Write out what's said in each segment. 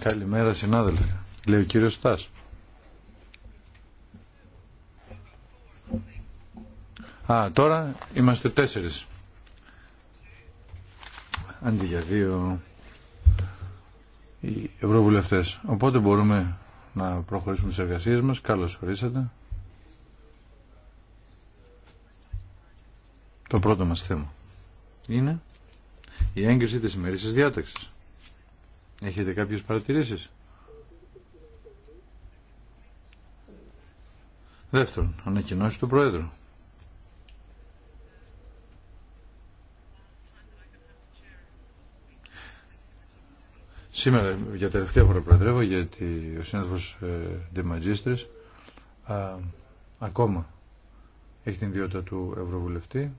Καλημέρα συνάδελφοι, λέει ο κύριος Στάς. Α, τώρα είμαστε τέσσερις. Αντί για δύο οι ευρωβουλευτές. Οπότε μπορούμε να προχωρήσουμε τις εργασίες μας. Καλώς ορίσατε. Το πρώτο μας θέμα είναι η έγκριση της ημερήσης διάταξης. Έχετε κάποιες παρατηρήσεις. Δεύτερον, ανακοινώσει του Προέδρου. Σήμερα για τελευταία φορά προεδρεύω γιατί ο σύνδεσμος ε, ακόμα έχει την ιδιότητα του Ευρωβουλευτή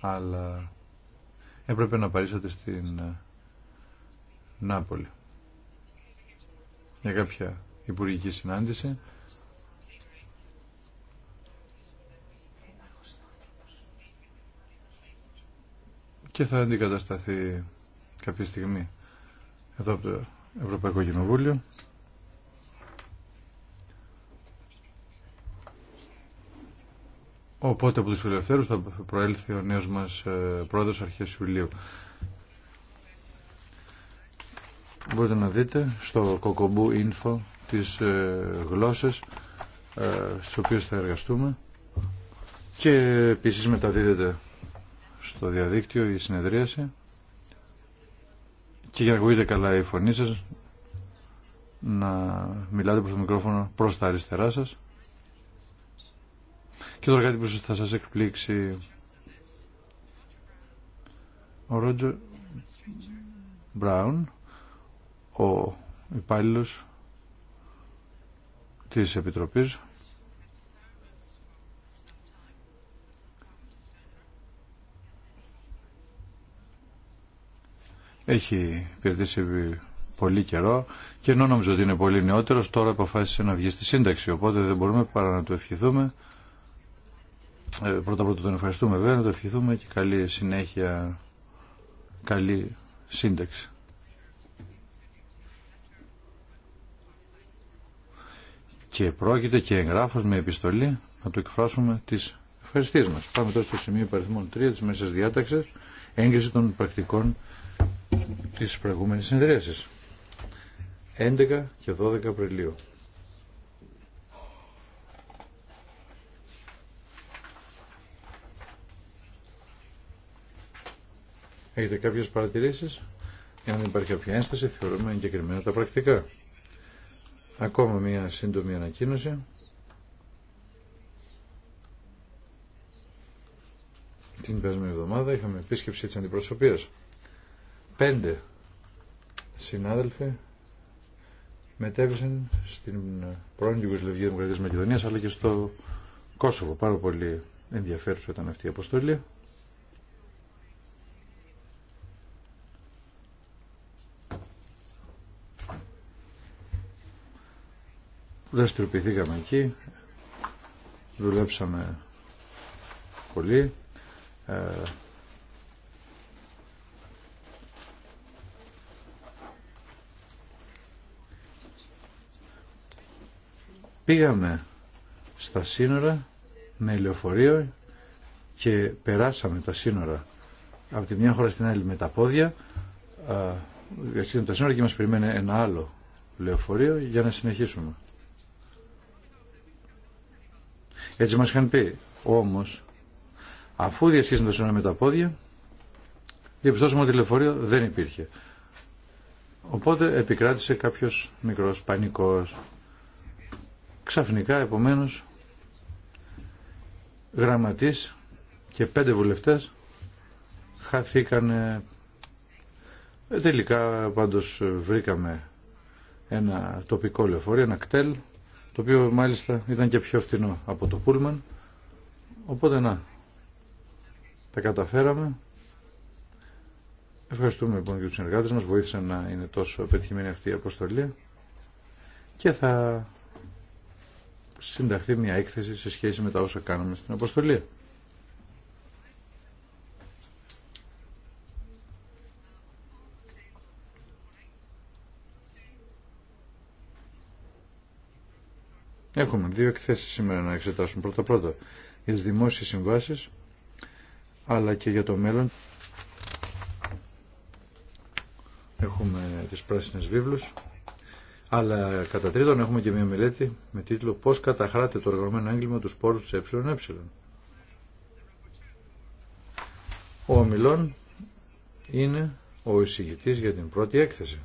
αλλά έπρεπε να παρήσατε στην ε, Νάπολη για κάποια υπουργική συνάντηση. και θα αντικατασταθεί κάποια στιγμή εδώ από το Ευρωπαϊκό Κοινοβούλιο. Οπότε από τους φιλελευθέρους θα προέλθει ο νέος μας ε, πρόεδρος αρχέ. Ιουλίου. Μπορείτε να δείτε στο κοκομπού info τις ε, γλώσσες ε, στις οποίες θα εργαστούμε και επίσης μεταδίδεται στο διαδίκτυο η συνεδρίαση και για να ακούγεται καλά η φωνή σας να μιλάτε προς το μικρόφωνο προς τα αριστερά σας και τώρα κάτι που θα σας εκπλήξει. Ο Ρότζερ Μπράουν, ο υπάλληλο της Επιτροπής, έχει υπηρετήσει πολύ καιρό και ενώ νόμιζε ότι είναι πολύ νεότερος, τώρα αποφάσισε να βγει στη σύνταξη, οπότε δεν μπορούμε παρά να του ευχηθούμε ε, πρώτα πρώτα τον ευχαριστούμε βέβαια, να το ευχηθούμε και καλή συνέχεια, καλή σύνταξη. Και πρόκειται και εγγράφος με επιστολή να το εκφράσουμε τις ευχαριστίες μας. Πάμε τώρα στο σημείο παριθμών 3 της Μέσας Διάταξης, έγκριση των πρακτικών της προηγούμενης συνεδρίασης. 11 και 12 Απριλίου. Έχετε κάποιες παρατηρήσεις. Εάν δεν υπάρχει κάποια ένσταση, θεωρούμε εγκεκριμένα τα πρακτικά. Ακόμα μία σύντομη ανακοίνωση. Την περασμένη εβδομάδα είχαμε επίσκεψη της αντιπροσωπείας. Πέντε συνάδελφοι μετέβησαν στην πρώην Ιουγκοσλαβική Δημοκρατία της Μακεδονίας αλλά και στο Κόσοβο. Πάρα πολύ ενδιαφέρουσα ήταν αυτή η αποστολή. Δραστηριοποιηθήκαμε εκεί, δουλέψαμε πολύ. Ε, πήγαμε στα σύνορα με λεωφορείο και περάσαμε τα σύνορα από τη μια χώρα στην άλλη με τα πόδια διασύναμε τα σύνορα και μας περιμένει ένα άλλο λεωφορείο για να συνεχίσουμε. Έτσι μας είχαν πει. Όμως, αφού διασχίσαν το σύνορα με τα πόδια, διαπιστώσαμε ότι λεωφορείο δεν υπήρχε. Οπότε επικράτησε κάποιος μικρός πανικός. Ξαφνικά, επομένως, γραμματής και πέντε βουλευτές χαθήκανε. Ε, τελικά, πάντως, βρήκαμε ένα τοπικό λεωφορείο, ένα κτέλ, το οποίο μάλιστα ήταν και πιο φθηνό από το Πούλμαν. Οπότε να, τα καταφέραμε. Ευχαριστούμε λοιπόν και τους συνεργάτες μας, βοήθησαν να είναι τόσο πετυχημένη αυτή η αποστολή και θα συνταχθεί μια έκθεση σε σχέση με τα όσα κάναμε στην αποστολή. Έχουμε δύο εκθέσεις σήμερα να εξετάσουμε. Πρώτα πρώτα για τις δημόσιες συμβάσεις αλλά και για το μέλλον. Έχουμε τις πράσινες βίβλους αλλά κατά τρίτον έχουμε και μια μελέτη με τίτλο «Πώς καταχράτε το οργανωμένο έγκλημα του σπόρου της ΕΕ». Ο ομιλών είναι ο εισηγητής για την πρώτη έκθεση.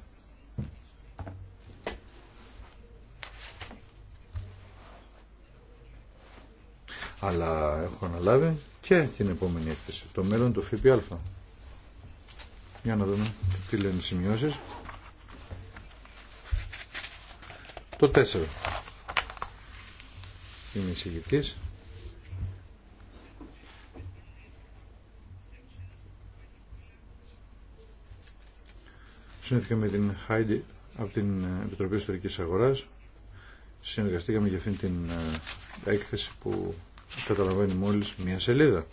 αλλά έχω αναλάβει και την επόμενη έκθεση, το μέλλον του ΦΠΑ. Για να δούμε τι λένε οι σημειώσει. Το 4. Είμαι εισηγητή. Συνέθηκα με την Χάιντι από την Επιτροπή Ιστορικής Αγοράς. Συνεργαστήκαμε για αυτήν την ε, έκθεση που καταλαβαίνει μόλις μία σελίδα.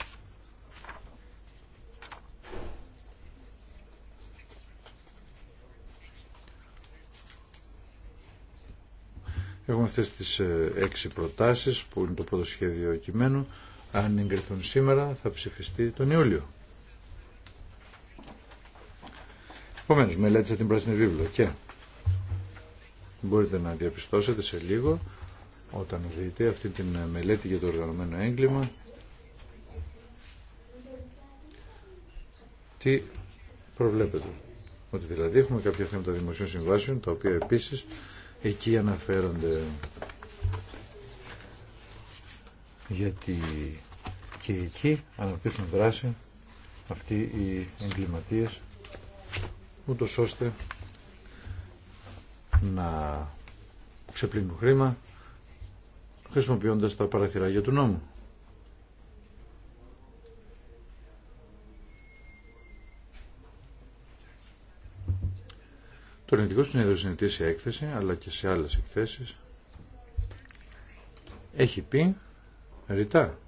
Έχουμε αυτές τις ε, έξι προτάσεις που είναι το πρώτο σχέδιο κειμένου. Αν εγκριθούν σήμερα θα ψηφιστεί τον Ιούλιο. Επομένως μελέτησα την πράσινη βίβλο και μπορείτε να διαπιστώσετε σε λίγο όταν δείτε αυτή την μελέτη για το οργανωμένο έγκλημα τι προβλέπετε. Ότι δηλαδή έχουμε κάποια θέματα δημοσίων συμβάσεων τα οποία επίσης εκεί αναφέρονται γιατί και εκεί αναπτύσσουν δράση αυτοί οι εγκληματίες ούτως ώστε να ξεπλύνουν χρήμα χρησιμοποιώντας τα παραθυράγια του νόμου. Το Ελληνικό Συνέδριο συνηθίσει σε έκθεση, αλλά και σε άλλες εκθέσεις, έχει πει ρητά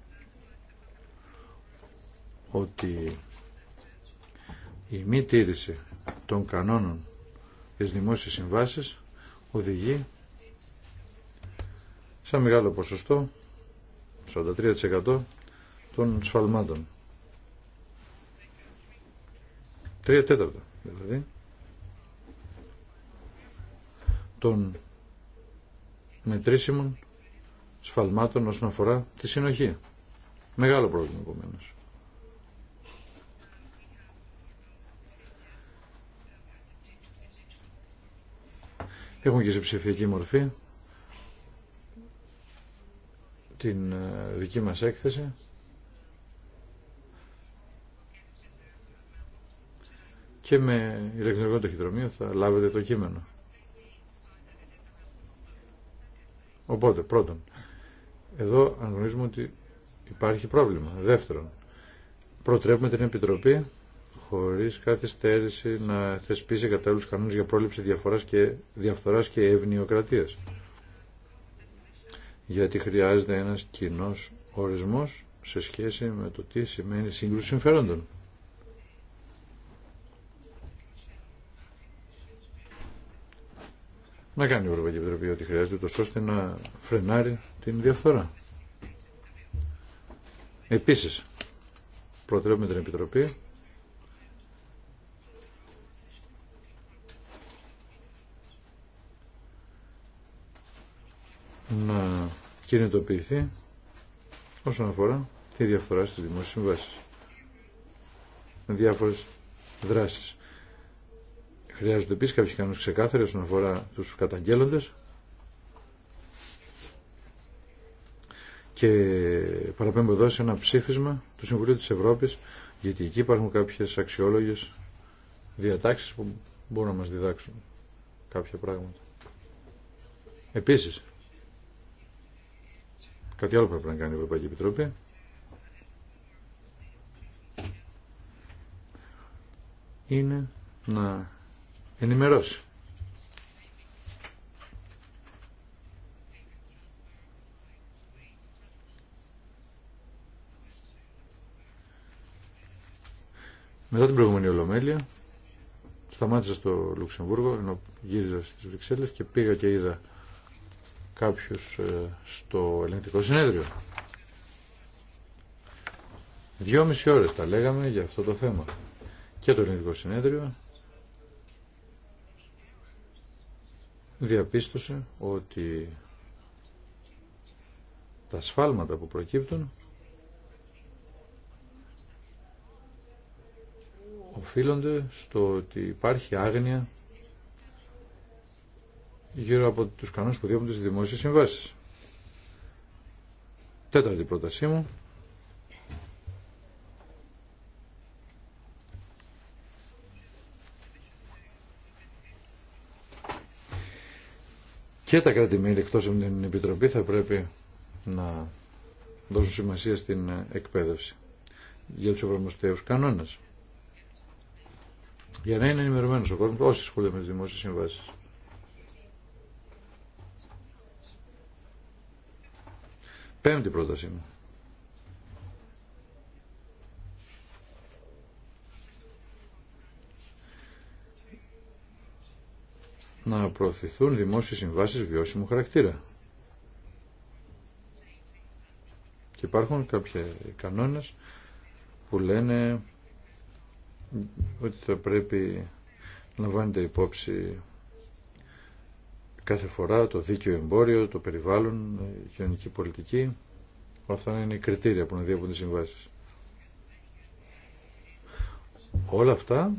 ότι η μη τήρηση των κανόνων της δημόσιας συμβάσεις οδηγεί σαν μεγάλο ποσοστό, 43% των σφαλμάτων. Τρία τέταρτα, δηλαδή, των μετρήσιμων σφαλμάτων όσον αφορά τη συνοχή. Μεγάλο πρόβλημα, επομένω. Έχουν και σε ψηφιακή μορφή την ε, δική μας έκθεση. Και με ηλεκτρονικό ταχυδρομείο θα λάβετε το κείμενο. Οπότε, πρώτον, εδώ αναγνωρίζουμε ότι υπάρχει πρόβλημα. Δεύτερον, προτρέπουμε την Επιτροπή χωρίς κάθε στέρηση να θεσπίσει κατάλληλους κανόνες για πρόληψη διαφοράς και, διαφθοράς και ευνοιοκρατίας γιατί χρειάζεται ένας κοινό ορισμός σε σχέση με το τι σημαίνει σύγκρουση συμφερόντων. Να κάνει η Ευρωπαϊκή Επιτροπή ό,τι χρειάζεται, τόσο ώστε να φρενάρει την διαφθορά. Επίσης, προτρέπουμε την Επιτροπή να κινητοποιηθεί όσον αφορά τη διαφθορά στις δημόσιες συμβάσεις με διάφορες δράσεις. Χρειάζονται επίσης κάποιοι κανόνες ξεκάθαροι όσον αφορά τους καταγγέλλοντες Και παραπέμπω εδώ σε ένα ψήφισμα του Συμβουλίου της Ευρώπης, γιατί εκεί υπάρχουν κάποιες αξιόλογες διατάξεις που μπορούν να μας διδάξουν κάποια πράγματα. Επίσης, Κάτι άλλο πρέπει να κάνει η Ευρωπαϊκή Επιτροπή. Είναι να ενημερώσει. Μετά την προηγούμενη Ολομέλεια, σταμάτησα στο Λουξεμβούργο, ενώ γύριζα στις Βρυξέλλες και πήγα και είδα κάποιους ε, στο ελεγκτικό συνέδριο. μισή ώρες τα λέγαμε για αυτό το θέμα. Και το ελληνικό συνέδριο διαπίστωσε ότι τα σφάλματα που προκύπτουν οφείλονται στο ότι υπάρχει άγνοια γύρω από τους κανόνες που διέπουν τις δημόσιες συμβάσεις. Τέταρτη πρότασή μου. Και τα κρατη εκτός από την Επιτροπή θα πρέπει να δώσουν σημασία στην εκπαίδευση για τους ευρωμοσταίους κανόνες. Για να είναι ενημερωμένος ο κόσμος όσοι ασχολούνται με τις δημόσιες συμβάσεις. Πέμπτη πρότασή μου. να προωθηθούν δημόσιες συμβάσεις βιώσιμου χαρακτήρα. Και υπάρχουν κάποιοι κανόνες που λένε ότι θα πρέπει να λαμβάνεται υπόψη κάθε φορά το δίκαιο εμπόριο, το περιβάλλον, η κοινωνική πολιτική. Αυτά είναι κριτήρια που να διέπουν τις συμβάσεις. Όλα αυτά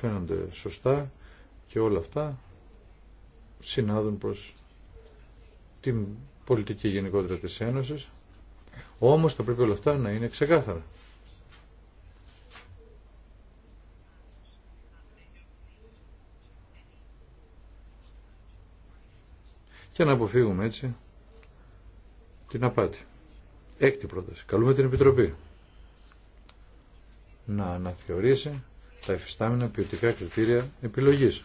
φαίνονται σωστά και όλα αυτά συνάδουν προς την πολιτική γενικότερα της Ένωσης. Όμως θα πρέπει όλα αυτά να είναι ξεκάθαρα. και να αποφύγουμε έτσι την απάτη. Έκτη πρόταση. Καλούμε την Επιτροπή να αναθεωρήσει τα εφιστάμενα ποιοτικά κριτήρια επιλογής.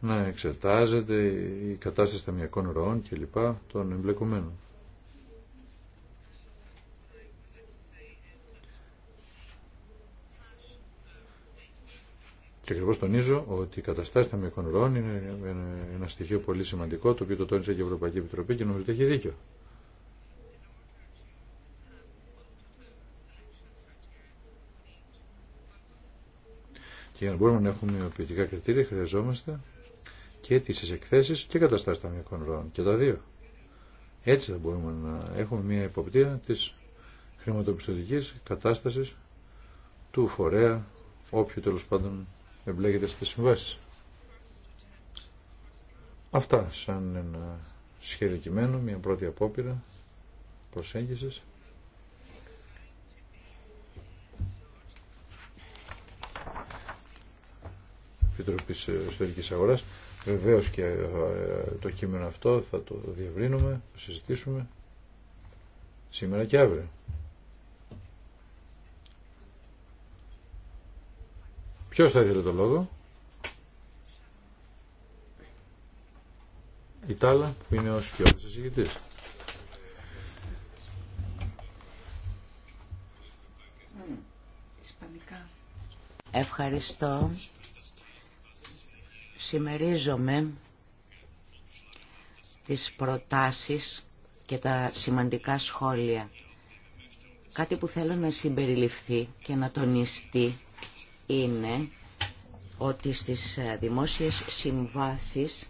να εξετάζεται η κατάσταση ταμιακών ροών κλπ. των εμπλεκομένων. Και ακριβώ τονίζω ότι η καταστάση των ροών είναι ένα στοιχείο πολύ σημαντικό, το οποίο το τόνισε και η Ευρωπαϊκή Επιτροπή και νομίζω ότι έχει δίκιο. Και για να μπορούμε να έχουμε ποιοτικά κριτήρια χρειαζόμαστε και τις εκθέσεις και καταστάσεις ταμιακών ροών και τα δύο. Έτσι θα μπορούμε να έχουμε μια υποπτία της χρηματοπιστωτικής κατάστασης του φορέα, όποιου τέλος πάντων εμπλέκεται στις συμβάσεις. Αυτά σαν ένα σχέδιο κειμένο, μια πρώτη απόπειρα προσέγγισης. Επιτροπή Ιστορικής Αγοράς. Βεβαίως και ε, το κείμενο αυτό θα το διευρύνουμε, το συζητήσουμε σήμερα και αύριο. Ποιος θα ήθελε το λόγο. Η Τάλα που είναι ο σκιώδης Ευχαριστώ. Σημερίζομαι τις προτάσεις και τα σημαντικά σχόλια. Κάτι που θέλω να συμπεριληφθεί και να τονιστεί είναι ότι στις ε, δημόσιες συμβάσεις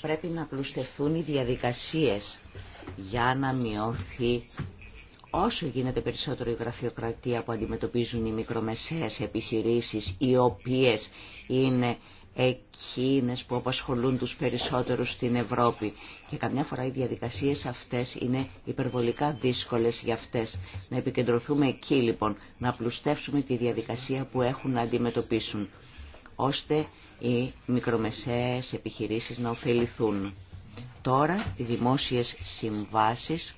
πρέπει να πλουστευτούν οι διαδικασίες για να μειωθεί όσο γίνεται περισσότερο η γραφειοκρατία που αντιμετωπίζουν οι μικρομεσαίες επιχειρήσεις οι οποίες είναι εκείνες που απασχολούν τους περισσότερους στην Ευρώπη. Και καμιά φορά οι διαδικασίες αυτές είναι υπερβολικά δύσκολες για αυτές. Να επικεντρωθούμε εκεί λοιπόν, να πλουστεύσουμε τη διαδικασία που έχουν να αντιμετωπίσουν, ώστε οι μικρομεσαίες επιχειρήσεις να ωφεληθούν. Τώρα οι δημόσιες συμβάσεις,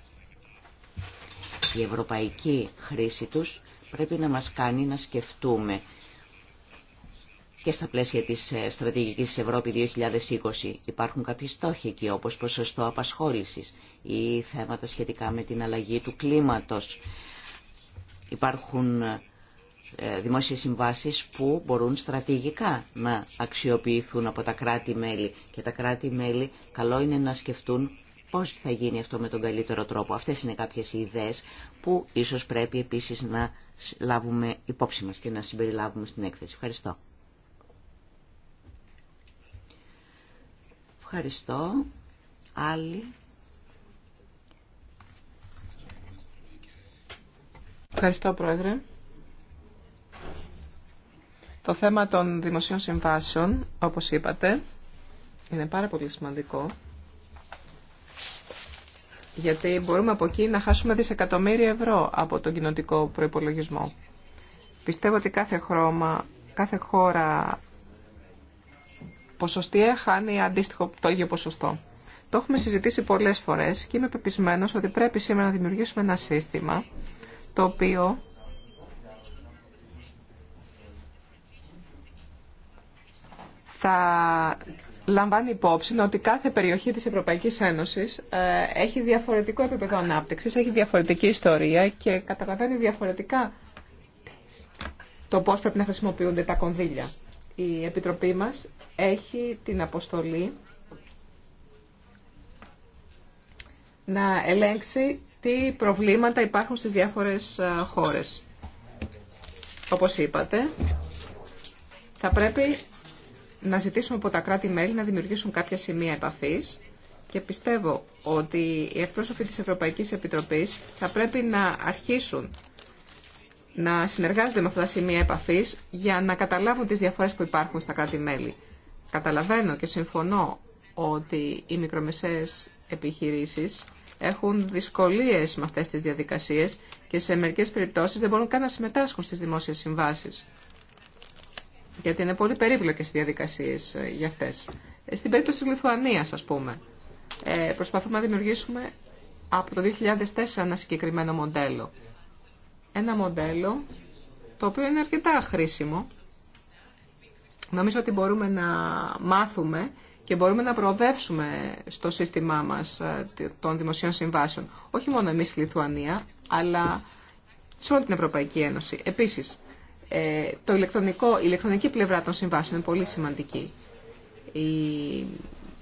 η ευρωπαϊκή χρήση τους πρέπει να μας κάνει να σκεφτούμε και στα πλαίσια της ε, στρατηγικής Ευρώπη 2020 υπάρχουν κάποιοι στόχοι εκεί όπως ποσοστό απασχόλησης ή θέματα σχετικά με την αλλαγή του κλίματος. Υπάρχουν ε, δημόσιες συμβάσεις που μπορούν στρατηγικά να αξιοποιηθούν από τα κράτη-μέλη και τα κράτη-μέλη καλό είναι να σκεφτούν πώς θα γίνει αυτό με τον καλύτερο τρόπο. Αυτές είναι κάποιες ιδέες που ίσως πρέπει επίσης να λάβουμε υπόψη μας και να συμπεριλάβουμε στην έκθεση. Ευχαριστώ. Ευχαριστώ. Άλλοι. Ευχαριστώ, Πρόεδρε. Το θέμα των δημοσίων συμβάσεων, όπως είπατε, είναι πάρα πολύ σημαντικό. Γιατί μπορούμε από εκεί να χάσουμε δισεκατομμύρια ευρώ από τον κοινοτικό προϋπολογισμό. Πιστεύω ότι κάθε, χρώμα, κάθε χώρα ποσοστία χάνει αντίστοιχο το ίδιο ποσοστό. Το έχουμε συζητήσει πολλές φορές και είμαι πεπισμένο ότι πρέπει σήμερα να δημιουργήσουμε ένα σύστημα το οποίο θα λαμβάνει υπόψη ότι κάθε περιοχή της Ευρωπαϊκής Ένωσης ε, έχει διαφορετικό επίπεδο ανάπτυξης, έχει διαφορετική ιστορία και καταλαβαίνει διαφορετικά το πώς πρέπει να χρησιμοποιούνται τα κονδύλια. Η Επιτροπή μας έχει την αποστολή να ελέγξει τι προβλήματα υπάρχουν στις διάφορες ε, χώρες. Όπως είπατε, θα πρέπει να ζητήσουμε από τα κράτη-μέλη να δημιουργήσουν κάποια σημεία επαφής και πιστεύω ότι οι εκπρόσωποι της Ευρωπαϊκής Επιτροπής θα πρέπει να αρχίσουν να συνεργάζονται με αυτά τα σημεία επαφή για να καταλάβουν τι διαφορέ που υπάρχουν στα κράτη-μέλη. Καταλαβαίνω και συμφωνώ ότι οι μικρομεσαίε επιχειρήσει έχουν δυσκολίε με αυτέ τι διαδικασίε και σε μερικέ περιπτώσει δεν μπορούν καν να συμμετάσχουν στι δημόσιε συμβάσει. Γιατί είναι πολύ περίπλοκε οι διαδικασίες ε, για αυτέ. Ε, στην περίπτωση τη Λιθουανίας, ας πούμε, ε, προσπαθούμε να δημιουργήσουμε από το 2004 ένα συγκεκριμένο μοντέλο ένα μοντέλο το οποίο είναι αρκετά χρήσιμο. Νομίζω ότι μπορούμε να μάθουμε και μπορούμε να προοδεύσουμε στο σύστημά μας ε, των δημοσίων συμβάσεων. Όχι μόνο εμείς στη Λιθουανία, αλλά σε όλη την Ευρωπαϊκή Ένωση. Επίσης, ε, το ηλεκτρονικό, η ηλεκτρονική πλευρά των συμβάσεων είναι πολύ σημαντική. Η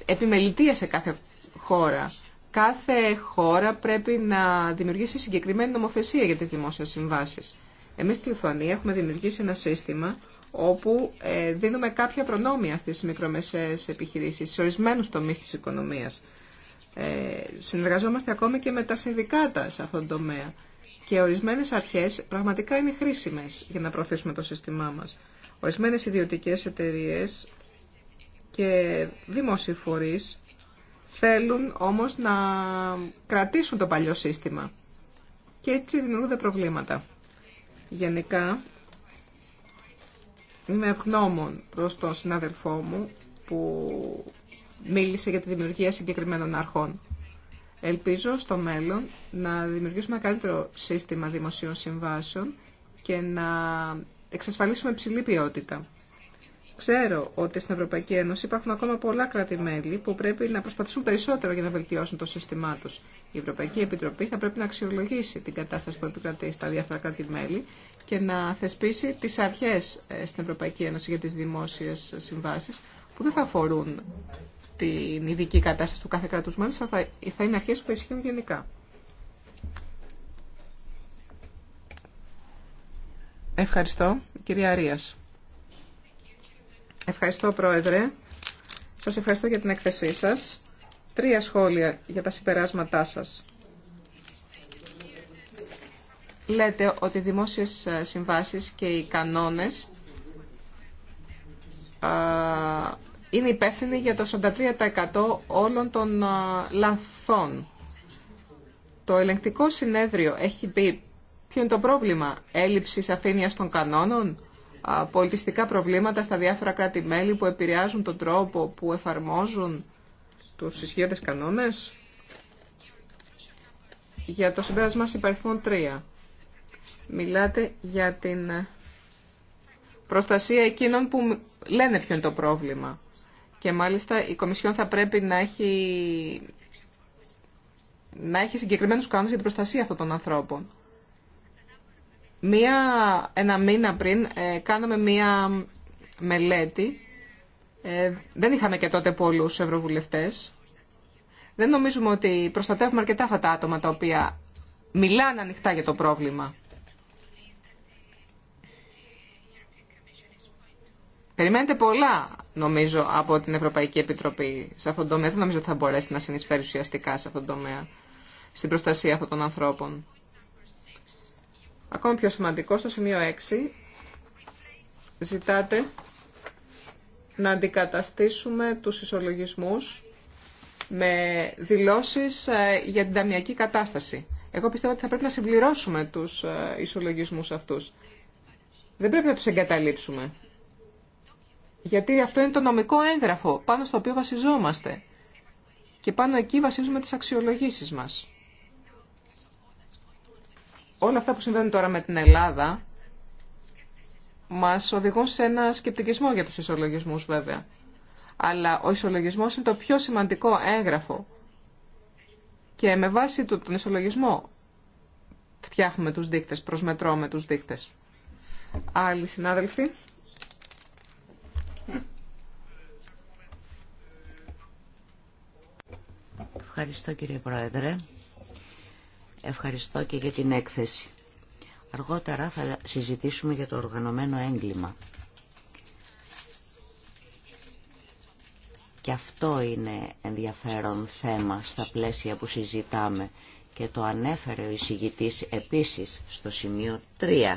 επιμελητία σε κάθε χώρα κάθε χώρα πρέπει να δημιουργήσει συγκεκριμένη νομοθεσία για τις δημόσιες συμβάσεις. Εμείς στη Λιθουανία έχουμε δημιουργήσει ένα σύστημα όπου ε, δίνουμε κάποια προνόμια στις μικρομεσαίες επιχειρήσεις, σε ορισμένους τομείς της οικονομίας. Ε, συνεργαζόμαστε ακόμη και με τα συνδικάτα σε αυτόν τον τομέα και ορισμένες αρχές πραγματικά είναι χρήσιμες για να προωθήσουμε το σύστημά μας. Ορισμένες ιδιωτικές εταιρείες και δημόσιοι φορείς Θέλουν όμως να κρατήσουν το παλιό σύστημα. Και έτσι δημιουργούνται προβλήματα. Γενικά, είμαι ευγνώμων προς τον συνάδελφό μου που μίλησε για τη δημιουργία συγκεκριμένων αρχών. Ελπίζω στο μέλλον να δημιουργήσουμε καλύτερο σύστημα δημοσίων συμβάσεων και να εξασφαλίσουμε ψηλή ποιότητα. Ξέρω ότι στην Ευρωπαϊκή Ένωση υπάρχουν ακόμα πολλά κράτη-μέλη που πρέπει να προσπαθήσουν περισσότερο για να βελτιώσουν το σύστημά του. Η Ευρωπαϊκή Επιτροπή θα πρέπει να αξιολογήσει την κατάσταση που επικρατεί στα διάφορα κράτη-μέλη και να θεσπίσει τι αρχέ ε, στην Ευρωπαϊκή Ένωση για τι δημόσιε συμβάσει που δεν θα αφορούν την ειδική κατάσταση του κάθε κράτου μέλου, θα είναι αρχέ που ισχύουν γενικά. Ευχαριστώ, κυρία Αρίας. Ευχαριστώ, Πρόεδρε. Σας ευχαριστώ για την έκθεσή σας. Τρία σχόλια για τα συμπεράσματά σας. Λέτε ότι οι δημόσιες ε, συμβάσεις και οι κανόνες ε, είναι υπεύθυνοι για το 43% όλων των ε, λαθών. Το ελεγκτικό συνέδριο έχει πει ποιο είναι το πρόβλημα, έλλειψη αφήνειας των κανόνων, πολιτιστικά προβλήματα στα διάφορα κράτη-μέλη που επηρεάζουν τον τρόπο που εφαρμόζουν τους ισχύοντες κανόνες. Για το συμπέρασμα συμπαριθμών 3. Μιλάτε για την προστασία εκείνων που λένε ποιο είναι το πρόβλημα. Και μάλιστα η Κομισιόν θα πρέπει να έχει, να έχει συγκεκριμένους κανόνες για την προστασία αυτών των ανθρώπων. Μία, ένα μήνα πριν ε, κάναμε μία μελέτη. Ε, δεν είχαμε και τότε πολλούς ευρωβουλευτές. Δεν νομίζουμε ότι προστατεύουμε αρκετά αυτά τα άτομα τα οποία μιλάνε ανοιχτά για το πρόβλημα. Περιμένετε πολλά, νομίζω, από την Ευρωπαϊκή Επιτροπή σε αυτόν τον τομέα. Δεν νομίζω ότι θα μπορέσει να συνεισφέρει ουσιαστικά σε αυτόν τον τομέα, στην προστασία αυτών των ανθρώπων ακόμη πιο σημαντικό, στο σημείο 6 ζητάτε να αντικαταστήσουμε τους ισολογισμούς με δηλώσεις ε, για την ταμιακή κατάσταση. Εγώ πιστεύω ότι θα πρέπει να συμπληρώσουμε τους ε, ισολογισμούς αυτούς. Δεν πρέπει να τους εγκαταλείψουμε. Γιατί αυτό είναι το νομικό έγγραφο πάνω στο οποίο βασιζόμαστε. Και πάνω εκεί βασίζουμε τις αξιολογήσεις μας όλα αυτά που συμβαίνουν τώρα με την Ελλάδα μας οδηγούν σε ένα σκεπτικισμό για τους ισολογισμούς βέβαια. Αλλά ο ισολογισμός είναι το πιο σημαντικό έγγραφο και με βάση του, τον ισολογισμό φτιάχνουμε τους δείκτες, προσμετρώμε τους δείκτες. Άλλοι συνάδελφοι. Ευχαριστώ κύριε Πρόεδρε. Ευχαριστώ και για την έκθεση. Αργότερα θα συζητήσουμε για το οργανωμένο έγκλημα. Και αυτό είναι ενδιαφέρον θέμα στα πλαίσια που συζητάμε και το ανέφερε ο εισηγητής επίσης στο σημείο 3.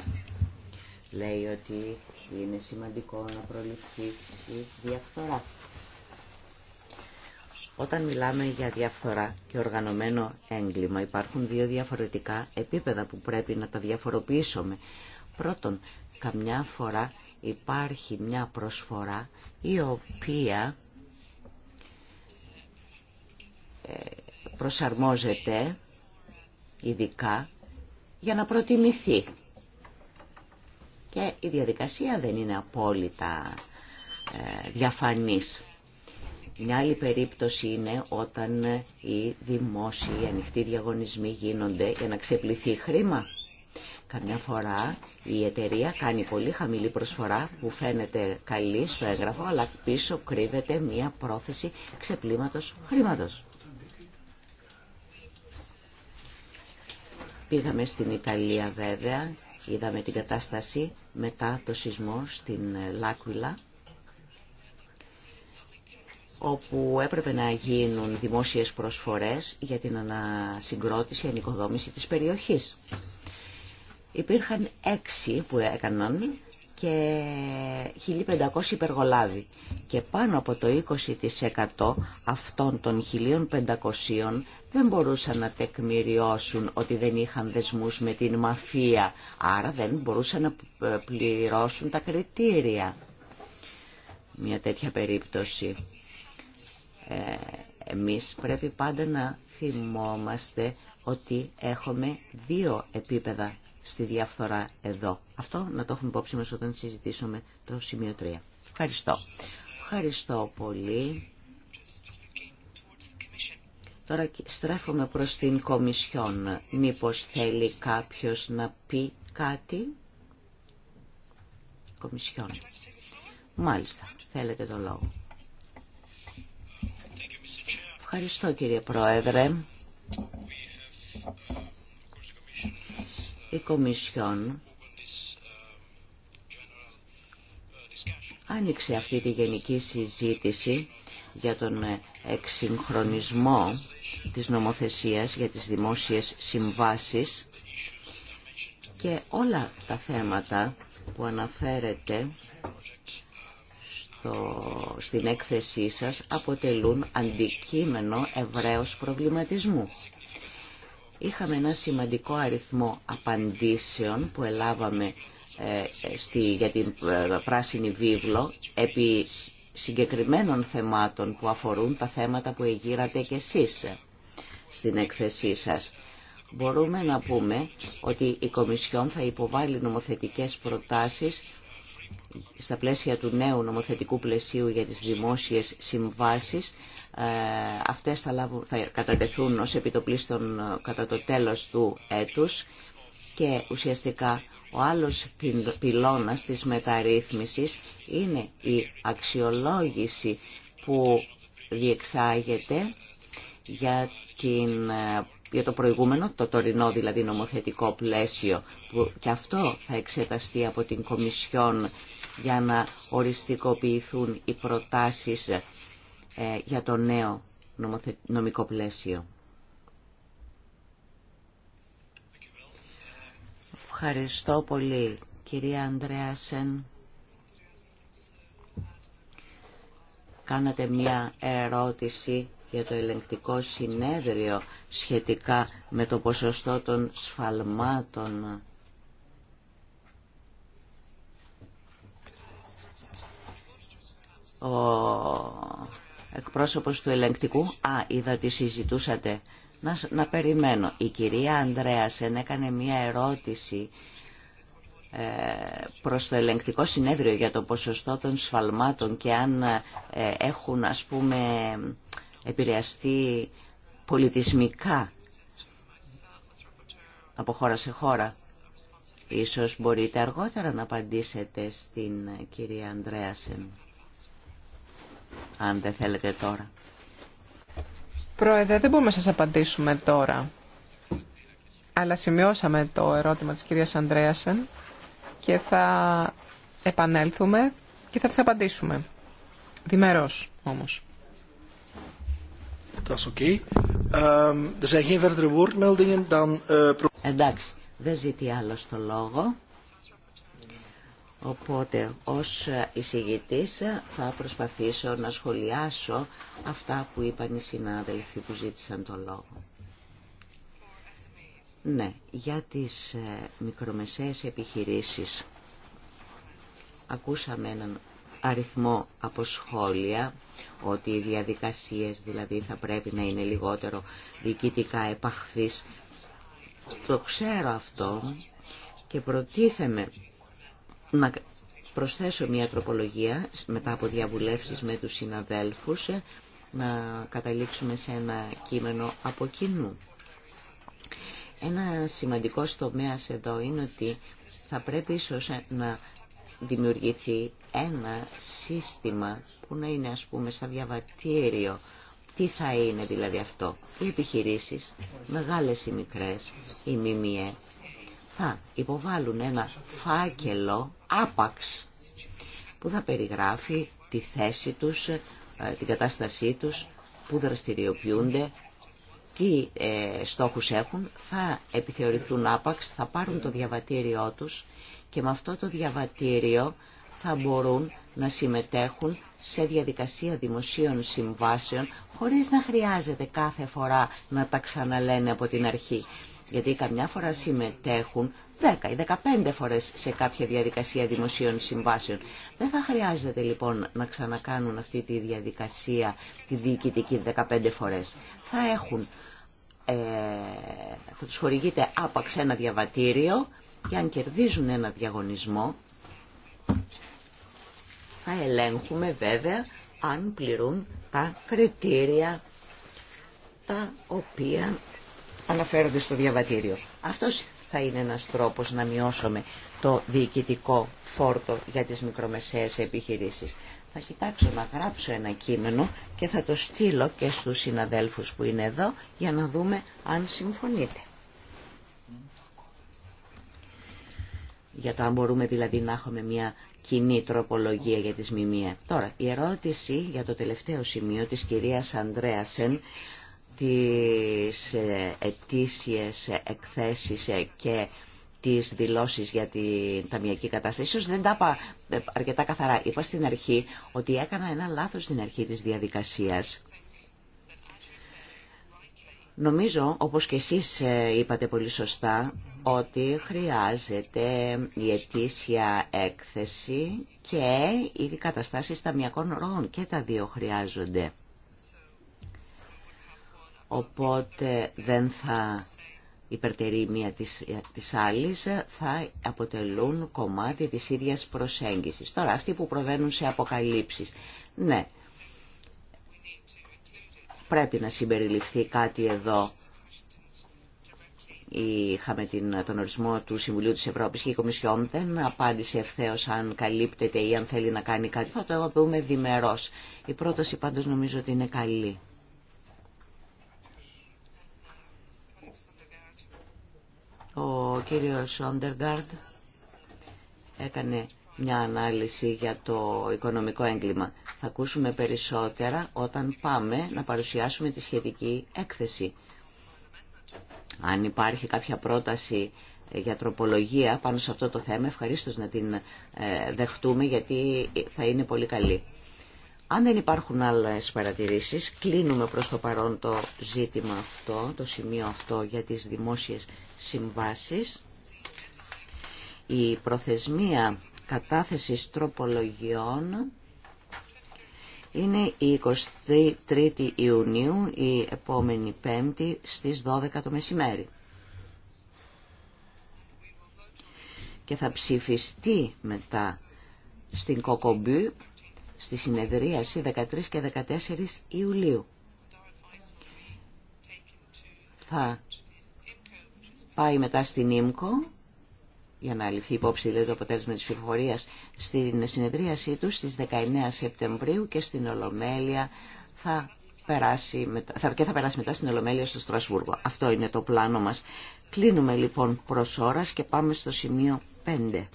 Λέει ότι είναι σημαντικό να προληφθεί η διαφθορά. Όταν μιλάμε για διαφθορά και οργανωμένο έγκλημα υπάρχουν δύο διαφορετικά επίπεδα που πρέπει να τα διαφοροποιήσουμε. Πρώτον, καμιά φορά υπάρχει μια προσφορά η οποία ε, προσαρμόζεται ειδικά για να προτιμηθεί. Και η διαδικασία δεν είναι απόλυτα ε, διαφανής. Μια άλλη περίπτωση είναι όταν οι δημόσιοι ανοιχτοί διαγωνισμοί γίνονται για να ξεπληθεί χρήμα. Καμιά φορά η εταιρεία κάνει πολύ χαμηλή προσφορά που φαίνεται καλή στο έγγραφο, αλλά πίσω κρύβεται μια πρόθεση ξεπλήματος χρήματος. Πήγαμε στην Ιταλία βέβαια, είδαμε την κατάσταση μετά το σεισμό στην Λάκουλα όπου έπρεπε να γίνουν δημόσιες προσφορές για την ανασυγκρότηση, ανοικοδόμηση της περιοχής. Υπήρχαν έξι που έκαναν και 1.500 υπεργολάβοι και πάνω από το 20% αυτών των 1.500 δεν μπορούσαν να τεκμηριώσουν ότι δεν είχαν δεσμούς με την μαφία, άρα δεν μπορούσαν να πληρώσουν τα κριτήρια. Μια τέτοια περίπτωση ε, εμείς πρέπει πάντα να θυμόμαστε ότι έχουμε δύο επίπεδα στη διαφθορά εδώ. Αυτό να το έχουμε υπόψη μας όταν συζητήσουμε το σημείο 3. Ευχαριστώ. Ευχαριστώ πολύ. Τώρα στρέφομαι προς την Κομισιόν. Μήπως θέλει κάποιος να πει κάτι. Κομισιόν. Μάλιστα, θέλετε το λόγο. Ευχαριστώ κύριε Πρόεδρε. Η Κομισιόν άνοιξε αυτή τη γενική συζήτηση για τον εξυγχρονισμό της νομοθεσίας για τις δημόσιες συμβάσεις και όλα τα θέματα που αναφέρεται στην έκθεσή σας αποτελούν αντικείμενο ευρέως προβληματισμού. Είχαμε ένα σημαντικό αριθμό απαντήσεων που ελάβαμε ε, ε, στη, για την ε, Πράσινη Βίβλο επί συγκεκριμένων θεμάτων που αφορούν τα θέματα που εγείρατε κι εσείς στην έκθεσή σας. Μπορούμε να πούμε ότι η Κομισιόν θα υποβάλει νομοθετικές προτάσεις στα πλαίσια του νέου νομοθετικού πλαισίου για τις δημόσιες συμβάσεις ε, αυτές θα, λάβουν, θα κατατεθούν ως επιτοπλίστων ε, κατά το τέλος του έτους και ουσιαστικά ο άλλος πυλώνας της μεταρρύθμισης είναι η αξιολόγηση που διεξάγεται για την ε, για το προηγούμενο, το τωρινό δηλαδή νομοθετικό πλαίσιο, που και αυτό θα εξεταστεί από την Κομισιόν για να οριστικοποιηθούν οι προτάσεις ε, για το νέο νομικό πλαίσιο. Ευχαριστώ πολύ, κυρία Ανδρέασεν. Κάνατε μία ερώτηση για το ελεγκτικό συνέδριο σχετικά με το ποσοστό των σφαλμάτων. Ο εκπρόσωπος του ελεγκτικού, α, είδα ότι συζητούσατε, να, να περιμένω. Η κυρία Ανδρέασεν έκανε μία ερώτηση ε, προς το ελεγκτικό συνέδριο για το ποσοστό των σφαλμάτων και αν ε, έχουν ας πούμε επηρεαστεί πολιτισμικά από χώρα σε χώρα. Ίσως μπορείτε αργότερα να απαντήσετε στην κυρία Ανδρέασεν, αν δεν θέλετε τώρα. Πρόεδρε, δεν μπορούμε να σας απαντήσουμε τώρα. Αλλά σημειώσαμε το ερώτημα της κυρίας Ανδρέασεν και θα επανέλθουμε και θα τις απαντήσουμε. Δημερός όμως. Εντάξει, δεν ζητεί άλλο το λόγο. Οπότε, ω ε, εισηγητή, ε, θα προσπαθήσω να σχολιάσω αυτά που είπαν οι συνάδελφοι που ζήτησαν το λόγο. Ναι, για τις ε, μικρομεσαίες επιχειρήσεις. Ακούσαμε έναν αριθμό από σχόλια, ότι οι διαδικασίες δηλαδή θα πρέπει να είναι λιγότερο διοικητικά επαχθείς. Το ξέρω αυτό και προτίθεμε να προσθέσω μια τροπολογία μετά από διαβουλεύσεις με τους συναδέλφους να καταλήξουμε σε ένα κείμενο από κοινού. Ένα σημαντικό τομέα εδώ είναι ότι θα πρέπει ίσως να δημιουργηθεί ένα σύστημα που να είναι ας πούμε σαν διαβατήριο. Τι θα είναι δηλαδή αυτό. Οι επιχειρήσεις, μεγάλες ή μικρές, οι ΜΜΕ, θα υποβάλουν ένα φάκελο άπαξ που θα περιγράφει τη θέση τους, ε, την κατάστασή τους, που δραστηριοποιούνται, τι ε, στόχους έχουν, θα επιθεωρηθούν άπαξ, θα πάρουν το διαβατήριό τους και με αυτό το διαβατήριο θα μπορούν να συμμετέχουν σε διαδικασία δημοσίων συμβάσεων χωρίς να χρειάζεται κάθε φορά να τα ξαναλένε από την αρχή. Γιατί καμιά φορά συμμετέχουν 10 ή 15 φορές σε κάποια διαδικασία δημοσίων συμβάσεων. Δεν θα χρειάζεται λοιπόν να ξανακάνουν αυτή τη διαδικασία τη διοικητική 15 φορές. Θα έχουν, ε, τους χορηγείται άπαξ ένα διαβατήριο και αν κερδίζουν ένα διαγωνισμό θα ελέγχουμε βέβαια αν πληρούν τα κριτήρια τα οποία αναφέρονται στο διαβατήριο. Αυτός θα είναι ένας τρόπος να μειώσουμε το διοικητικό φόρτο για τις μικρομεσαίες επιχειρήσεις. Θα κοιτάξω να γράψω ένα κείμενο και θα το στείλω και στους συναδέλφους που είναι εδώ για να δούμε αν συμφωνείτε. Για το αν μπορούμε δηλαδή να έχουμε μια κοινή τροπολογία για τις μιμίες. Τώρα, η ερώτηση για το τελευταίο σημείο της κυρίας Ανδρέασεν, τις ε, ετήσιες εκθέσεις ε, και τις δηλώσεις για την ταμιακή κατάσταση. Ίσως δεν τα είπα ε, αρκετά καθαρά. Είπα στην αρχή ότι έκανα ένα λάθος στην αρχή της διαδικασίας. Νομίζω, όπως και εσείς ε, είπατε πολύ σωστά, ότι χρειάζεται η ετήσια έκθεση και οι καταστάσεις ταμιακών ροών. Και τα δύο χρειάζονται. Οπότε δεν θα υπερτερεί μία της, ε, της άλλης, θα αποτελούν κομμάτι της ίδιας προσέγγισης. Τώρα, αυτοί που προβαίνουν σε αποκαλύψεις. Ναι, πρέπει να συμπεριληφθεί κάτι εδώ. Είχαμε την, τον ορισμό του Συμβουλίου της Ευρώπης και η Κομισιόν δεν απάντησε ευθέως αν καλύπτεται ή αν θέλει να κάνει κάτι. Θα το δούμε διμερώς. Η πρόταση πάντως νομίζω ότι είναι καλή. Ο κύριος Σόντεργαρντ έκανε μια ανάλυση για το οικονομικό έγκλημα. Θα ακούσουμε περισσότερα όταν πάμε να παρουσιάσουμε τη σχετική έκθεση. Αν υπάρχει κάποια πρόταση για τροπολογία πάνω σε αυτό το θέμα, ευχαρίστω να την ε, δεχτούμε γιατί θα είναι πολύ καλή. Αν δεν υπάρχουν άλλες παρατηρήσεις, κλείνουμε προς το παρόν το ζήτημα αυτό, το σημείο αυτό για τις δημόσιες συμβάσεις. Η προθεσμία κατάθεσης τροπολογιών είναι η 23η Ιουνίου, η επόμενη Πέμπτη, στις 12 το μεσημέρι. Και θα ψηφιστεί μετά στην Κοκομπού στη συνεδρίαση 13 και 14 Ιουλίου. Θα πάει μετά στην Ίμκο για να ληφθεί υπόψη δηλαδή, το αποτέλεσμα της ψηφοφορίας στην συνεδρίασή του στις 19 Σεπτεμβρίου και στην Ολομέλεια θα περάσει μετά, και θα περάσει μετά στην Ολομέλεια στο Στρασβούργο. Αυτό είναι το πλάνο μας. Κλείνουμε λοιπόν προς ώρας και πάμε στο σημείο 5. Ε,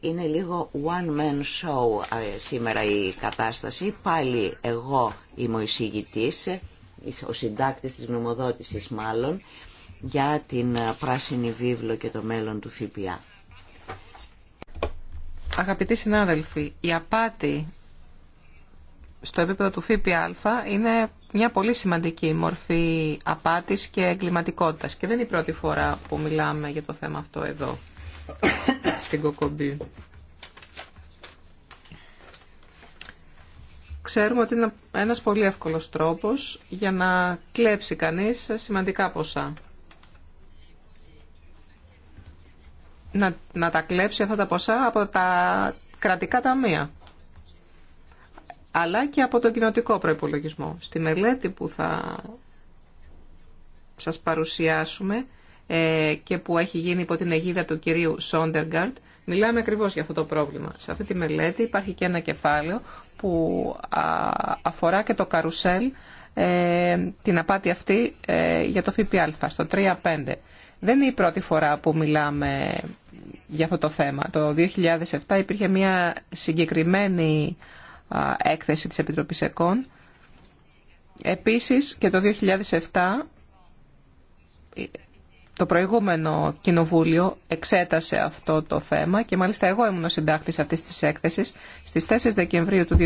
είναι λίγο one man show ε, σήμερα η κατάσταση. Πάλι εγώ είμαι ο εισηγητής, ε, ο συντάκτης της γνωμοδότησης μάλλον για την Πράσινη Βίβλο και το μέλλον του ΦΠΑ. Αγαπητοί συνάδελφοι, η απάτη στο επίπεδο του ΦΠΑ είναι μια πολύ σημαντική μορφή απάτης και εγκληματικότητας και δεν είναι η πρώτη φορά που μιλάμε για το θέμα αυτό εδώ, στην Κοκομπή. Ξέρουμε ότι είναι ένας πολύ εύκολος τρόπος για να κλέψει κανείς σημαντικά ποσά. να, τα κλέψει αυτά τα ποσά από τα κρατικά ταμεία αλλά και από τον κοινοτικό προϋπολογισμό. Στη μελέτη που θα σας παρουσιάσουμε ε, και που έχει γίνει υπό την αιγίδα του κυρίου Σόντεργαρτ, μιλάμε ακριβώς για αυτό το πρόβλημα. Σε αυτή τη μελέτη υπάρχει και ένα κεφάλαιο που αφορά και το καρουσέλ, ε, την απάτη αυτή ε, για το ΦΠΑ, στο 3-5. Δεν είναι η πρώτη φορά που μιλάμε για αυτό το θέμα. Το 2007 υπήρχε μια συγκεκριμένη έκθεση της Επιτροπής ΕΚΟΝ. Επίσης και το 2007 το προηγούμενο κοινοβούλιο εξέτασε αυτό το θέμα και μάλιστα εγώ ήμουν ο συντάκτης αυτής της έκθεσης. Στις 4 Δεκεμβρίου του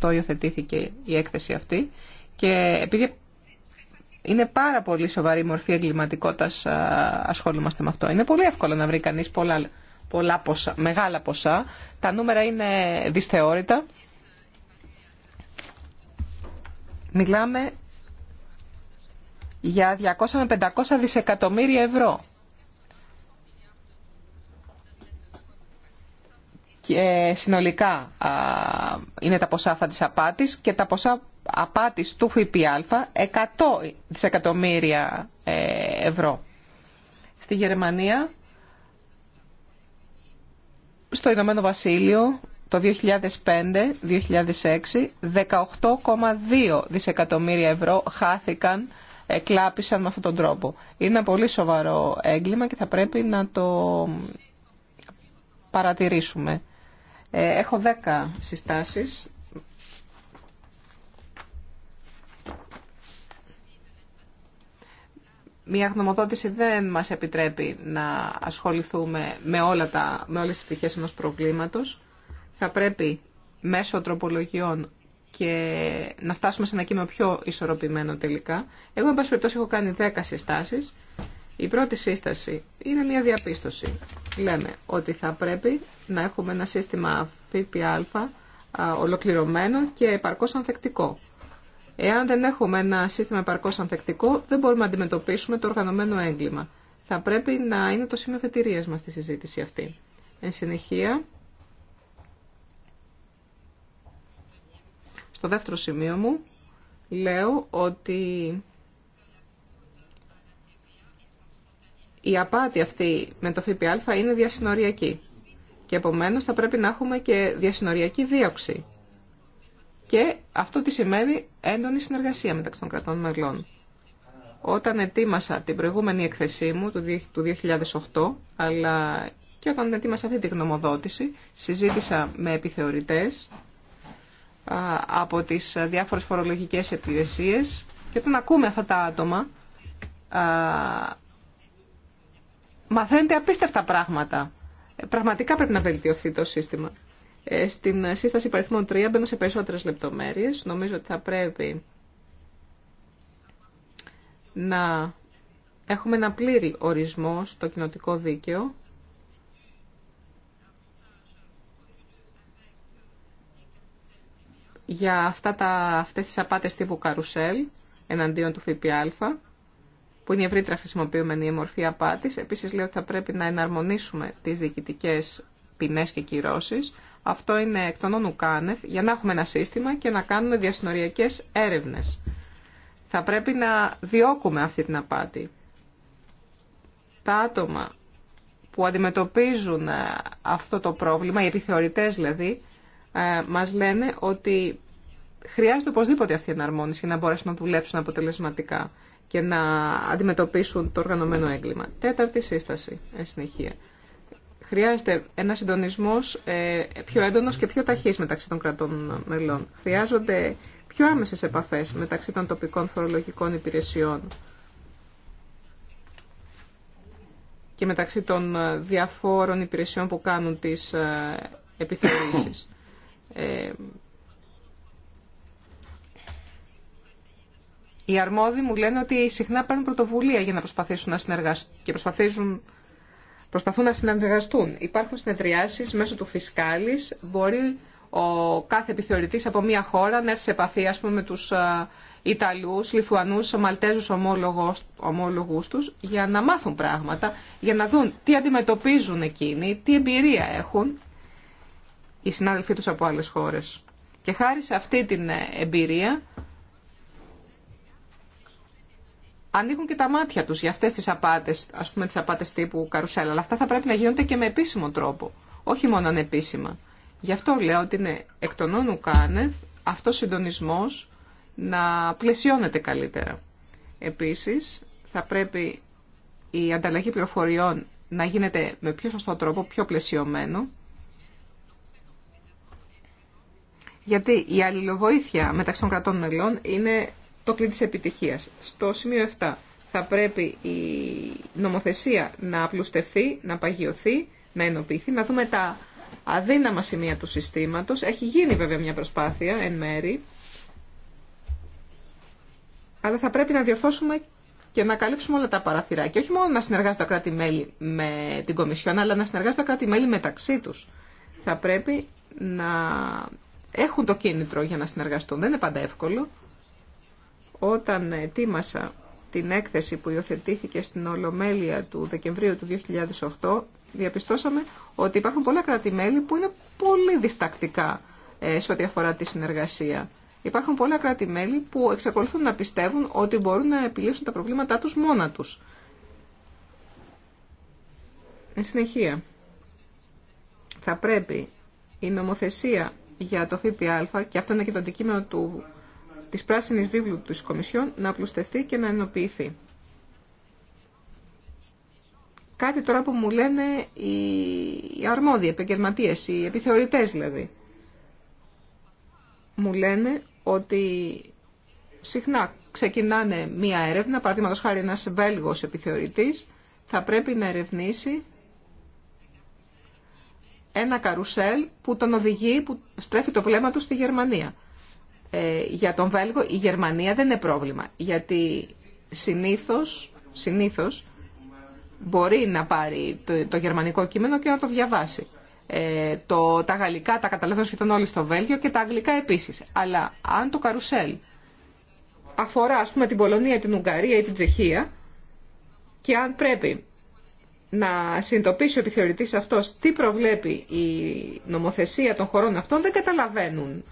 2008 υιοθετήθηκε η έκθεση αυτή και επειδή είναι πάρα πολύ σοβαρή μορφή εγκληματικότητα ασχολούμαστε με αυτό. Είναι πολύ εύκολο να βρει κανεί πολλά, πολλά ποσά, μεγάλα ποσά. Τα νούμερα είναι δυσθεώρητα. Μιλάμε για 200 με 500 δισεκατομμύρια ευρώ. και ε, συνολικά είναι τα ποσά αυτά της απάτης και τα ποσά απάτης του ΦΠΑ 100 δισεκατομμύρια ε, ευρώ. Στη Γερμανία, στο Ηνωμένο Βασίλειο, το 2005-2006, 18,2 δισεκατομμύρια ευρώ χάθηκαν, ε, κλάπησαν με αυτόν τον τρόπο. Είναι ένα πολύ σοβαρό έγκλημα και θα πρέπει να το παρατηρήσουμε. Ε, έχω δέκα συστάσεις. Μια γνωμοδότηση δεν μας επιτρέπει να ασχοληθούμε με, όλα τα, με όλες τις πτυχές ενός προβλήματος. Θα πρέπει μέσω τροπολογιών και να φτάσουμε σε ένα κείμενο πιο ισορροπημένο τελικά. Εγώ, εν πάση περιπτώσει, έχω κάνει 10 συστάσεις η πρώτη σύσταση είναι μια διαπίστωση. Λέμε ότι θα πρέπει να έχουμε ένα σύστημα ΦΠΑ ολοκληρωμένο και επαρκώς ανθεκτικό. Εάν δεν έχουμε ένα σύστημα επαρκώς ανθεκτικό, δεν μπορούμε να αντιμετωπίσουμε το οργανωμένο έγκλημα. Θα πρέπει να είναι το σημείο φετηρίας μας στη συζήτηση αυτή. Εν συνεχεία, στο δεύτερο σημείο μου, λέω ότι η απάτη αυτή με το ΦΠΑ είναι διασυνοριακή και επομένως θα πρέπει να έχουμε και διασυνοριακή δίωξη. Και αυτό τι σημαίνει έντονη συνεργασία μεταξύ των κρατών μελών. Όταν ετοίμασα την προηγούμενη εκθεσή μου του 2008, αλλά και όταν ετοίμασα αυτή τη γνωμοδότηση, συζήτησα με επιθεωρητές από τις διάφορες φορολογικές υπηρεσίε και όταν ακούμε αυτά τα άτομα μαθαίνετε απίστευτα πράγματα. Ε, πραγματικά πρέπει να βελτιωθεί το σύστημα. Ε, στην σύσταση παριθμών 3 μπαίνω σε περισσότερες λεπτομέρειες. Νομίζω ότι θα πρέπει να έχουμε ένα πλήρη ορισμό στο κοινοτικό δίκαιο για αυτά τα, αυτές τις απάτες τύπου καρουσέλ εναντίον του ΦΠΑ που είναι η ευρύτερα χρησιμοποιούμενη η μορφή απάτη. Επίση λέω ότι θα πρέπει να εναρμονίσουμε τι διοικητικέ ποινέ και κυρώσει. Αυτό είναι εκ των όνου για να έχουμε ένα σύστημα και να κάνουμε διασυνοριακές έρευνε. Θα πρέπει να διώκουμε αυτή την απάτη. Τα άτομα που αντιμετωπίζουν ε, αυτό το πρόβλημα, οι επιθεωρητές δηλαδή, ε, μας λένε ότι χρειάζεται οπωσδήποτε αυτή η εναρμόνιση για να μπορέσουν να δουλέψουν αποτελεσματικά και να αντιμετωπίσουν το οργανωμένο έγκλημα. Τέταρτη σύσταση, εν συνεχεία. Χρειάζεται ένα συντονισμό ε, πιο έντονο και πιο ταχύ μεταξύ των κρατών μελών. Χρειάζονται πιο άμεσε επαφέ μεταξύ των τοπικών φορολογικών υπηρεσιών και μεταξύ των ε, διαφόρων υπηρεσιών που κάνουν τις ε, επιθεωρήσεις. Οι αρμόδιοι μου λένε ότι συχνά παίρνουν πρωτοβουλία για να προσπαθήσουν να συνεργαστούν και προσπαθήσουν, προσπαθούν να συνεργαστούν. Υπάρχουν συνεδριάσεις μέσω του φυσκάλης, μπορεί ο κάθε επιθεωρητής από μια χώρα να έρθει σε επαφή ας πούμε, με τους Ιταλούς, Λιθουανούς, Μαλτέζους ομόλογους, ομόλογους τους για να μάθουν πράγματα, για να δουν τι αντιμετωπίζουν εκείνοι, τι εμπειρία έχουν οι συνάδελφοί τους από άλλες χώρες. Και χάρη σε αυτή την ε, εμπειρία ανοίγουν και τα μάτια τους για αυτές τις απάτες, ας πούμε τις απάτες τύπου καρουσέλα. Αλλά αυτά θα πρέπει να γίνονται και με επίσημο τρόπο, όχι μόνο ανεπίσημα. Γι' αυτό λέω ότι είναι εκ των όνου κάνευ αυτός ο συντονισμός να πλαισιώνεται καλύτερα. Επίσης, θα πρέπει η ανταλλαγή πληροφοριών να γίνεται με πιο σωστό τρόπο, πιο πλαισιωμένο, γιατί η αλληλοβοήθεια μεταξύ των κρατών μελών είναι το κλειδί της επιτυχίας. Στο σημείο 7 θα πρέπει η νομοθεσία να απλουστευτεί, να παγιωθεί, να ενοποιηθεί, να δούμε τα αδύναμα σημεία του συστήματος. Έχει γίνει βέβαια μια προσπάθεια εν μέρη, αλλά θα πρέπει να διορθώσουμε και να καλύψουμε όλα τα παραθυράκια. Όχι μόνο να συνεργάζονται τα κράτη-μέλη με την Κομισιόν, αλλά να συνεργάζονται τα κράτη-μέλη μεταξύ τους. Θα πρέπει να έχουν το κίνητρο για να συνεργαστούν. Δεν είναι πάντα εύκολο. Όταν ετοίμασα την έκθεση που υιοθετήθηκε στην Ολομέλεια του Δεκεμβρίου του 2008, διαπιστώσαμε ότι υπάρχουν πολλά κράτη-μέλη που είναι πολύ διστακτικά ε, σε ό,τι αφορά τη συνεργασία. Υπάρχουν πολλά κράτη-μέλη που εξακολουθούν να πιστεύουν ότι μπορούν να επιλύσουν τα προβλήματά τους μόνα τους. Εν συνεχεία, θα πρέπει η νομοθεσία για το ΦΠΑ, και αυτό είναι και το αντικείμενο του της πράσινης βίβλου της Κομισιόν να απλουστευτεί και να ενοποιηθεί. Κάτι τώρα που μου λένε οι αρμόδιοι επαγγελματίε, οι επιθεωρητές δηλαδή. Μου λένε ότι συχνά ξεκινάνε μία έρευνα, παραδείγματος χάρη ένας Βέλγος επιθεωρητής, θα πρέπει να ερευνήσει ένα καρουσέλ που τον οδηγεί, που στρέφει το βλέμμα του στη Γερμανία. Ε, για τον Βέλγο η Γερμανία δεν είναι πρόβλημα, γιατί συνήθως, συνήθως μπορεί να πάρει το, γερμανικό κείμενο και να το διαβάσει. Ε, το, τα γαλλικά τα καταλαβαίνω σχεδόν όλοι στο Βέλγιο και τα αγγλικά επίσης. Αλλά αν το καρουσέλ αφορά ας πούμε την Πολωνία, την Ουγγαρία ή την Τσεχία και αν πρέπει να συνειδητοποιήσει ο επιθεωρητής αυτός τι προβλέπει η νομοθεσία των χωρών αυτών δεν καταλαβαίνουν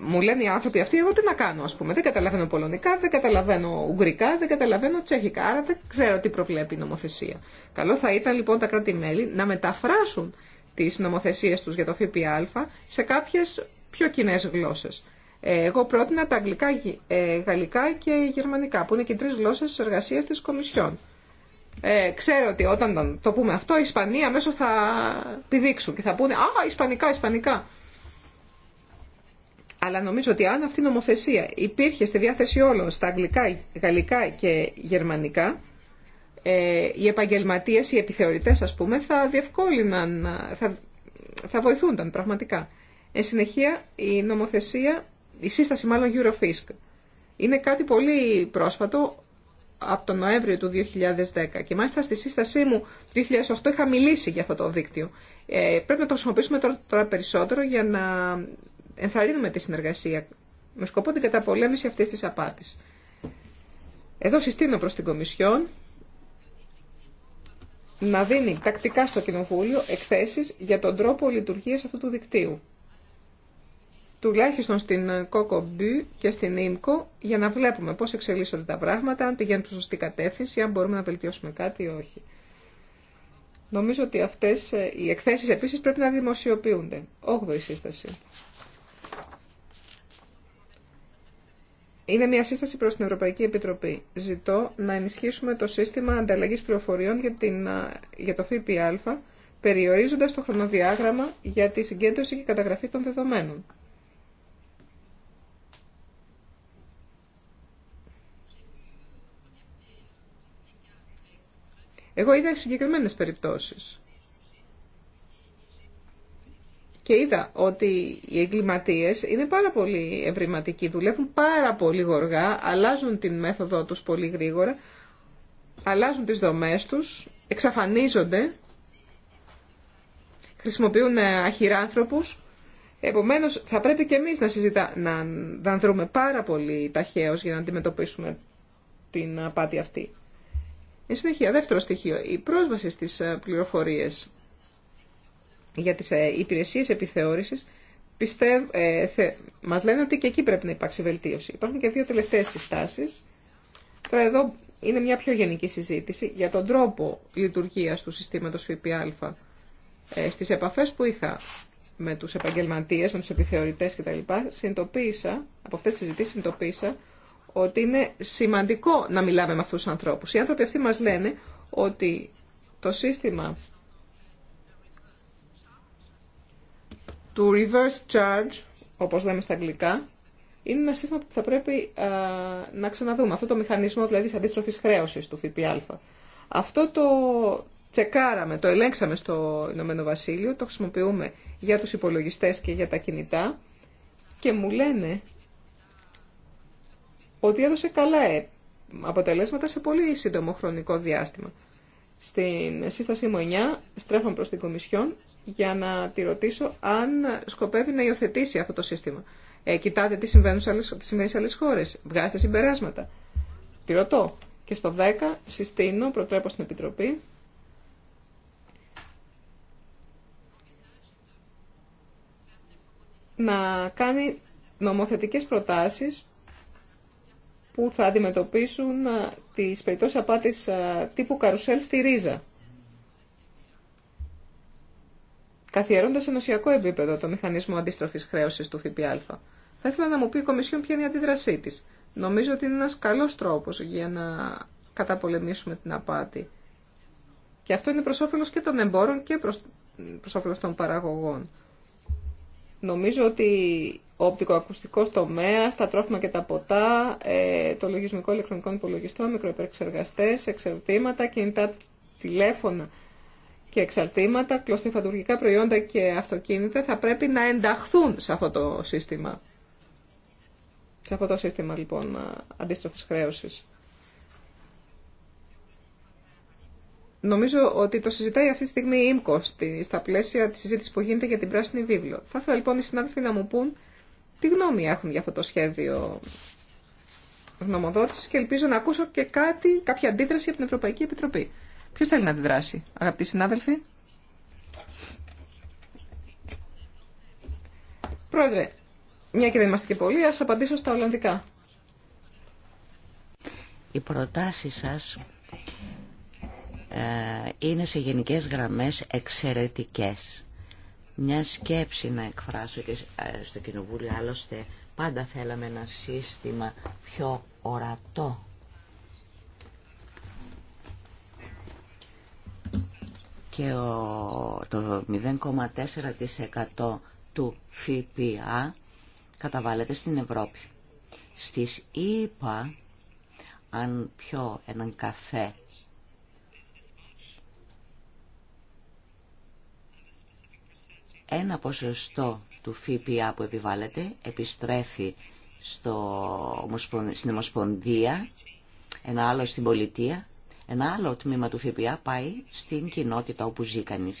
μου λένε οι άνθρωποι αυτοί, εγώ τι να κάνω, α πούμε. Δεν καταλαβαίνω πολωνικά, δεν καταλαβαίνω ουγγρικά, δεν καταλαβαίνω τσέχικα. Άρα δεν ξέρω τι προβλέπει η νομοθεσία. Καλό θα ήταν λοιπόν τα κράτη-μέλη να μεταφράσουν τι νομοθεσίε του για το ΦΠΑ σε κάποιε πιο κοινέ γλώσσε. Ε, εγώ πρότεινα τα αγγλικά, ε, γαλλικά και γερμανικά, που είναι και τρει γλώσσε εργασία τη Κομισιόν. Ε, ξέρω ότι όταν το πούμε αυτό, η Ισπανία αμέσω θα πηδήξουν και θα πούνε Α, Ισπανικά, Ισπανικά. Αλλά νομίζω ότι αν αυτή η νομοθεσία υπήρχε στη διάθεση όλων στα αγγλικά, γαλλικά και γερμανικά, ε, οι επαγγελματίες, οι επιθεωρητές ας πούμε, θα διευκόλυναν, θα, θα βοηθούνταν πραγματικά. Εν συνεχεία, η νομοθεσία, η σύσταση μάλλον Eurofisk, είναι κάτι πολύ πρόσφατο από τον Νοέμβριο του 2010 και μάλιστα στη σύστασή μου του 2008 είχα μιλήσει για αυτό το δίκτυο. Ε, πρέπει να το χρησιμοποιήσουμε τώρα περισσότερο για να ενθαρρύνουμε τη συνεργασία με σκοπό την καταπολέμηση αυτής της απάτης. Εδώ συστήνω προς την Κομισιόν να δίνει τακτικά στο Κοινοβούλιο εκθέσεις για τον τρόπο λειτουργίας αυτού του δικτύου. Τουλάχιστον στην ΚΟΚΟΜΠΙ και στην ΙΜΚΟ για να βλέπουμε πώς εξελίσσονται τα πράγματα, αν πηγαίνουν προς σωστή κατεύθυνση, αν μπορούμε να βελτιώσουμε κάτι ή όχι. Νομίζω ότι αυτές ε, οι εκθέσεις επίσης πρέπει να δημοσιοποιούνται. 8η σύσταση. Είναι μια σύσταση προς την Ευρωπαϊκή Επιτροπή. Ζητώ να ενισχύσουμε το σύστημα ανταλλαγής πληροφοριών για, την, για το ΦΠΑ, περιορίζοντας το χρονοδιάγραμμα για τη συγκέντρωση και καταγραφή των δεδομένων. Εγώ είδα συγκεκριμένες περιπτώσεις και είδα ότι οι εγκληματίες είναι πάρα πολύ ευρηματικοί, δουλεύουν πάρα πολύ γοργά, αλλάζουν την μέθοδό του πολύ γρήγορα, αλλάζουν τις δομές τους, εξαφανίζονται, χρησιμοποιούν ε, αχυράνθρωπου. επομένως θα πρέπει και εμείς να, συζητάμε, να, δανδρούμε πάρα πολύ ταχαίω για να αντιμετωπίσουμε την απάτη αυτή. Εν συνεχεία, δεύτερο στοιχείο, η πρόσβαση στις ε, πληροφορίες για τις ε, υπηρεσίες επιθεώρησης πιστεύ, ε, μας λένε ότι και εκεί πρέπει να υπάρξει βελτίωση. Υπάρχουν και δύο τελευταίες συστάσεις. Τώρα εδώ είναι μια πιο γενική συζήτηση για τον τρόπο λειτουργίας του συστήματος ΦΠΑ ε, στις επαφές που είχα με τους επαγγελματίες, με τους επιθεωρητές κτλ. Συνειδητοποίησα, από αυτές τις συζητήσεις συνειδητοποίησα ότι είναι σημαντικό να μιλάμε με αυτούς τους ανθρώπους. Οι άνθρωποι αυτοί μας λένε ότι το σύστημα Το reverse charge, όπως λέμε στα αγγλικά, είναι ένα σύστημα που θα πρέπει να ξαναδούμε. Αυτό το μηχανισμό δηλαδή της αντίστροφης χρέωσης του ΦΠΑ. Αυτό το τσεκάραμε, το ελέγξαμε στο Ηνωμένο Βασίλειο, το χρησιμοποιούμε για τους υπολογιστές και για τα κινητά και μου λένε ότι έδωσε καλά ε, αποτελέσματα σε πολύ σύντομο χρονικό διάστημα. Στην σύστασή μου 9 στρέφαμε προς την Κομισιόν για να τη ρωτήσω αν σκοπεύει να υιοθετήσει αυτό το σύστημα. Ε, κοιτάτε τι συμβαίνει σε άλλες, άλλε άλλες χώρες. Βγάζετε συμπεράσματα. Τη ρωτώ. Και στο 10 συστήνω, προτρέπω στην Επιτροπή, να κάνει νομοθετικές προτάσεις που θα αντιμετωπίσουν ε, τις περιπτώσεις απάτης ε, τύπου καρουσέλ στη ρίζα. καθιερώντα σε ενωσιακό επίπεδο το μηχανισμό αντίστροφη χρέωση του ΦΠΑ. Θα ήθελα να μου πει η Κομισιόν ποια είναι η αντίδρασή τη. Νομίζω ότι είναι ένα καλό τρόπο για να καταπολεμήσουμε την απάτη. Και αυτό είναι προ όφελο και των εμπόρων και προ όφελο των παραγωγών. Νομίζω ότι ο οπτικοακουστικός τομέας, τα τρόφιμα και τα ποτά, ε, το λογισμικό ηλεκτρονικών υπολογιστών, μικροεπεξεργαστές, εξερτήματα, κινητά τηλέφωνα και εξαρτήματα, κλωστιφαντουργικά προϊόντα και αυτοκίνητα θα πρέπει να ενταχθούν σε αυτό το σύστημα. Σε αυτό το σύστημα λοιπόν αντίστροφης χρέωσης. Νομίζω ότι το συζητάει αυτή τη στιγμή η ΙΜΚΟ στα πλαίσια τη συζήτηση που γίνεται για την πράσινη βίβλο. Θα ήθελα λοιπόν οι συνάδελφοι να μου πούν τι γνώμη έχουν για αυτό το σχέδιο γνωμοδότηση και ελπίζω να ακούσω και κάτι, κάποια αντίδραση από την Ευρωπαϊκή Επιτροπή. Ποιο θέλει να αντιδράσει, αγαπητοί συνάδελφοι. Πρόεδρε, μια και δεν είμαστε και πολλοί, ας απαντήσω στα Ολλανδικά. Οι προτάσεις σας ε, είναι σε γενικές γραμμές εξαιρετικές. Μια σκέψη να εκφράσω και ε, στο Κοινοβούλιο, άλλωστε πάντα θέλαμε ένα σύστημα πιο ορατό και το 0,4% του ΦΠΑ καταβάλλεται στην Ευρώπη. Στις ΗΠΑ, αν πιω έναν καφέ ένα ποσοστό του ΦΠΑ που επιβάλλεται επιστρέφει στο, στην Ομοσπονδία, ένα άλλο στην πολιτεία ένα άλλο τμήμα του ΦΠΑ πάει στην κοινότητα όπου ζει κανεί.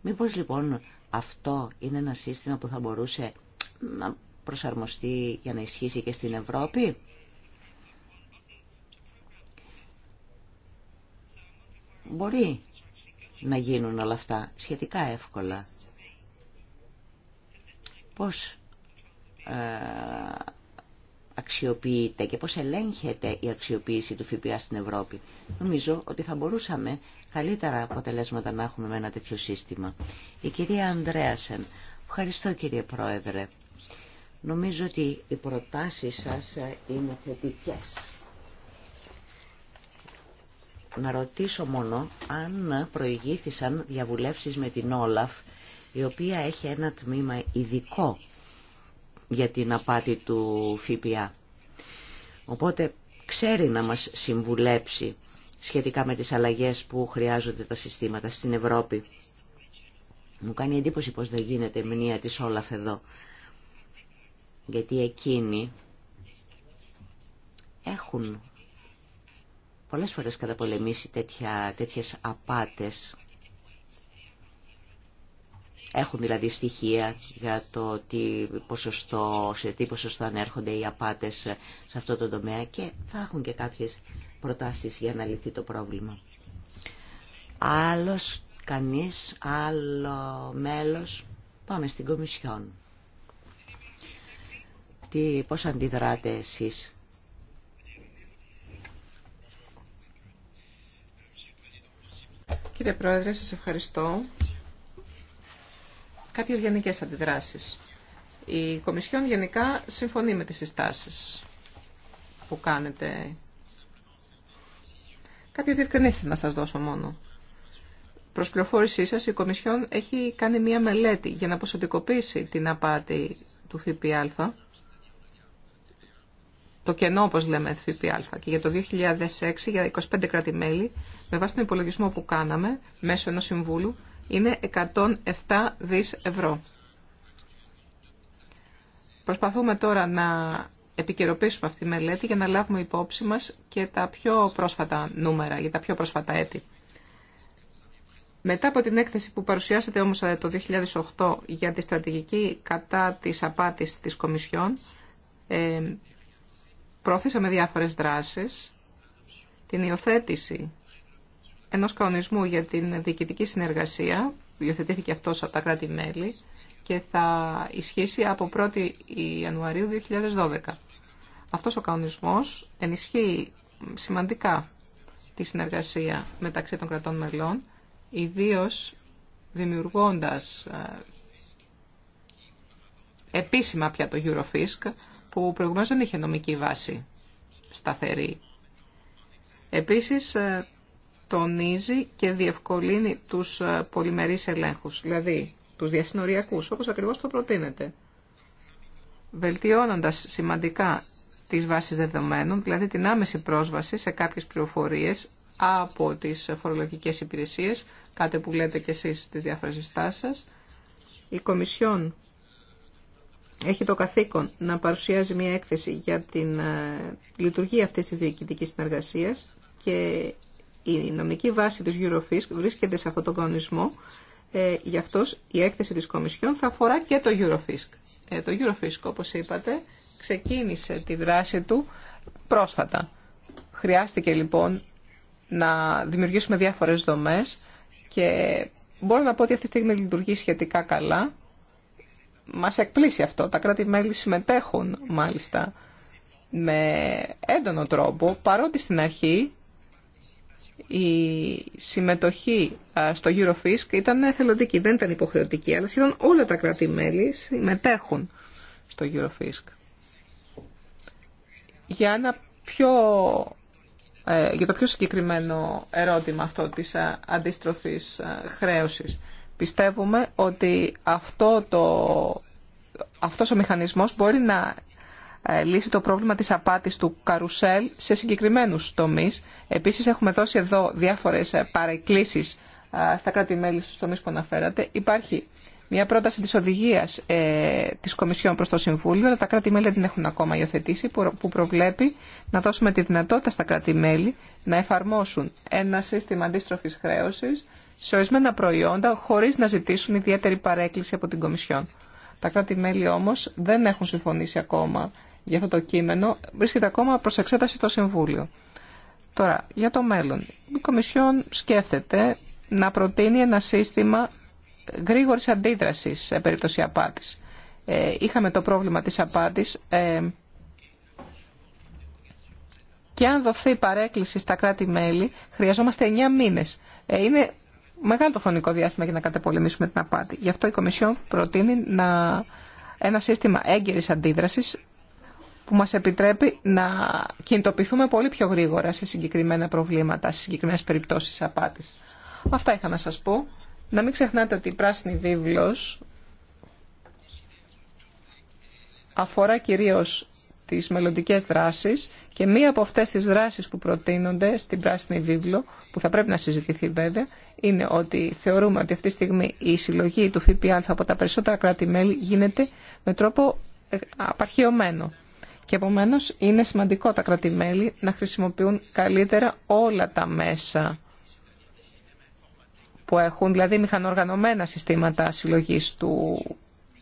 Μήπως λοιπόν αυτό είναι ένα σύστημα που θα μπορούσε να προσαρμοστεί για να ισχύσει και στην Ευρώπη. Μπορεί να γίνουν όλα αυτά σχετικά εύκολα. Πώς ε, αξιοποιείται και πώς ελέγχεται η αξιοποίηση του ΦΠΑ στην Ευρώπη. Νομίζω ότι θα μπορούσαμε καλύτερα αποτελέσματα να έχουμε με ένα τέτοιο σύστημα. Η κυρία Ανδρέασεν. Ευχαριστώ κύριε Πρόεδρε. Νομίζω ότι οι προτάσεις σας είναι θετικές. Να ρωτήσω μόνο αν προηγήθησαν διαβουλεύσεις με την Όλαφ, η οποία έχει ένα τμήμα ειδικό για την απάτη του ΦΠΑ. Οπότε ξέρει να μας συμβουλέψει σχετικά με τις αλλαγές που χρειάζονται τα συστήματα στην Ευρώπη. Μου κάνει εντύπωση πως δεν γίνεται μνήα της Όλαφ εδώ. Γιατί εκείνοι έχουν πολλές φορές καταπολεμήσει τέτοια, τέτοιες απάτες έχουν δηλαδή στοιχεία για το τι ποσοστό, σε τι ποσοστό ανέρχονται οι απάτες σε αυτό το τομέα και θα έχουν και κάποιες προτάσεις για να λυθεί το πρόβλημα. Άλλος κανείς, άλλο μέλος, πάμε στην Κομισιόν. Τι, πώς αντιδράτε εσείς. Κύριε Πρόεδρε, σας ευχαριστώ. Κάποιες γενικές αντιδράσεις. Η Κομισιόν γενικά συμφωνεί με τις συστάσεις που κάνετε. Κάποιες διευκρινήσεις να σας δώσω μόνο. Προς πληροφόρησή σας, η Κομισιόν έχει κάνει μία μελέτη για να ποσοτικοποιήσει την απάτη του ΦΠΑ, το κενό όπως λέμε ΦΠΑ και για το 2006 για 25 κράτη-μέλη, με βάση τον υπολογισμό που κάναμε μέσω ενός συμβούλου, είναι 107 δις ευρώ. Προσπαθούμε τώρα να επικαιροποιήσουμε αυτή τη μελέτη για να λάβουμε υπόψη μας και τα πιο πρόσφατα νούμερα, για τα πιο πρόσφατα έτη. Μετά από την έκθεση που παρουσιάσατε όμως ε, το 2008 για τη στρατηγική κατά της απάτης της Κομισιόν, πρόθεσαμε προωθήσαμε διάφορες δράσεις, την υιοθέτηση ενός κανονισμού για την διοικητική συνεργασία, που υιοθετήθηκε αυτός από τα κράτη-μέλη και θα ισχύσει από 1η Ιανουαρίου 2012. Αυτός ο κανονισμός ενισχύει σημαντικά τη συνεργασία μεταξύ των κρατών μελών, ιδίως δημιουργώντας ε, επίσημα πια το Eurofisk, που προηγουμένως δεν είχε νομική βάση σταθερή. Επίσης, ε, τονίζει και διευκολύνει τους ε, πολυμερείς ελέγχους, δηλαδή τους διασυνοριακούς, όπως ακριβώς το προτείνεται, βελτιώνοντας σημαντικά τις βάσεις δεδομένων, δηλαδή την άμεση πρόσβαση σε κάποιες πληροφορίες από τις φορολογικές υπηρεσίες, κάτι που λέτε και εσείς στις διάφορες Η Κομισιόν έχει το καθήκον να παρουσιάζει μια έκθεση για την ε, λειτουργία αυτής της διοικητικής συνεργασίας και η νομική βάση της Eurofisk βρίσκεται σε αυτό τον κανονισμό, ε, γι' αυτό η έκθεση της Κομισιόν θα αφορά και το EuroFisk. Ε, το EuroFisk, όπως είπατε, ξεκίνησε τη δράση του πρόσφατα. Χρειάστηκε λοιπόν να δημιουργήσουμε διάφορες δομές και μπορώ να πω ότι αυτή τη στιγμή λειτουργεί σχετικά καλά. Μας εκπλήσει αυτό. Τα κράτη-μέλη συμμετέχουν μάλιστα με έντονο τρόπο, παρότι στην αρχή η συμμετοχή στο Eurofisc ήταν εθελοντική, δεν ήταν υποχρεωτική, αλλά σχεδόν όλα τα κράτη-μέλη συμμετέχουν στο Eurofisc. Για, πιο, ε, για το πιο συγκεκριμένο ερώτημα αυτό της ε, αντίστροφης ε, χρέωσης, πιστεύουμε ότι αυτό αυτός ο μηχανισμός μπορεί να ε, λύσει το πρόβλημα της απάτης του καρουσέλ σε συγκεκριμένους τομείς. Επίσης έχουμε δώσει εδώ διάφορες ε, παρεκκλήσεις ε, στα κράτη-μέλη στους τομείς που αναφέρατε. Υπάρχει μια πρόταση της οδηγίας ε, της Κομισιόν προς το Συμβούλιο, αλλά τα κράτη-μέλη δεν την έχουν ακόμα υιοθετήσει, που, προβλέπει να δώσουμε τη δυνατότητα στα κράτη-μέλη να εφαρμόσουν ένα σύστημα αντίστροφη χρέωσης σε ορισμένα προϊόντα χωρίς να ζητήσουν ιδιαίτερη παρέκκληση από την Κομισιόν. Τα κράτη-μέλη όμως δεν έχουν συμφωνήσει ακόμα για αυτό το κείμενο βρίσκεται ακόμα προ εξέταση το Συμβούλιο. Τώρα, για το μέλλον. Η Κομισιόν σκέφτεται να προτείνει ένα σύστημα γρήγορη αντίδραση σε περίπτωση Ε, είχαμε το πρόβλημα της απάτης ε, και αν δοθεί παρέκκληση στα κράτη-μέλη, χρειαζόμαστε 9 μήνες. Ε, είναι μεγάλο το χρονικό διάστημα για να κατεπολεμήσουμε την απάτη. Γι' αυτό η Κομισιόν προτείνει να... ένα σύστημα έγκαιρης αντίδρασης που μας επιτρέπει να κινητοποιηθούμε πολύ πιο γρήγορα σε συγκεκριμένα προβλήματα, σε συγκεκριμένες περιπτώσεις απάτης. Αυτά είχα να σας πω. Να μην ξεχνάτε ότι η πράσινη βίβλος αφορά κυρίως τις μελλοντικέ δράσεις και μία από αυτές τις δράσεις που προτείνονται στην πράσινη βίβλο, που θα πρέπει να συζητηθεί βέβαια, είναι ότι θεωρούμε ότι αυτή τη στιγμή η συλλογή του ΦΠΑ από τα περισσότερα κράτη-μέλη γίνεται με τρόπο ε, απαρχιωμένο. Και επομένως είναι σημαντικό τα κρατημέλη να χρησιμοποιούν καλύτερα όλα τα μέσα που έχουν, δηλαδή μηχανοργανωμένα συστήματα συλλογής του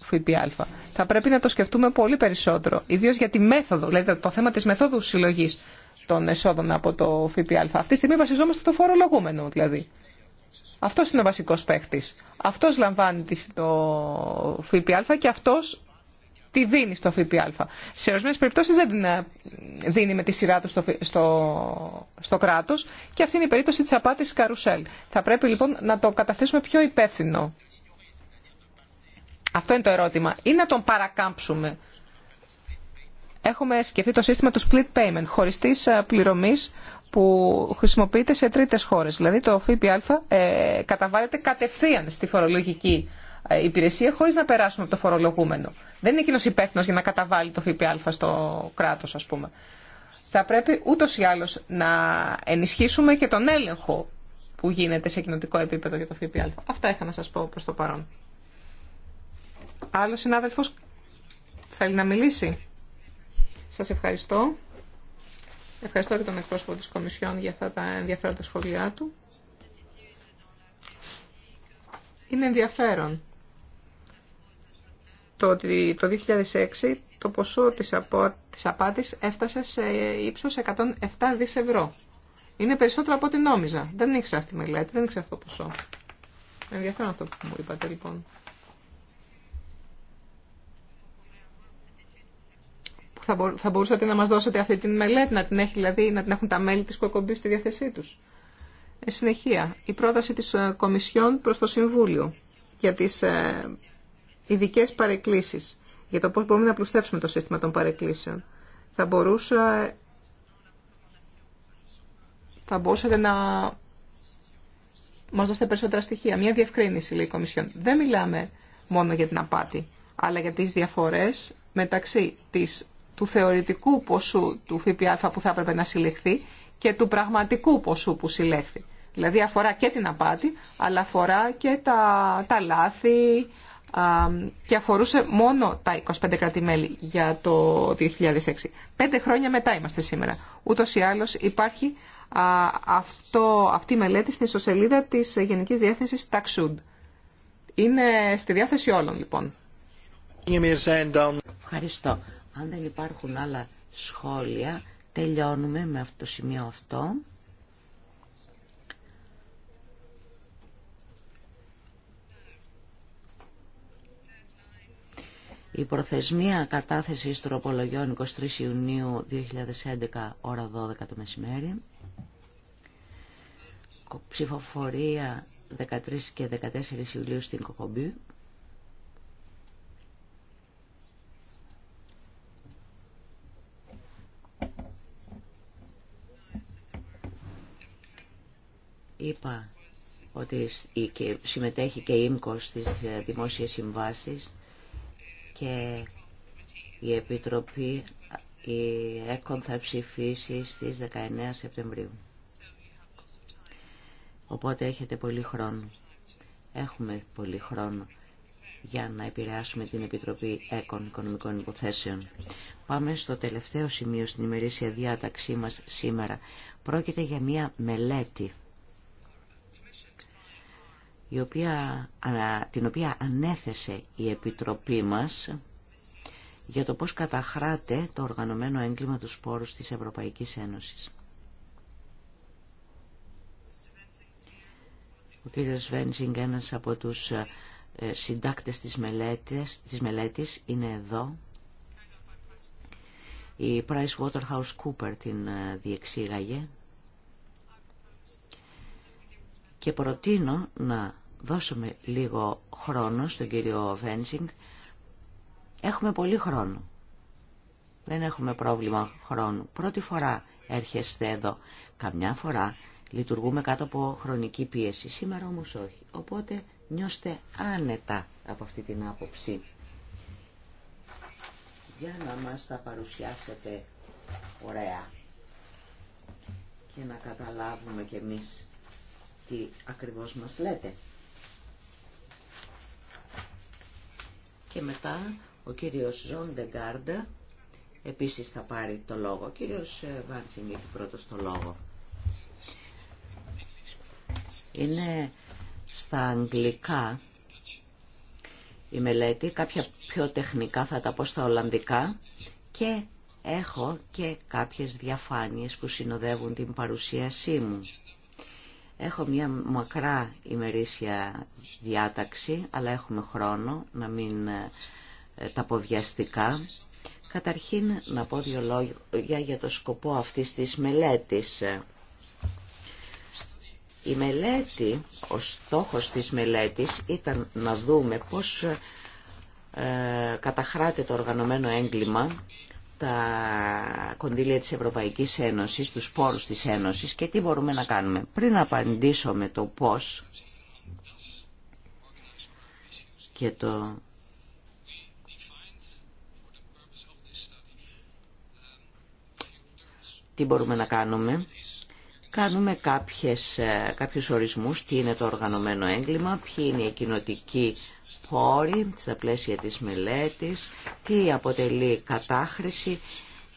ΦΠΑ. Θα πρέπει να το σκεφτούμε πολύ περισσότερο, ιδίως για τη μέθοδο, δηλαδή το θέμα της μεθόδου συλλογής των εσόδων από το ΦΠΑ. Αυτή τη στιγμή βασιζόμαστε το φορολογούμενο δηλαδή. Αυτός είναι ο βασικός παίχτης. Αυτός λαμβάνει το ΦΠΑ και αυτός τη δίνει στο ΦΠΑ. Σε ορισμένε περιπτώσει δεν την ε, δίνει με τη σειρά του στο, στο, κράτο και αυτή είναι η περίπτωση τη απάτη καρουσέλ. Θα πρέπει λοιπόν να το καταθέσουμε πιο υπεύθυνο. Αυτό είναι το ερώτημα. Ή να τον παρακάμψουμε. Έχουμε σκεφτεί το σύστημα του split payment, χωριστή ε, πληρωμή που χρησιμοποιείται σε τρίτες χώρες. Δηλαδή το ΦΠΑ ε, καταβάλλεται κατευθείαν στη φορολογική υπηρεσία χωρί να περάσουν από το φορολογούμενο. Δεν είναι εκείνο υπεύθυνο για να καταβάλει το ΦΠΑ στο κράτο, α πούμε. Θα πρέπει ούτω ή άλλως να ενισχύσουμε και τον έλεγχο που γίνεται σε κοινοτικό επίπεδο για το ΦΠΑ. Αυτά είχα να σα πω προ το παρόν. Άλλο συνάδελφο θέλει να μιλήσει. σα ευχαριστώ. Ευχαριστώ και τον εκπρόσωπο της Κομισιόν για αυτά τα ενδιαφέροντα σχόλιά του. Είναι ενδιαφέρον το ότι το 2006 το ποσό της, απο... της απάτης έφτασε σε ύψος 107 δις ευρώ. Είναι περισσότερο από ό,τι νόμιζα. Δεν ήξερα αυτή τη μελέτη, δεν ήξερα αυτό το ποσό. Ενδιαφέρον αυτό που μου είπατε λοιπόν. θα, θα μπορούσατε να μας δώσετε αυτή την μελέτη, να την, έχει, δηλαδή, να την έχουν τα μέλη της κοκομπής στη διάθεσή τους. Ε, συνεχεία, η πρόταση της ε, Κομισιόν προς το Συμβούλιο για τις ε, ειδικέ παρεκκλήσει για το πώ μπορούμε να πλουστεύσουμε το σύστημα των παρεκκλήσεων. Θα, μπορούσα, θα μπορούσατε να μας δώσετε περισσότερα στοιχεία. Μια διευκρίνηση, λέει η Κομισιόν. Δεν μιλάμε μόνο για την απάτη, αλλά για τις διαφορές μεταξύ της, του θεωρητικού ποσού του ΦΠΑ που θα έπρεπε να συλλεχθεί και του πραγματικού ποσού που συλλέχθη. Δηλαδή αφορά και την απάτη, αλλά αφορά και τα, τα λάθη, και αφορούσε μόνο τα 25 κρατη για το 2006. Πέντε χρόνια μετά είμαστε σήμερα. Ούτως ή άλλως υπάρχει αυτό, αυτή η μελέτη στην ιστοσελίδα της Γενική Διεύθυνση Ταξούντ. Είναι στη διάθεση όλων λοιπόν. Ευχαριστώ. Αν δεν υπάρχουν άλλα σχόλια, τελειώνουμε με αυτό το σημείο αυτό. Η προθεσμία κατάθεση τροπολογιών 23 Ιουνίου 2011, ώρα 12 το μεσημέρι. Ψηφοφορία 13 και 14 Ιουλίου στην Κοκομπή. Είπα ότι συμμετέχει και η ΙΜΚΟ στις ε, δημόσιες συμβάσεις και η Επιτροπή η ΕΚΟΝ θα ψηφίσει στις 19 Σεπτεμβρίου. Οπότε έχετε πολύ χρόνο. Έχουμε πολύ χρόνο για να επηρεάσουμε την Επιτροπή ΕΚΟΝ Οικονομικών Υποθέσεων. Πάμε στο τελευταίο σημείο στην ημερήσια διάταξή μας σήμερα. Πρόκειται για μία μελέτη η οποία, την οποία ανέθεσε η Επιτροπή μας για το πώς καταχράται το οργανωμένο έγκλημα του σπόρου της Ευρωπαϊκής Ένωσης. Ο κύριος Βένσιγκ, ένας από τους ε, συντάκτες της μελέτης, της μελέτης είναι εδώ. Η PricewaterhouseCooper την ε, διεξήγαγε και προτείνω να δώσουμε λίγο χρόνο στον κύριο Βένσινγκ. Έχουμε πολύ χρόνο. Δεν έχουμε πρόβλημα χρόνου. Πρώτη φορά έρχεστε εδώ. Καμιά φορά λειτουργούμε κάτω από χρονική πίεση. Σήμερα όμως όχι. Οπότε νιώστε άνετα από αυτή την άποψη. Για να μας τα παρουσιάσετε ωραία και να καταλάβουμε κι εμείς τι ακριβώς μας λέτε. και μετά ο κύριος Ζων Ντεγκάρντα επίσης θα πάρει το λόγο. Ο κύριος ε, Βάντσινγκ έχει πρώτος το λόγο. Είναι στα αγγλικά η μελέτη, κάποια πιο τεχνικά θα τα πω στα Ολλανδικά και έχω και κάποιες διαφάνειες που συνοδεύουν την παρουσίασή μου. Έχω μια μακρά ημερήσια διάταξη, αλλά έχουμε χρόνο να μην ε, τα ποδιαστικά, Καταρχήν να πω δύο λόγια για το σκοπό αυτής της μελέτης. Η μελέτη, ο στόχος της μελέτης ήταν να δούμε πώς ε, καταχράται το οργανωμένο έγκλημα τα κονδύλια της Ευρωπαϊκής Ένωσης, τους πόρους της Ένωσης και τι μπορούμε να κάνουμε. Πριν απαντήσω με το πώς και το τι μπορούμε να κάνουμε. Κάνουμε κάποιες, ε, κάποιους ορισμούς, τι είναι το οργανωμένο έγκλημα, ποιοι είναι οι κοινοτικοί πόροι στα πλαίσια της μελέτης, τι αποτελεί κατάχρηση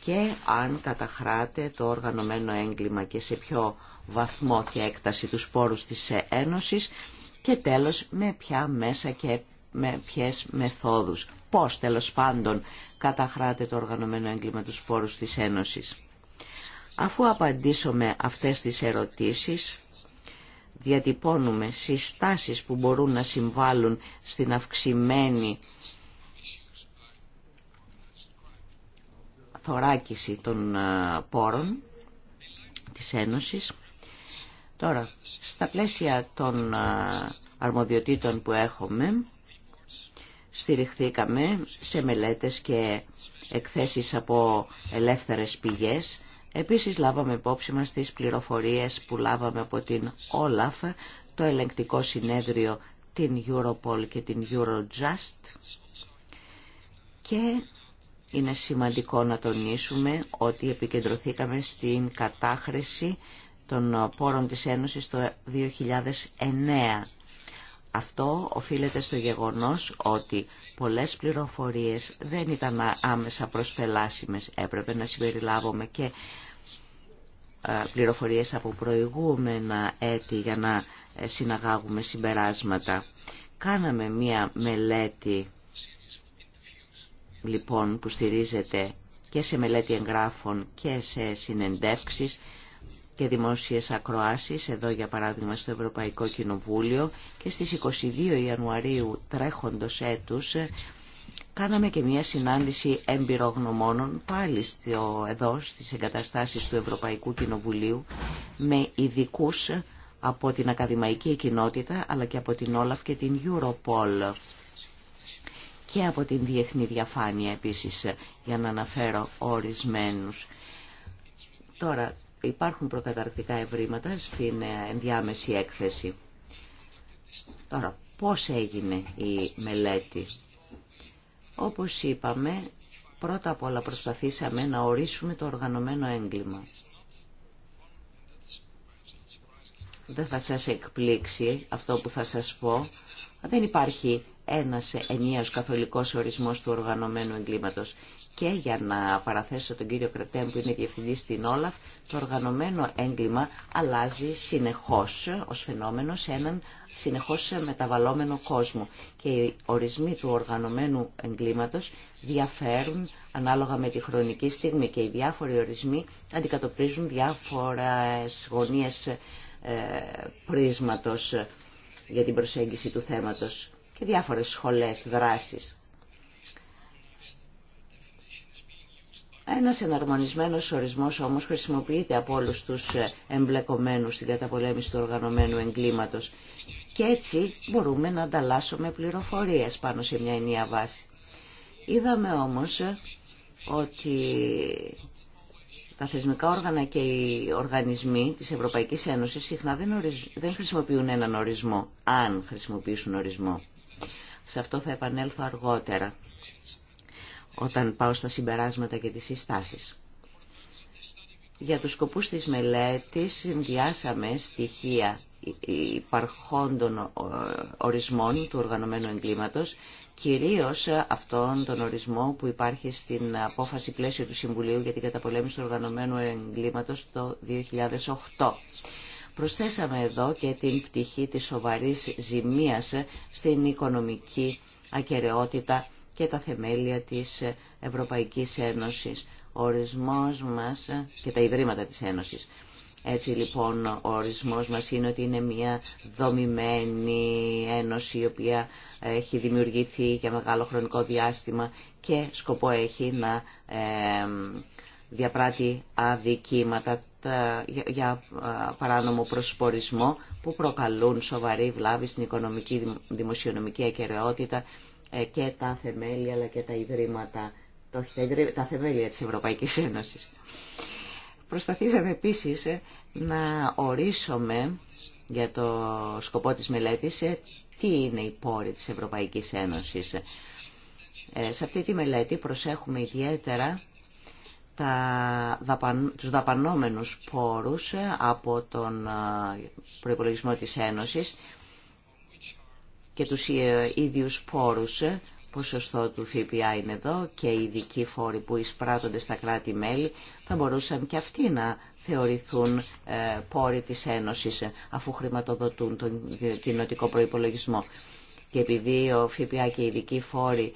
και αν καταχράτε το οργανωμένο έγκλημα και σε ποιο βαθμό και έκταση του πόρους της Ένωσης και τέλος με ποια μέσα και με ποιες μεθόδους. Πώς τέλος πάντων καταχράτε το οργανωμένο έγκλημα του πόρους της Ένωσης. Αφού απαντήσουμε αυτές τις ερωτήσεις, διατυπώνουμε συστάσεις που μπορούν να συμβάλλουν στην αυξημένη θωράκιση των ε, πόρων της Ένωσης. Τώρα, στα πλαίσια των ε, αρμοδιοτήτων που έχουμε, στηριχθήκαμε σε μελέτες και εκθέσεις από ελεύθερες πηγές Επίσης λάβαμε υπόψη μας τις πληροφορίες που λάβαμε από την Όλαφ, το ελεγκτικό συνέδριο, την Europol και την Eurojust και είναι σημαντικό να τονίσουμε ότι επικεντρωθήκαμε στην κατάχρηση των πόρων της Ένωσης το 2009. Αυτό οφείλεται στο γεγονός ότι Πολλές πληροφορίες δεν ήταν άμεσα προσπελάσιμες. Έπρεπε να συμπεριλάβουμε και ε, πληροφορίες από προηγούμενα έτη για να ε, συναγάγουμε συμπεράσματα. Κάναμε μία μελέτη λοιπόν που στηρίζεται και σε μελέτη εγγράφων και σε συνεντεύξεις και δημόσιες ακροάσεις εδώ για παράδειγμα στο Ευρωπαϊκό Κοινοβούλιο και στις 22 Ιανουαρίου τρέχοντος έτους κάναμε και μια συνάντηση εμπειρογνωμόνων πάλι στο, εδώ στις εγκαταστάσεις του Ευρωπαϊκού Κοινοβουλίου με ειδικού από την ακαδημαϊκή κοινότητα αλλά και από την Όλαφ και την Europol και από την διεθνή διαφάνεια επίσης για να αναφέρω ορισμένους. Τώρα, υπάρχουν προκαταρκτικά ευρήματα στην ε, ενδιάμεση έκθεση. Τώρα, πώς έγινε η μελέτη. Όπως είπαμε, πρώτα απ' όλα προσπαθήσαμε να ορίσουμε το οργανωμένο έγκλημα. Δεν θα σας εκπλήξει αυτό που θα σας πω. Δεν υπάρχει ένας ενιαίος καθολικός ορισμός του οργανωμένου εγκλήματος και για να παραθέσω τον κύριο Κρετέμ που είναι διευθυντή στην Όλαφ, το οργανωμένο έγκλημα αλλάζει συνεχώς ως φαινόμενο σε έναν συνεχώς μεταβαλλόμενο κόσμο και οι ορισμοί του οργανωμένου εγκλήματος διαφέρουν ανάλογα με τη χρονική στιγμή και οι διάφοροι ορισμοί αντικατοπτρίζουν διάφορες γωνίες ε, πρίσματος για την προσέγγιση του θέματος και διάφορες σχολές δράσης. Ένα εναρμονισμένος ορισμό όμως χρησιμοποιείται από όλους τους ε, εμπλεκομένου στην καταπολέμηση του οργανωμένου εγκλήματο. και έτσι μπορούμε να ανταλλάσσουμε πληροφορίες πάνω σε μια ενιαία βάση. Είδαμε όμως ε, ότι τα θεσμικά όργανα και οι οργανισμοί της Ευρωπαϊκής Ένωσης συχνά δεν, δεν χρησιμοποιούν έναν ορισμό, αν χρησιμοποιήσουν ορισμό. Σε αυτό θα επανέλθω αργότερα όταν πάω στα συμπεράσματα και τις συστάσεις. Για τους σκοπούς της μελέτης συνδυάσαμε στοιχεία υπαρχόντων ε, ορισμών του οργανωμένου εγκλήματος, κυρίως αυτόν τον ορισμό που υπάρχει στην απόφαση πλαίσιο του Συμβουλίου για την καταπολέμηση του οργανωμένου εγκλήματος το 2008. Προσθέσαμε εδώ και την πτυχή της σοβαρής ζημίας στην οικονομική ακαιρεότητα και τα θεμέλια της Ευρωπαϊκής Ένωσης. Ο ορισμός μας και τα ιδρύματα της Ένωσης. Έτσι λοιπόν ο ορισμός μας είναι ότι είναι μια δομημένη ένωση η οποία έχει δημιουργηθεί για μεγάλο χρονικό διάστημα και σκοπό έχει να διαπράττει αδικήματα για παράνομο προσπορισμό που προκαλούν σοβαρή βλάβη στην οικονομική δημοσιονομική ακαιρεότητα ε, και τα θεμέλια αλλά και τα ιδρύματα, τα θεμέλια της Ευρωπαϊκής Ένωσης. Προσπαθήσαμε επίσης ε, να ορίσουμε για το σκοπό της μελέτης ε, τι είναι η πόρη της Ευρωπαϊκής Ένωσης. Σε αυτή τη μελέτη προσέχουμε ιδιαίτερα τα, τους δαπανόμενους πόρους από τον προϋπολογισμό της Ένωσης και τους ε, ίδιους πόρους. Ε, ποσοστό του ΦΠΑ είναι εδώ και οι ειδικοί φόροι που εισπράττονται στα κράτη-μέλη θα μπορούσαν και αυτοί να θεωρηθούν ε, πόροι της Ένωσης αφού χρηματοδοτούν τον κοινοτικό προϋπολογισμό. Και επειδή ο ΦΠΑ και οι ειδικοί φόροι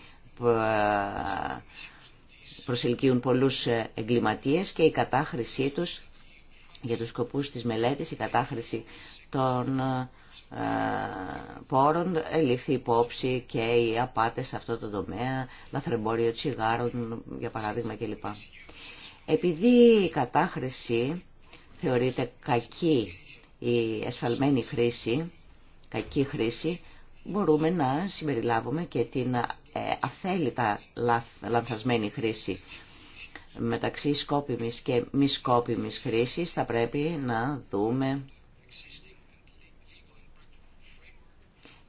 προσελκύουν πολλούς εγκληματίες και η κατάχρησή τους για τους σκοπούς της μελέτης, η κατάχρηση των ε, πόρων ελήφθη υπόψη και οι απάτες σε αυτό το τομέα, λαθρεμπόριο τσιγάρων για παράδειγμα κλπ. Επειδή η κατάχρηση θεωρείται κακή η εσφαλμένη χρήση, κακή χρήση, μπορούμε να συμπεριλάβουμε και την ε, αθέλητα λανθασμένη χρήση. Μεταξύ σκόπιμης και μη σκόπιμης χρήσης θα πρέπει να δούμε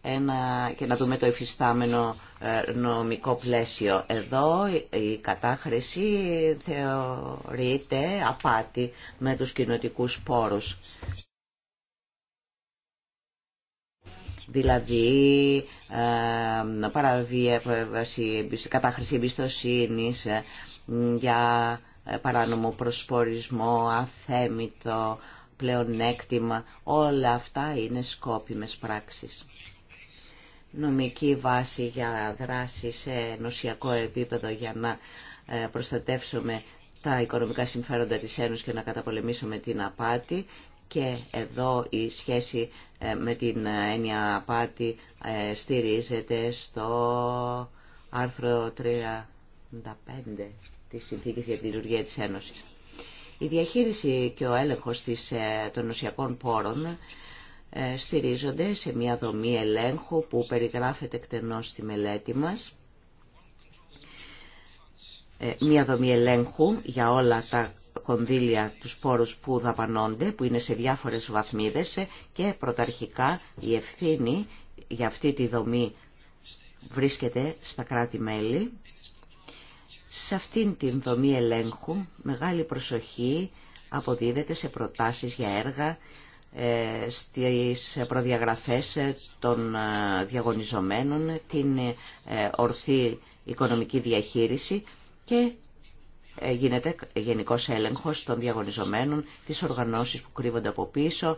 ένα, και να δούμε το εφιστάμενο ε, νομικό πλαίσιο. Εδώ η κατάχρηση θεωρείται απάτη με τους κοινοτικούς πόρους. δηλαδή ε, παραβίαση, κατάχρηση εμπιστοσύνη ε, για ε, παράνομο προσπορισμό, αθέμητο, πλεονέκτημα, όλα αυτά είναι σκόπιμες πράξεις νομική βάση για δράση σε νοσιακό επίπεδο για να ε, προστατεύσουμε τα οικονομικά συμφέροντα της Ένωσης και να καταπολεμήσουμε την απάτη και εδώ η σχέση ε, με την ε, έννοια απάτη στηρίζεται στο άρθρο 35 της Συνθήκης για τη Λειτουργία της Ένωσης. Η διαχείριση και ο έλεγχος των νοσιακών πόρων ε, στηρίζονται σε μια δομή ελέγχου που περιγράφεται εκτενώς στη μελέτη μας. Ε, μια δομή ελέγχου για όλα τα κονδύλια, του σπόρους που δαπανώνται, που είναι σε διάφορες βαθμίδες ε, και πρωταρχικά η ευθύνη για αυτή τη δομή βρίσκεται στα κράτη-μέλη. Σε αυτήν την δομή ελέγχου μεγάλη προσοχή αποδίδεται σε προτάσεις για έργα, ε, στις προδιαγραφές ε, των ε, διαγωνιζομένων, την ορθή οικονομική διαχείριση και γίνεται γενικός έλεγχος των διαγωνιζομένων, τις οργανώσεις που κρύβονται από πίσω,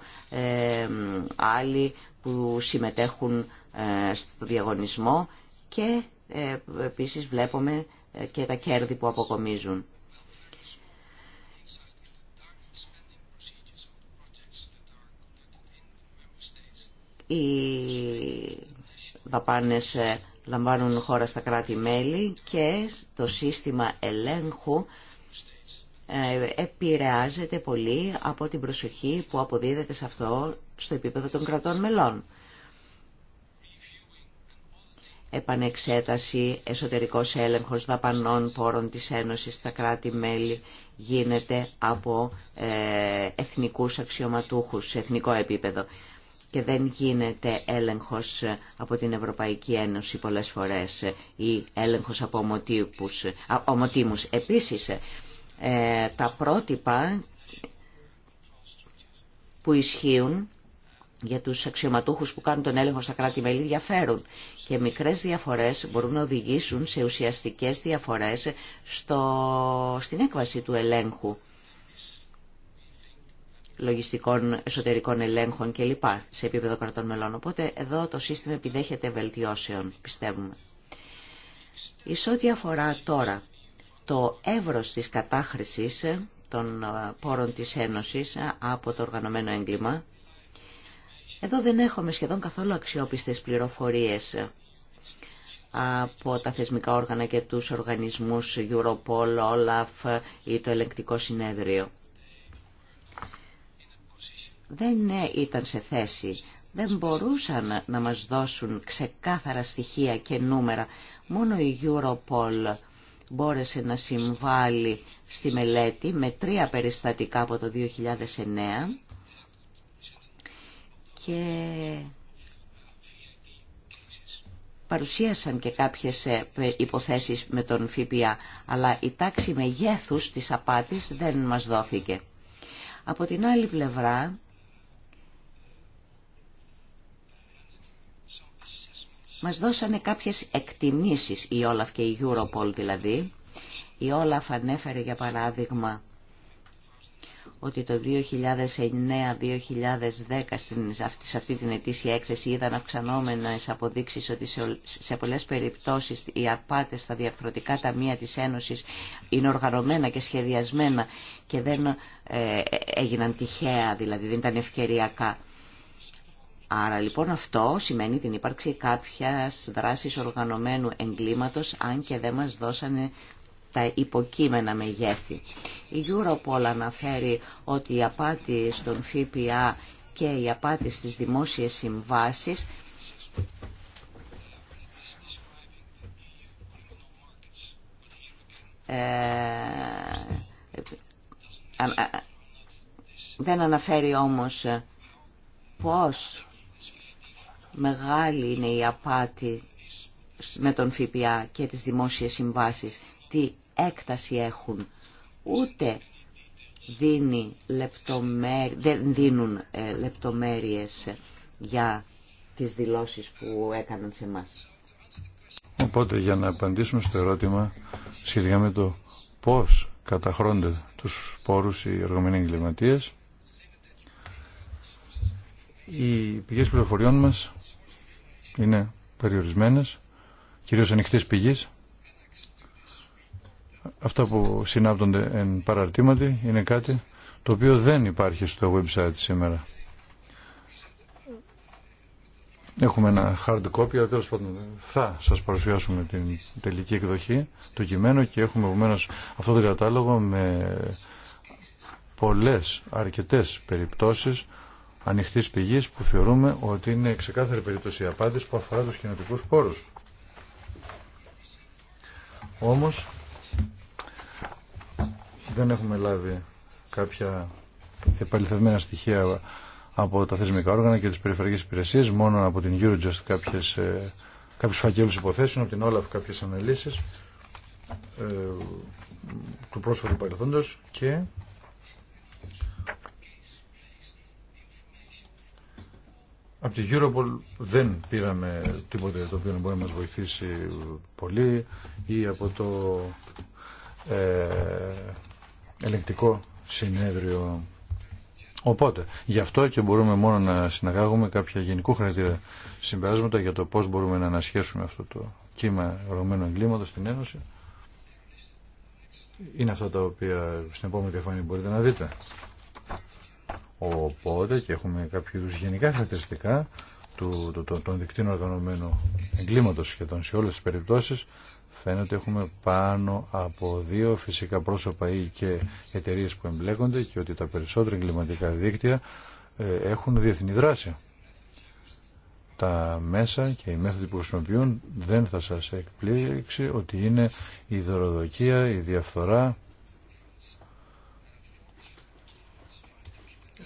άλλοι που συμμετέχουν στο διαγωνισμό και επίσης βλέπουμε και τα κέρδη που αποκομίζουν. Οι δαπάνες ε, λαμβάνουν χώρα στα κράτη-μέλη και το σύστημα ελέγχου ε, επηρεάζεται πολύ από την προσοχή που αποδίδεται σε αυτό στο επίπεδο των κρατών μελών. Επανεξέταση, εσωτερικός έλεγχος δαπανών πόρων της Ένωσης στα κράτη-μέλη γίνεται από ε, εθνικούς αξιωματούχους σε εθνικό επίπεδο και δεν γίνεται έλεγχος από την Ευρωπαϊκή Ένωση πολλές φορές ή έλεγχος από ομοτήμους. ομοτήμους. Επίσης, ε, τα πρότυπα που ισχύουν για τους αξιωματούχους που κάνουν τον έλεγχο στα κράτη-μέλη διαφέρουν και μικρές διαφορές μπορούν να οδηγήσουν σε ουσιαστικές διαφορές στο... στην έκβαση του ελέγχου λογιστικών εσωτερικών ελέγχων κλπ. σε επίπεδο κρατών μελών. Οπότε εδώ το σύστημα επιδέχεται βελτιώσεων, πιστεύουμε. Εις ό,τι αφορά τώρα το εύρος της κατάχρησης ε, των ε, πόρων της Ένωσης ε, από το οργανωμένο έγκλημα, εδώ δεν έχουμε σχεδόν καθόλου αξιόπιστες πληροφορίες από τα θεσμικά όργανα και τους οργανισμούς Europol, Olaf ή το ελεγκτικό συνέδριο δεν ε, ήταν σε θέση, δεν μπορούσαν να μας δώσουν ξεκάθαρα στοιχεία και νούμερα. Μόνο η Europol μπόρεσε να συμβάλλει στη μελέτη με τρία περιστατικά από το 2009 και παρουσίασαν και κάποιες ε, υποθέσεις με τον ΦΠΑ, αλλά η τάξη μεγέθους της απάτης δεν μας δόθηκε. Από την άλλη πλευρά, Μας δώσανε κάποιες εκτιμήσεις η Όλαφ και η Europol δηλαδή. Η Όλαφ ανέφερε για παράδειγμα ότι το 2009-2010 σε αυτή την ετήσια έκθεση είδαν αυξανόμενες αποδείξεις ότι σε πολλές περιπτώσεις οι απάτες στα διαφορετικά ταμεία της Ένωσης είναι οργανωμένα και σχεδιασμένα και δεν ε, ε, έγιναν τυχαία, δηλαδή δεν ήταν ευκαιριακά. Άρα λοιπόν αυτό σημαίνει την ύπαρξη κάποιας δράσης οργανωμένου εγκλήματος, αν και δεν μας δώσανε τα υποκείμενα μεγέθη. Η Europol αναφέρει ότι η απάτη στον ΦΠΑ και η απάτη στις δημόσιες συμβάσεις ε, δεν αναφέρει όμως πώς μεγάλη είναι η απάτη με τον ΦΠΑ και τις δημόσιες συμβάσεις. Τι έκταση έχουν. Ούτε δίνει λεπτομέρ... δεν δίνουν ε, λεπτομέρειες για τις δηλώσεις που έκαναν σε μας. Οπότε για να απαντήσουμε στο ερώτημα σχετικά με το πώς καταχρώνται τους πόρους οι εργομένοι εγκληματίες, οι πηγές πληροφοριών μας είναι περιορισμένες, κυρίως ανοιχτής πηγής. Αυτά που συνάπτονται εν παραρτήματι είναι κάτι το οποίο δεν υπάρχει στο website σήμερα. Έχουμε ένα hard copy, αλλά τέλος πάντων θα σας παρουσιάσουμε την τελική εκδοχή, το κειμένο και έχουμε επομένω αυτό το κατάλογο με πολλές, αρκετές περιπτώσεις Ανοιχτή πηγή που θεωρούμε ότι είναι ξεκάθαρη περίπτωση απάντηση που αφορά του κοινοτικού πόρου. Όμω, δεν έχουμε λάβει κάποια επαληθευμένα στοιχεία από τα θεσμικά όργανα και τι περιφερειακές υπηρεσίες, μόνο από την Eurojust κάποιες, ε, φακέλου υποθέσεων, από την Όλαφ κάποιες αναλύσεις ε, του πρόσφατου παρελθόντος και Από τη Europol δεν πήραμε τίποτε το οποίο μπορεί να μας βοηθήσει πολύ ή από το ε, συνέδριο. Οπότε, γι' αυτό και μπορούμε μόνο να συναγάγουμε κάποια γενικού χαρακτήρα συμπεράσματα για το πώς μπορούμε να ανασχέσουμε αυτό το κύμα ρωμένου εγκλήματος στην Ένωση. Είναι αυτά τα οποία στην επόμενη διαφάνεια μπορείτε να δείτε. Οπότε και έχουμε κάποιου είδου γενικά χαρακτηριστικά του, του, του, των δικτύων οργανωμένου εγκλήματος σχεδόν σε όλες τις περιπτώσεις φαίνεται ότι έχουμε πάνω από δύο φυσικά πρόσωπα ή και εταιρείε που εμπλέκονται και ότι τα περισσότερα εγκληματικά δίκτυα ε, έχουν διεθνή δράση. Τα μέσα και οι μέθοδοι που χρησιμοποιούν δεν θα σας εκπλήξει ότι είναι η δωροδοκία, η διαφθορά,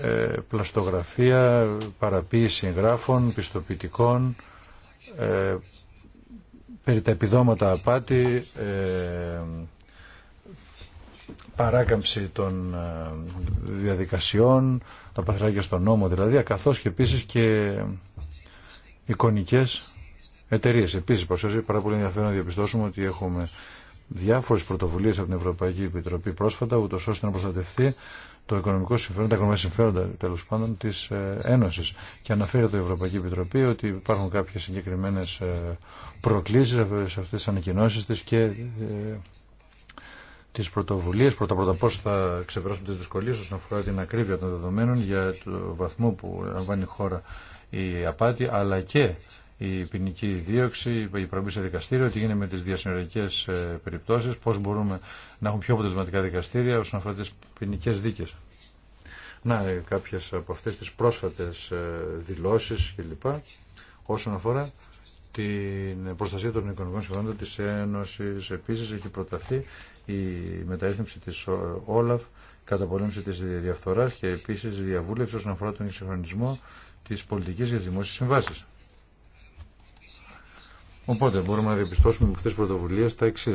Ε, πλαστογραφία, παραποίηση εγγράφων, πιστοποιητικών, ε, περί τα επιδόματα απάτη, ε, παράκαμψη των ε, διαδικασιών, τα παθράκια στον νόμο δηλαδή, καθώς και επίσης και εικονικές εταιρείες. Επίσης, προσέζει, πάρα πολύ ενδιαφέρον να διαπιστώσουμε ότι έχουμε διάφορες πρωτοβουλίες από την Ευρωπαϊκή Επιτροπή πρόσφατα, ούτως ώστε να προστατευτεί το οικονομικό συμφέρον, τα οικονομικά συμφέροντα τέλο πάντων τη ε, Ένωση. Και αναφέρει το η Ευρωπαϊκή Επιτροπή ότι υπάρχουν κάποιε συγκεκριμένε ε, προκλήσει σε αυτέ τι ανακοινώσει τη και ε, τι πρωτοβουλίε. Πρώτα-πρώτα, πώ θα ξεπεράσουν τι δυσκολίε όσον αφορά την ακρίβεια των δεδομένων για το βαθμό που λαμβάνει η χώρα η απάτη, αλλά και η ποινική δίωξη, η πραγματική σε δικαστήριο, τι γίνεται με τι διασυνοριακές ε, περιπτώσει, πώ μπορούμε να έχουμε πιο αποτελεσματικά δικαστήρια όσον αφορά τι ποινικέ δίκες. Να, ε, κάποιε από αυτέ τι πρόσφατε ε, δηλώσει κλπ. όσον αφορά την προστασία των οικονομικών συμφωνών τη Ένωση. Επίση, έχει προταθεί η μεταρρύθμιση τη Όλαφ, πολέμηση της διαφθοράς και επίσης διαβούλευση όσον αφορά τον εξυγχρονισμό τη πολιτική για τι δημόσιε συμβάσει. Οπότε μπορούμε να διαπιστώσουμε με αυτές τις πρωτοβουλίες τα εξή.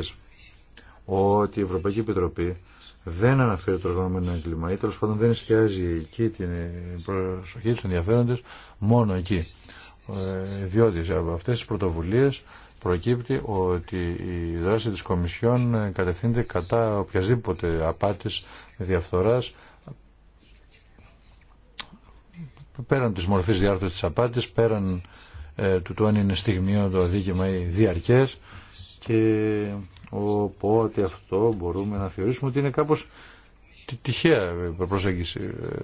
Ότι η Ευρωπαϊκή Επιτροπή δεν αναφέρει το οργανωμένο έγκλημα ή τέλο πάντων δεν εστιάζει εκεί την προσοχή του ενδιαφέροντε μόνο εκεί. Ε, διότι από αυτές τις πρωτοβουλίες προκύπτει ότι η τελο παντων δεν εστιαζει εκει την προσοχη του ενδιαφεροντες μονο εκει ε διοτι απο αυτες τις πρωτοβουλιες προκυπτει οτι η δραση της Κομισιόν κατευθύνεται κατά οποιασδήποτε απάτης διαφθοράς πέραν της μορφής διάρθρωσης της απάτης, πέραν ε, του το αν είναι στιγμίο το αδίκημα ή διαρκές και οπότε αυτό μπορούμε να θεωρήσουμε ότι είναι κάπως τυχαία προσέγγιση ε,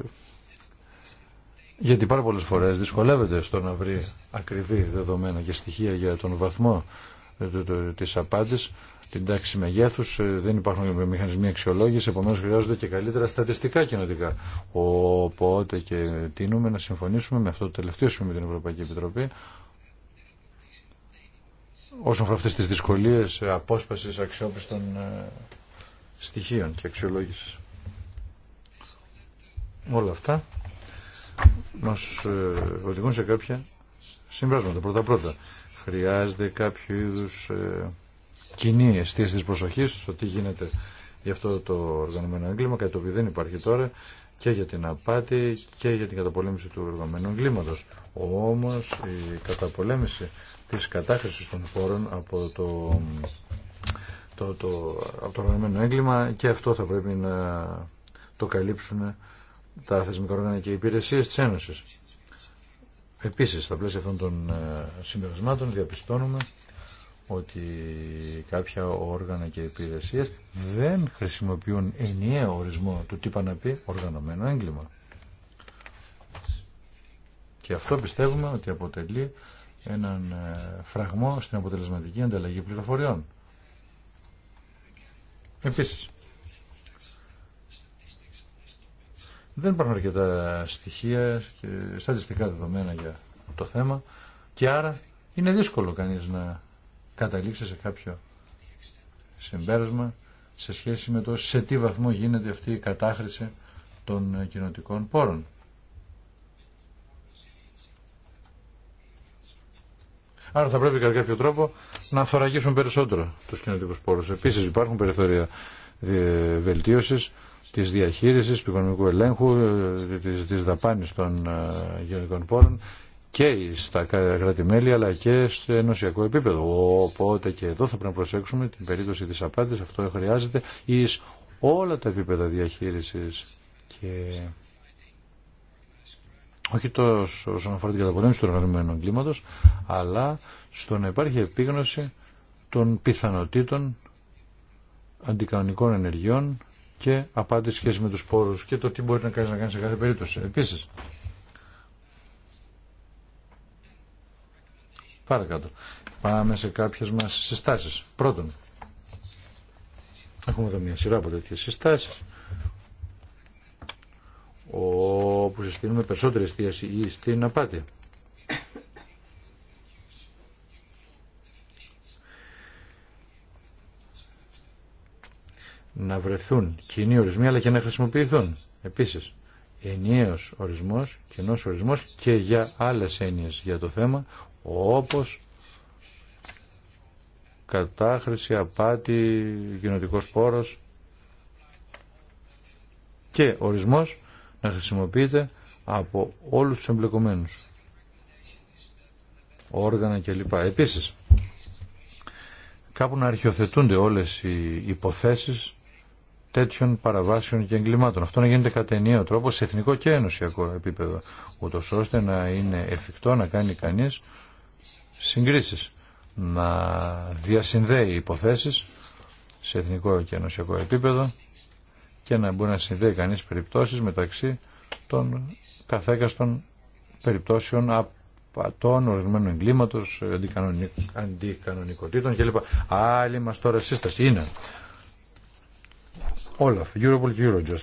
γιατί πάρα πολλές φορές δυσκολεύεται στο να βρει ακριβή δεδομένα και στοιχεία για τον βαθμό ε, της απάτης την τάξη μεγέθου. Ε, δεν υπάρχουν μηχανισμοί αξιολόγηση, Επομένω χρειάζονται και καλύτερα στατιστικά κοινοτικά. Οπότε και τίνουμε να συμφωνήσουμε με αυτό το τελευταίο σημείο με την Ευρωπαϊκή Επιτροπή, όσον αφορά αυτές τις δυσκολίες ε, απόσπασης αξιόπιστων ε, στοιχείων και αξιολόγηση. Όλα αυτά μα οδηγούν σε κάποια συμπράσματα. Πρώτα-πρώτα, χρειάζεται κάποιο είδου κοινή αισθήση τη προσοχής στο τι γίνεται για αυτό το οργανωμένο έγκλημα, κάτι το οποίο δεν υπάρχει τώρα και για την απάτη και για την καταπολέμηση του οργανωμένου εγκλήματο. Όμως η καταπολέμηση της κατάχρησης των χώρων από το, το, το, από οργανωμένο έγκλημα και αυτό θα πρέπει να το καλύψουν τα θεσμικά όργανα και οι υπηρεσίε τη Ένωση. Επίσης, στα πλαίσια αυτών των ε, συμπερασμάτων διαπιστώνουμε ότι κάποια όργανα και υπηρεσίες δεν χρησιμοποιούν ενιαίο ορισμό του τι να πει οργανωμένο έγκλημα. Και αυτό πιστεύουμε ότι αποτελεί έναν ε, φραγμό στην αποτελεσματική ανταλλαγή πληροφοριών. Επίσης, δεν υπάρχουν αρκετά στοιχεία και στατιστικά δεδομένα για το θέμα και άρα είναι δύσκολο κανείς να καταλήξει σε κάποιο συμπέρασμα σε σχέση με το σε τι βαθμό γίνεται αυτή η κατάχρηση των κοινοτικών πόρων. Άρα θα πρέπει κατά κάποιο τρόπο να θωρακίσουν περισσότερο τους κοινοτικούς πόρους. Επίσης υπάρχουν περιθώρια βελτίωσης της διαχείρισης, του οικονομικού ελέγχου, ε, της, δαπάνη δαπάνης των γενικών πόρων και στα κράτη-μέλη αλλά και στο ενωσιακό επίπεδο. Οπότε και εδώ θα πρέπει να προσέξουμε την περίπτωση της απάντησης. Αυτό χρειάζεται εις όλα τα επίπεδα διαχείρισης και όχι τόσο όσον αφορά την καταπολέμηση του οργανωμένου κλίματο, αλλά στο να υπάρχει επίγνωση των πιθανότητων αντικανονικών ενεργειών και απάντηση σχέση με τους πόρους και το τι μπορεί να κάνει να κάνει σε κάθε περίπτωση. Επίσης, Παρακάτω. Πάμε σε κάποιες μας συστάσει. Πρώτον, έχουμε εδώ μια σειρά από τέτοιε συστάσει. όπου συστήνουμε περισσότερη εστίαση ή στην απάτη. να βρεθούν κοινοί ορισμοί αλλά και να χρησιμοποιηθούν. Επίσης, ενιαίος ορισμός, κοινός ορισμός και για άλλες έννοιες για το θέμα, όπως κατάχρηση, απάτη, κοινοτικός πόρος και ορισμός να χρησιμοποιείται από όλους τους εμπλεκομένους όργανα κλπ. Επίσης, κάπου να αρχιοθετούνται όλες οι υποθέσεις τέτοιων παραβάσεων και εγκλημάτων. Αυτό να γίνεται κατά ενιαίο τρόπο σε εθνικό και ενωσιακό επίπεδο, Ούτως ώστε να είναι εφικτό να κάνει κανείς συγκρίσεις, να διασυνδέει υποθέσεις σε εθνικό και ενωσιακό επίπεδο και να μπορεί να συνδέει κανείς περιπτώσεις μεταξύ των καθέκαστων περιπτώσεων απατών, οργανωμένων εγκλήματος, αντικανονικοτήτων κλπ. Άλλη μας τώρα σύσταση είναι όλα, Europol και Eurojust,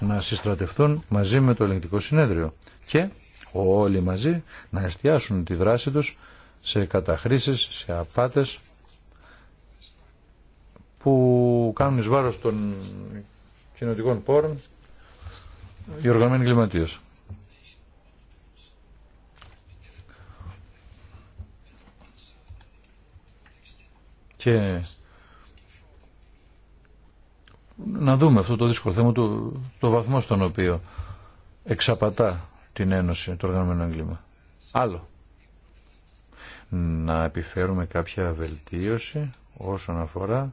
να συστρατευτούν μαζί με το ελεγκτικό συνέδριο και όλοι μαζί να εστιάσουν τη δράση τους σε καταχρήσεις, σε απάτες που κάνουν εις βάρος των κοινωτικών πόρων οι οργανωμένοι κλιματίες. Και να δούμε αυτό το δύσκολο θέμα, το, το βαθμό στον οποίο εξαπατά την Ένωση το οργανωμένο έγκλημα. Άλλο να επιφέρουμε κάποια βελτίωση όσον αφορά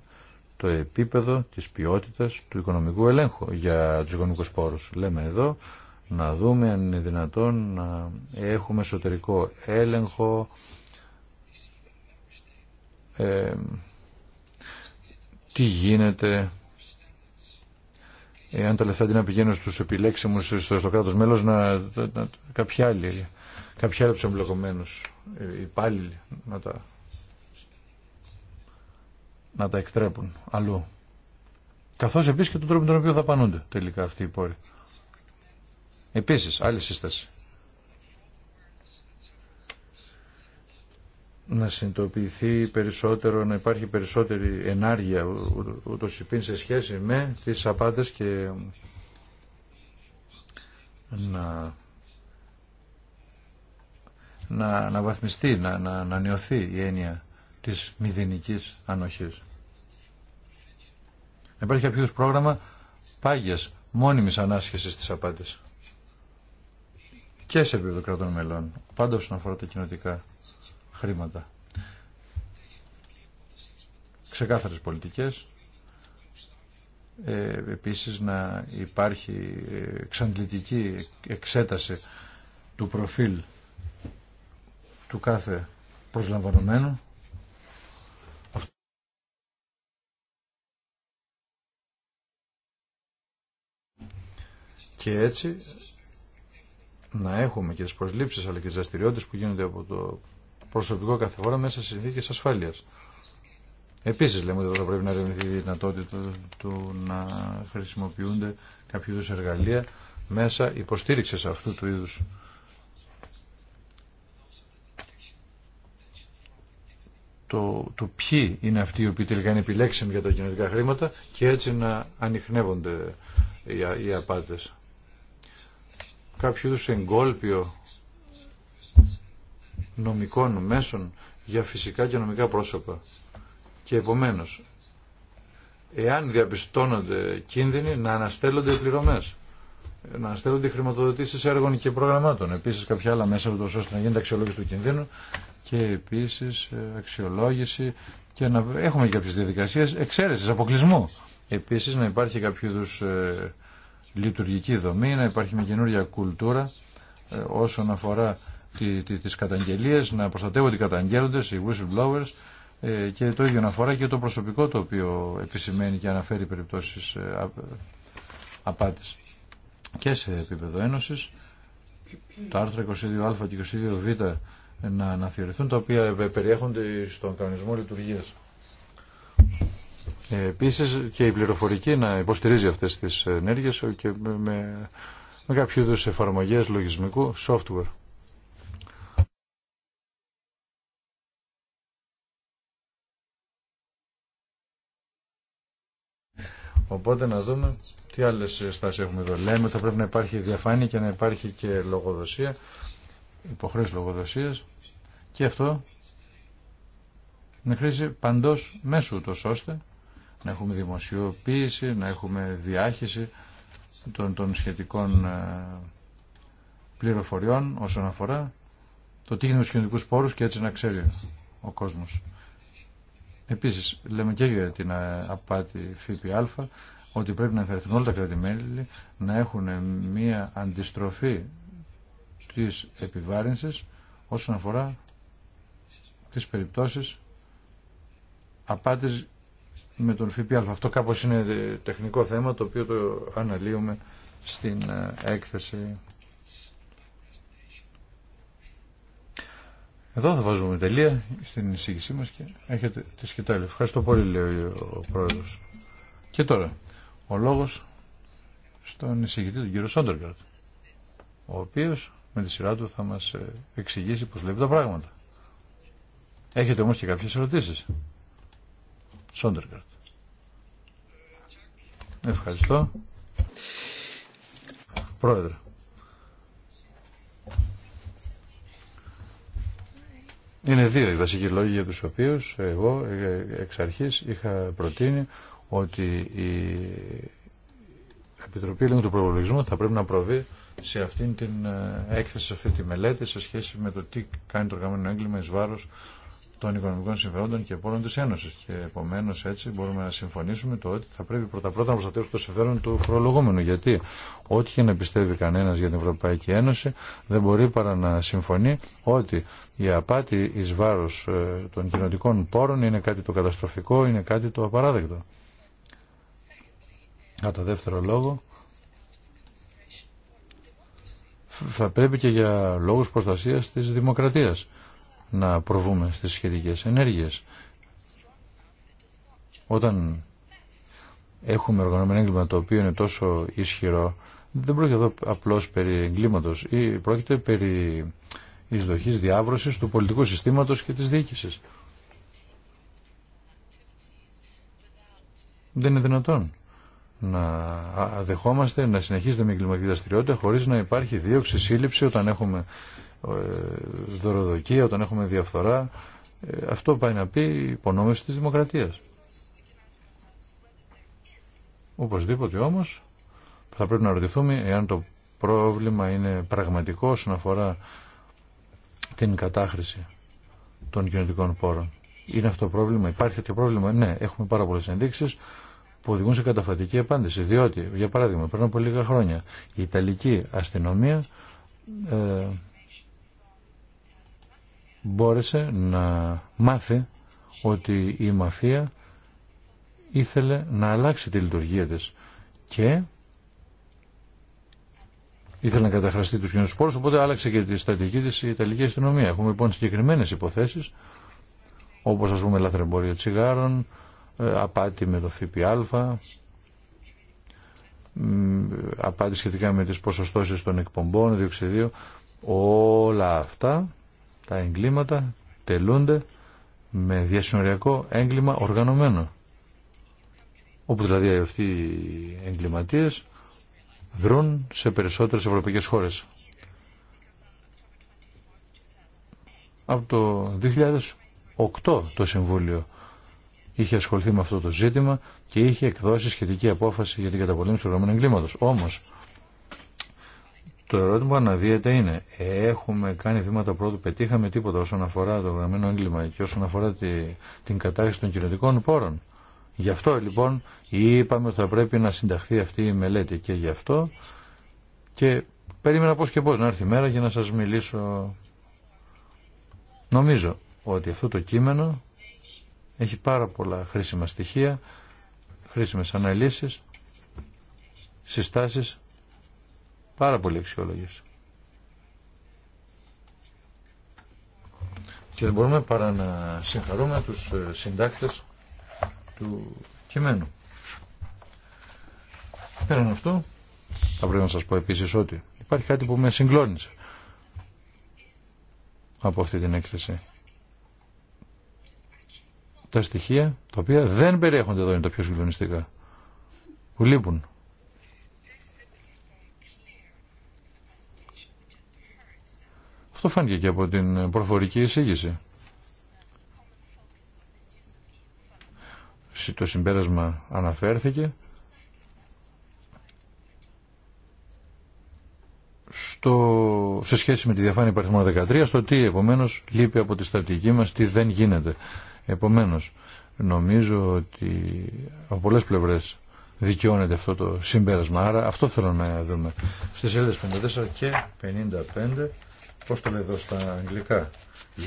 το επίπεδο της ποιότητας του οικονομικού ελέγχου για τους οικονομικούς πόρους. Λέμε εδώ να δούμε αν είναι δυνατόν να έχουμε εσωτερικό έλεγχο τι γίνεται εάν τα λεφτά να πηγαίνουν στους επιλέξιμους στο, κράτος μέλος να, να, να, κάποιοι άλλοι ε, υπάλληλοι να τα, να τα εκτρέπουν αλλού. Καθώς επίσης και τον τρόπο με τον οποίο θα πανούνται τελικά αυτοί οι πόροι. Επίσης, άλλη σύσταση. να συνειδητοποιηθεί περισσότερο, να υπάρχει περισσότερη ενάργεια ούτως υπήν σε σχέση με τις απάτες και να να, να βαθμιστεί, να, να, να νιωθεί η έννοια της μηδενικής ανοχής. Να υπάρχει κάποιο πρόγραμμα πάγιας, μόνιμης ανάσχεσης της απάτης. Και σε επίπεδο κρατών μελών, πάντα όσον αφορά τα κοινοτικά χρήματα. Ξεκάθαρες πολιτικές, ε, επίσης να υπάρχει ε, εξαντλητική εξέταση του προφίλ του κάθε προσλαμβανομένου. Και έτσι να έχουμε και τις προσλήψεις αλλά και τις δραστηριότητε που γίνονται από το προσωπικό κάθε φορά μέσα σε συνθήκες ασφάλειας. Επίσης λέμε ότι θα πρέπει να ερευνηθεί η δυνατότητα του να χρησιμοποιούνται κάποιο είδους εργαλεία μέσα υποστήριξης αυτού του είδους το, το ποιοι είναι αυτοί οι οποίοι τελικά είναι επιλέξιμοι για τα κοινωνικά χρήματα και έτσι να ανοιχνεύονται οι, οι απάτες. Κάποιο είδους εγκόλπιο νομικών μέσων για φυσικά και νομικά πρόσωπα. Και επομένως, εάν διαπιστώνονται κίνδυνοι να αναστέλλονται οι πληρωμές να οι χρηματοδοτήσει έργων και προγραμμάτων. Επίση, κάποια άλλα μέσα, ώστε να γίνεται αξιολόγηση του κινδύνου και επίσης ε, αξιολόγηση και να έχουμε και κάποιες διαδικασίες εξαίρεσης, αποκλεισμού. Επίσης να υπάρχει κάποιο είδους ε, λειτουργική δομή, να υπάρχει μια καινούρια κουλτούρα ε, όσον αφορά τις καταγγελίες, να προστατεύονται οι καταγγέλλοντες, οι whistleblowers και το ίδιο να αφορά και το προσωπικό το οποίο επισημαίνει και αναφέρει περιπτώσεις απάτης. Και σε επίπεδο ένωσης, το αρθρο 22 22α και 22β να αναθεωρηθούν, τα οποία περιέχονται στον κανονισμό λειτουργίας. Ε, επίσης και η πληροφορική να υποστηρίζει αυτές τις ενέργειες και με, με κάποιο είδους εφαρμογές λογισμικού software. Οπότε να δούμε τι άλλες στάσεις έχουμε εδώ. Λέμε ότι θα πρέπει να υπάρχει διαφάνεια και να υπάρχει και λογοδοσία υποχρέωση λογοδοσίας και αυτό να χρήση παντό μέσου τόσο ώστε να έχουμε δημοσιοποίηση, να έχουμε διάχυση των, των σχετικών ε, πληροφοριών όσον αφορά το τι γίνεται με πόρους και έτσι να ξέρει ο κόσμος. Επίσης, λέμε και για την ε, απάτη ΦΠΑ ότι πρέπει να ενθαρρυνθούν όλα τα κράτη-μέλη να έχουν μία αντιστροφή τις επιβάρυνσεις όσον αφορά τις περιπτώσεις απάτης με τον ΦΠΑ. Αυτό κάπως είναι τεχνικό θέμα το οποίο το αναλύουμε στην ε, έκθεση. Εδώ θα βάζουμε τελεία στην εισήγησή μας και έχετε τη σκητάλη. Ευχαριστώ πολύ λέει ο πρόεδρος. Και τώρα ο λόγος στον εισηγητή τον κύριο Σόντεργαρτ ο οποίος με τη σειρά του θα μας ε, εξηγήσει πώς βλέπει τα πράγματα. Έχετε όμως και κάποιες ερωτήσεις. Σόντεργαρτ. Ευχαριστώ. Πρόεδρε. Είναι δύο οι βασικοί λόγοι για τους οποίους εγώ ε, εξ αρχής είχα προτείνει ότι η Επιτροπή Ελέγχου του Προπολογισμού θα πρέπει να προβεί σε αυτή την ε, έκθεση, σε αυτή τη μελέτη σε σχέση με το τι κάνει το οργανωμένο έγκλημα εις βάρος των οικονομικών συμφερόντων και πόλων της Ένωσης. Και επομένως έτσι μπορούμε να συμφωνήσουμε το ότι θα πρέπει πρώτα πρώτα να προστατεύσουμε το συμφέρον του προλογούμενου. Γιατί ό,τι και να πιστεύει κανένας για την Ευρωπαϊκή Ένωση δεν μπορεί παρά να συμφωνεί ότι η απάτη εις βάρος ε, των κοινωτικών πόρων είναι κάτι το καταστροφικό, είναι κάτι το απαράδεκτο. Κατά δεύτερο λόγο, θα πρέπει και για λόγους προστασίας της δημοκρατίας να προβούμε στις σχετικές ενέργειες. Όταν έχουμε οργανωμένο έγκλημα το οποίο είναι τόσο ισχυρό, δεν πρόκειται εδώ απλώς περί εγκλήματος ή πρόκειται περί εισδοχής διάβρωσης του πολιτικού συστήματος και της διοίκησης. Δεν είναι δυνατόν να δεχόμαστε να συνεχίζεται με εγκληματική δραστηριότητα χωρίς να υπάρχει δίωξη, σύλληψη όταν έχουμε ε, δωροδοκία, όταν έχουμε διαφθορά. Ε, αυτό πάει να πει υπονόμευση της δημοκρατίας. Οπωσδήποτε όμως θα πρέπει να ρωτηθούμε εάν το πρόβλημα είναι πραγματικό όσον αφορά την κατάχρηση των κοινωνικών πόρων. Είναι αυτό το πρόβλημα, υπάρχει τέτοιο πρόβλημα. Ναι, έχουμε πάρα πολλές ενδείξεις που οδηγούν σε καταφατική επάντηση. Διότι, για παράδειγμα, πριν από λίγα χρόνια η Ιταλική αστυνομία ε, μπόρεσε να μάθει ότι η μαφία ήθελε να αλλάξει τη λειτουργία της και ήθελε να καταχραστεί τους κοινούς πόρους, οπότε άλλαξε και τη στρατηγική της η Ιταλική αστυνομία. Έχουμε λοιπόν συγκεκριμένες υποθέσεις, όπως ας πούμε λαθρεμπόριο τσιγάρων, ε, απάτη με το ΦΠΑ, απάτη σχετικά με τις ποσοστώσεις των εκπομπών, διοξιδίου, όλα αυτά τα εγκλήματα τελούνται με διασυνοριακό έγκλημα οργανωμένο. Όπου δηλαδή αυτοί οι εγκληματίες βρουν σε περισσότερες ευρωπαϊκές χώρες. Από το 2008 το Συμβούλιο είχε ασχοληθεί με αυτό το ζήτημα και είχε εκδώσει σχετική απόφαση για την καταπολέμηση του οργανωμένου εγκλήματος. Όμως, το ερώτημα που αναδύεται είναι, έχουμε κάνει βήματα πρώτου, πετύχαμε τίποτα όσον αφορά το γραμμένο έγκλημα και όσον αφορά την κατάρριξη των κοινωτικών πόρων. Γι' αυτό λοιπόν είπαμε ότι θα πρέπει να συνταχθεί αυτή η μελέτη και γι' αυτό και περίμενα πώς και πώς να έρθει η μέρα για να σας μιλήσω. Νομίζω ότι αυτό το κείμενο έχει πάρα πολλά χρήσιμα στοιχεία, χρήσιμες αναλύσεις, συστάσεις, πάρα πολύ αξιόλογες. Και δεν μπορούμε παρά να συγχαρούμε τους ε, συντάκτες του κειμένου. Πέραν αυτό, θα πρέπει να σας πω επίσης ότι υπάρχει κάτι που με συγκλώνησε από αυτή την έκθεση τα στοιχεία τα οποία δεν περιέχονται εδώ είναι τα πιο συγκλονιστικά που λείπουν. Αυτό φάνηκε και από την προφορική εισήγηση. Το συμπέρασμα αναφέρθηκε στο, σε σχέση με τη διαφάνεια παριθμών 13 στο τι επομένως λείπει από τη στρατηγική μας, τι δεν γίνεται. Επομένως, νομίζω ότι από πολλές πλευρές δικαιώνεται αυτό το συμπέρασμα. Άρα αυτό θέλω να δούμε. Στις σελίδες 54 και 55, πώς το λέει εδώ στα αγγλικά,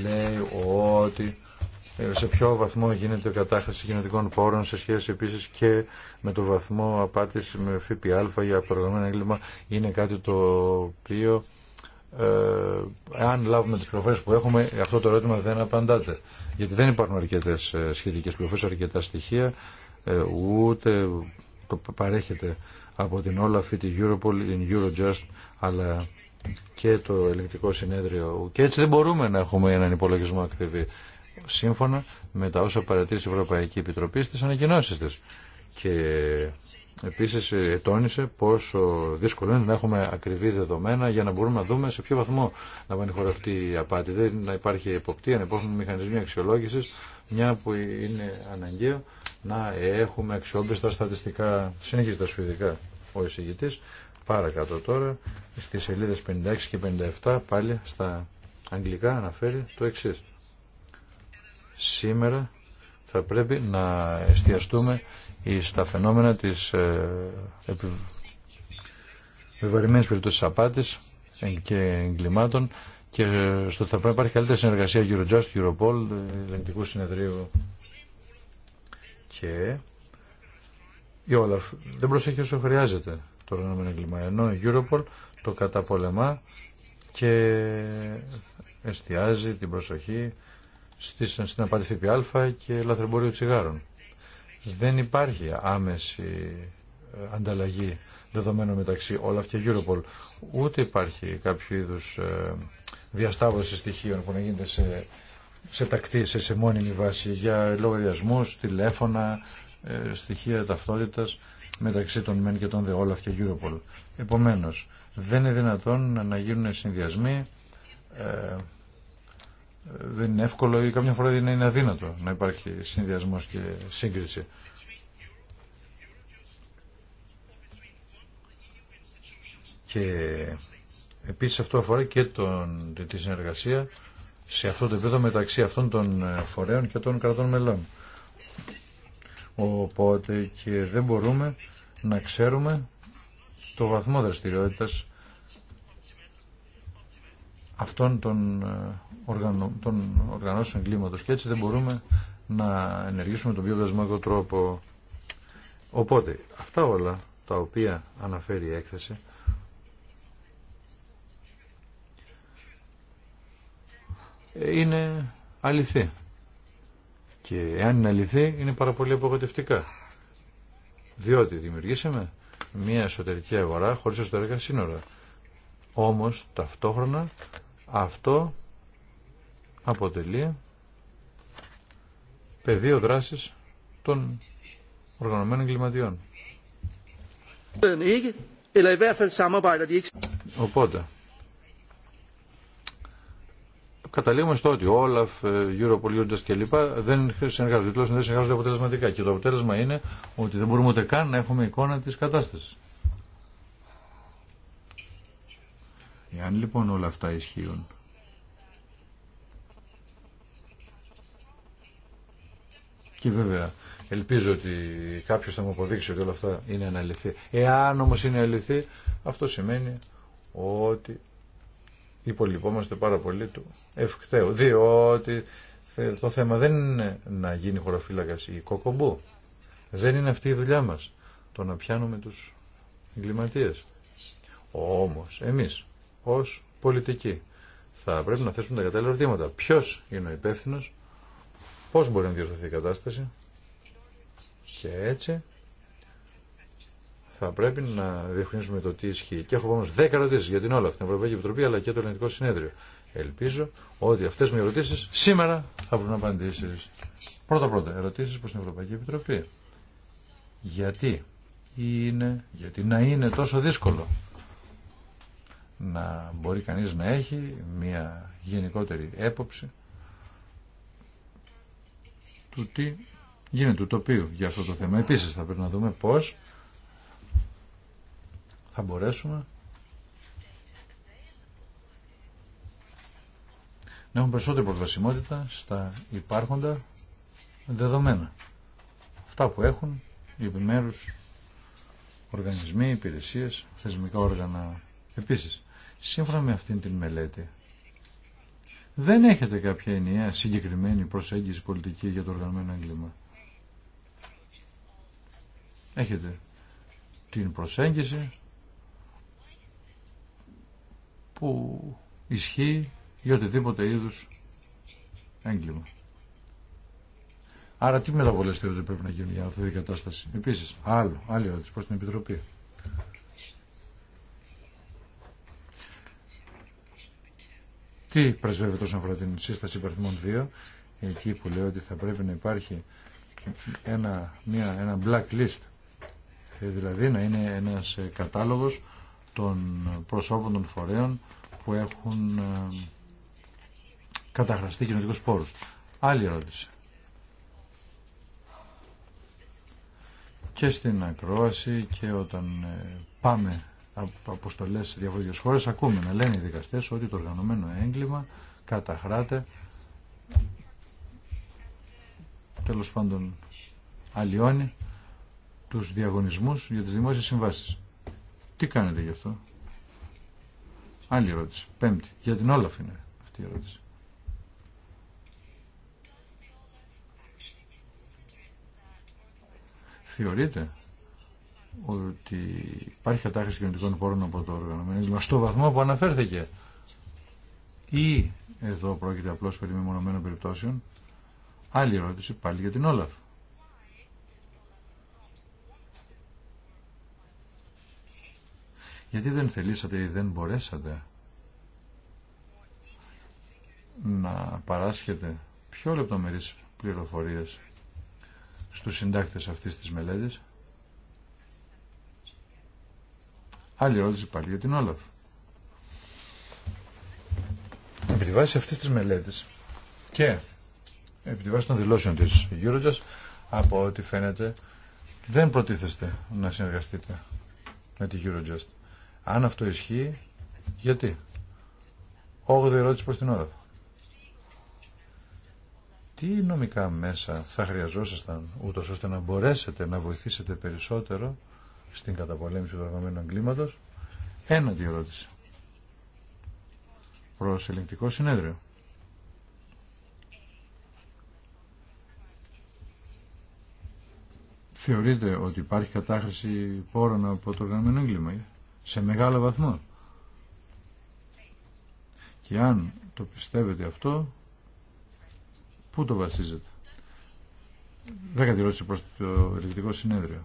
λέει ότι ε, σε ποιο βαθμό γίνεται η κατάχρηση κοινωτικών πόρων σε σχέση επίσης και με το βαθμό απάτηση με ΦΠΑ για προγραμμένο έγκλημα είναι κάτι το οποίο ε, αν λάβουμε τις προφέρειες που έχουμε αυτό το ερώτημα δεν απαντάται γιατί δεν υπάρχουν αρκετέ ε, σχετικέ πληροφορίες, αρκετά στοιχεία, ε, ούτε το παρέχεται από την Όλαφη, την Europol, την Eurojust, αλλά και το ελεγκτικό συνέδριο. Και έτσι δεν μπορούμε να έχουμε έναν υπολογισμό ακριβή σύμφωνα με τα όσα παρατήρησε η Ευρωπαϊκή Επιτροπή στι ανακοινώσει τη και επίσης ετώνησε πόσο δύσκολο είναι να έχουμε ακριβή δεδομένα για να μπορούμε να δούμε σε ποιο βαθμό να πάνε η απάτη. Δεν να υπάρχει εποπτεία, να υπάρχουν μηχανισμοί αξιολόγησης, μια που είναι αναγκαίο να έχουμε αξιόπιστα στατιστικά, συνεχίζει τα σουηδικά ο εισηγητής, παρακάτω τώρα, στις σελίδες 56 και 57 πάλι στα αγγλικά αναφέρει το εξής. Σήμερα θα πρέπει να εστιαστούμε ή στα φαινόμενα της ε, επιβαρημένης περιπτώσης απάτης και εγκλημάτων και ε, στο ότι θα πρέπει να υπάρχει καλύτερη συνεργασία Eurojust, Europol, ε, ελεγκτικού συνεδρίου και η Όλαφ δεν προσέχει όσο χρειάζεται το οργανωμένο εγκλήμα ενώ η Europol το καταπολεμά και εστιάζει την προσοχή στην απάτη ΦΠΑ και λαθρεμπόριο τσιγάρων δεν υπάρχει άμεση ε, ανταλλαγή δεδομένων μεταξύ Όλαφ και Europol. Ούτε υπάρχει κάποιο είδους ε, διασταύρωση στοιχείων που να γίνεται σε, σε τακτή, σε, σε μόνιμη βάση για λογαριασμού, τηλέφωνα, ε, στοιχεία ταυτότητας μεταξύ των ΜΕΝ και των ΔΕ, Όλαφ και Europol. Επομένω, δεν είναι δυνατόν να γίνουν συνδυασμοί δεν είναι εύκολο ή κάποια φορά δεν είναι αδύνατο να υπάρχει συνδυασμός και σύγκριση. Και επίσης αυτό αφορά και τον, τη συνεργασία σε αυτό το επίπεδο μεταξύ αυτών των ε, φορέων και των κρατών μελών. Οπότε και δεν μπορούμε να ξέρουμε το βαθμό δραστηριότητας αυτών των, ε, οργανω, των οργανώσεων κλίματος και έτσι δεν μπορούμε να ενεργήσουμε τον πιο πλασματικό τρόπο. Οπότε, αυτά όλα τα οποία αναφέρει η έκθεση είναι αληθή. Και εάν είναι αληθή, είναι πάρα πολύ απογοητευτικά. Διότι δημιουργήσαμε μια εσωτερική αγορά χωρίς εσωτερικά σύνορα. Όμως, ταυτόχρονα, αυτό αποτελεί πεδίο δράσης των οργανωμένων εγκληματιών. Οπότε, καταλήγουμε στο ότι Όλαφ, ε, Europol, Ιούντας και λοιπά δεν συνεργάζονται, δεν συνεργάζονται αποτελεσματικά. Και το αποτέλεσμα είναι ότι δεν μπορούμε ούτε καν να έχουμε εικόνα της κατάστασης. Εάν λοιπόν όλα αυτά ισχύουν, Και βέβαια, ελπίζω ότι κάποιος θα μου αποδείξει ότι όλα αυτά είναι αναλυθή. Εάν όμως είναι αληθή, αυτό σημαίνει ότι υπολοιπόμαστε πάρα πολύ του ευκταίου. Διότι το θέμα δεν είναι να γίνει χωροφύλακας ή κοκομπού. Δεν είναι αυτή η δουλειά μας, το να πιάνουμε τους εγκληματίες. Όμως, εμείς Ω πολιτική. Θα πρέπει να θέσουμε τα κατάλληλα ερωτήματα. Ποιο είναι ο υπεύθυνο, πώ μπορεί να διορθωθεί η κατάσταση και έτσι θα πρέπει να διευκρινίσουμε το τι ισχύει. Και έχω όμω 10 ερωτήσει για την όλα αυτή, την Ευρωπαϊκή Επιτροπή αλλά και το Ελληνικό Συνέδριο. Ελπίζω ότι αυτέ οι ερωτήσει σήμερα θα βρουν απαντήσει. Πρώτα-πρώτα, ερωτήσει προ την Ευρωπαϊκή Επιτροπή. Γιατί είναι, γιατί να είναι τόσο δύσκολο να μπορεί κανείς να έχει μια γενικότερη έποψη του τι γίνεται του τοπίου για αυτό το θέμα. Επίσης θα πρέπει να δούμε πώς θα μπορέσουμε να έχουμε περισσότερη προσβασιμότητα στα υπάρχοντα δεδομένα. Αυτά που έχουν οι επιμέρους οργανισμοί, υπηρεσίες, θεσμικά όργανα επίσης σύμφωνα με αυτήν την μελέτη δεν έχετε κάποια ενιαία συγκεκριμένη προσέγγιση πολιτική για το οργανωμένο έγκλημα. Έχετε την προσέγγιση που ισχύει για οτιδήποτε είδους έγκλημα. Άρα τι μεταβολές θεωρείτε πρέπει να γίνουν για αυτή την κατάσταση. Επίσης, άλλο, άλλη ερώτηση προς την Επιτροπή. Τι πρεσβεύεται όσον αφορά την σύσταση υπαριθμών 2, εκεί που λέει ότι θα πρέπει να υπάρχει ένα, μια, ένα black list, ε, δηλαδή να είναι ένας ε, κατάλογος των προσώπων των φορέων που έχουν ε, καταχραστεί κοινωνικούς πόρους. Άλλη ερώτηση. Και στην ακρόαση και όταν πάμε από αποστολές σε διαφορετικέ χώρε, ακούμε να λένε οι δικαστέ, ότι το οργανωμένο έγκλημα καταχράται τέλος πάντων αλλοιώνει τους διαγωνισμούς για τις δημόσιες συμβάσει. Τι κάνετε γι' αυτό. Άλλη ερώτηση. Πέμπτη. Για την Όλαφ είναι αυτή η ερώτηση. Θεωρείτε ότι υπάρχει κατάχρηση κοινωνικών πόρων από το οργανωμένο στο βαθμό που αναφέρθηκε. Ή εδώ πρόκειται απλώς περί μεμονωμένων περιπτώσεων. Άλλη ερώτηση πάλι για την Όλαφ. Γιατί δεν θελήσατε ή δεν μπορέσατε να παράσχετε πιο λεπτομερείς πληροφορίες στους συντάκτες αυτής της μελέτης Άλλη ερώτηση πάλι για την Όλαφ. Επί τη βάση αυτή τη και επί τη βάση των δηλώσεων τη Eurojust από ό,τι φαίνεται δεν προτίθεστε να συνεργαστείτε με τη Eurojust. Αν αυτό ισχύει, γιατί. Όγδοη ερώτηση προς την Όλαφ. Τι νομικά μέσα θα χρειαζόσασταν ούτως ώστε να μπορέσετε να βοηθήσετε περισσότερο στην καταπολέμηση του οργανωμένου εγκλήματο. Ένα ερώτηση. το ελεγκτικό συνέδριο. Θεωρείτε ότι υπάρχει κατάχρηση πόρων από το οργανωμένο έγκλημα σε μεγάλο βαθμό. Και αν το πιστεύετε αυτό, πού το βασίζετε. Δέκατη ερώτηση προς το ελεγκτικό συνέδριο.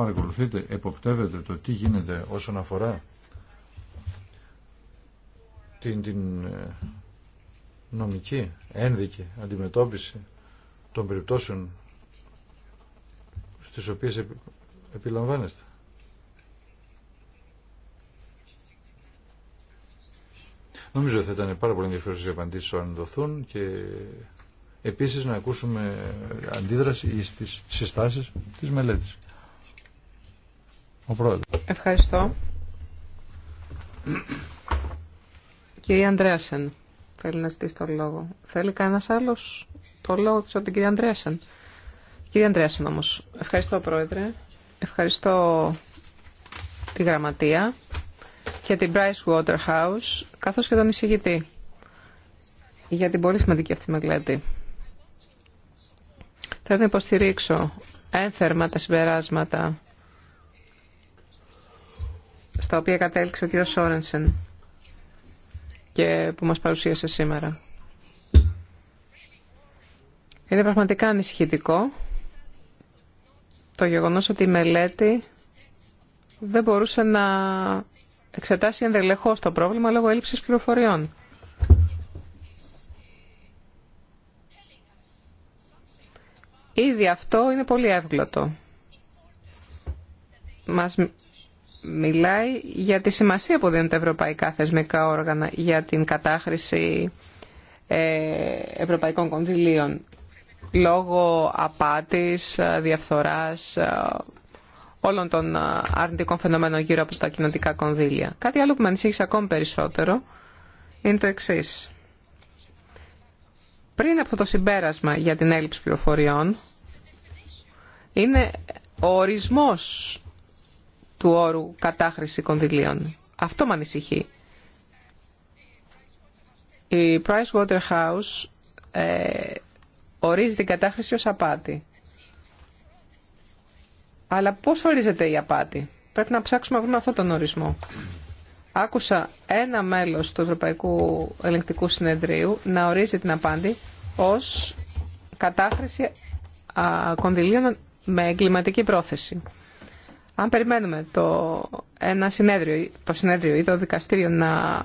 παρακολουθείτε, εποπτεύετε το τι γίνεται όσον αφορά την, την ε, νομική, ένδικη αντιμετώπιση των περιπτώσεων στις οποίες επιλαμβάνεστε. Νομίζω ότι θα ήταν πάρα πολύ ενδιαφέρουσες οι απαντήσεις αν δοθούν και επίσης να ακούσουμε αντίδραση στις συστάσεις της μελέτης. Ευχαριστώ. Κυρία Ανδρέασεν, θέλει να ζητήσει τον λόγο. Θέλει κανένας άλλος το λόγο από την κυρία Ανδρέασεν. Κυρία Ανδρέασεν όμως. Ευχαριστώ πρόεδρε. Ευχαριστώ τη γραμματεία και την Price Waterhouse, καθώς και τον εισηγητή για την πολύ σημαντική αυτή μελέτη. Θέλω να υποστηρίξω ένθερμα τα συμπεράσματα τα οποία κατέληξε ο κύριος Σόρενσεν και που μας παρουσίασε σήμερα. Είναι πραγματικά ανησυχητικό το γεγονός ότι η μελέτη δεν μπορούσε να εξετάσει ενδελεχώς το πρόβλημα λόγω έλλειψης πληροφοριών. Ήδη αυτό είναι πολύ εύγλωτο. Μας μιλάει για τη σημασία που δίνουν τα ευρωπαϊκά θεσμικά όργανα για την κατάχρηση ε, ευρωπαϊκών κονδυλίων λόγω απάτης, διαφθοράς, ε, όλων των ε, αρνητικών φαινομένων γύρω από τα κοινωνικά κονδύλια. Κάτι άλλο που με ανησύχησε ακόμη περισσότερο είναι το εξή. Πριν από το συμπέρασμα για την έλλειψη πληροφοριών, είναι ορισμός του όρου κατάχρηση κονδυλίων. Αυτό με ανησυχεί. Η Pricewaterhouse ε, ορίζει την κατάχρηση ως απάτη. Αλλά πώς ορίζεται η απάτη. Πρέπει να ψάξουμε να βρούμε αυτόν τον ορισμό. Άκουσα ένα μέλος του Ευρωπαϊκού Ελεγκτικού Συνεδρίου να ορίζει την απάντη ως κατάχρηση κονδυλίων με εγκληματική πρόθεση. Αν περιμένουμε το, ένα συνέδριο, το συνέδριο ή το δικαστήριο να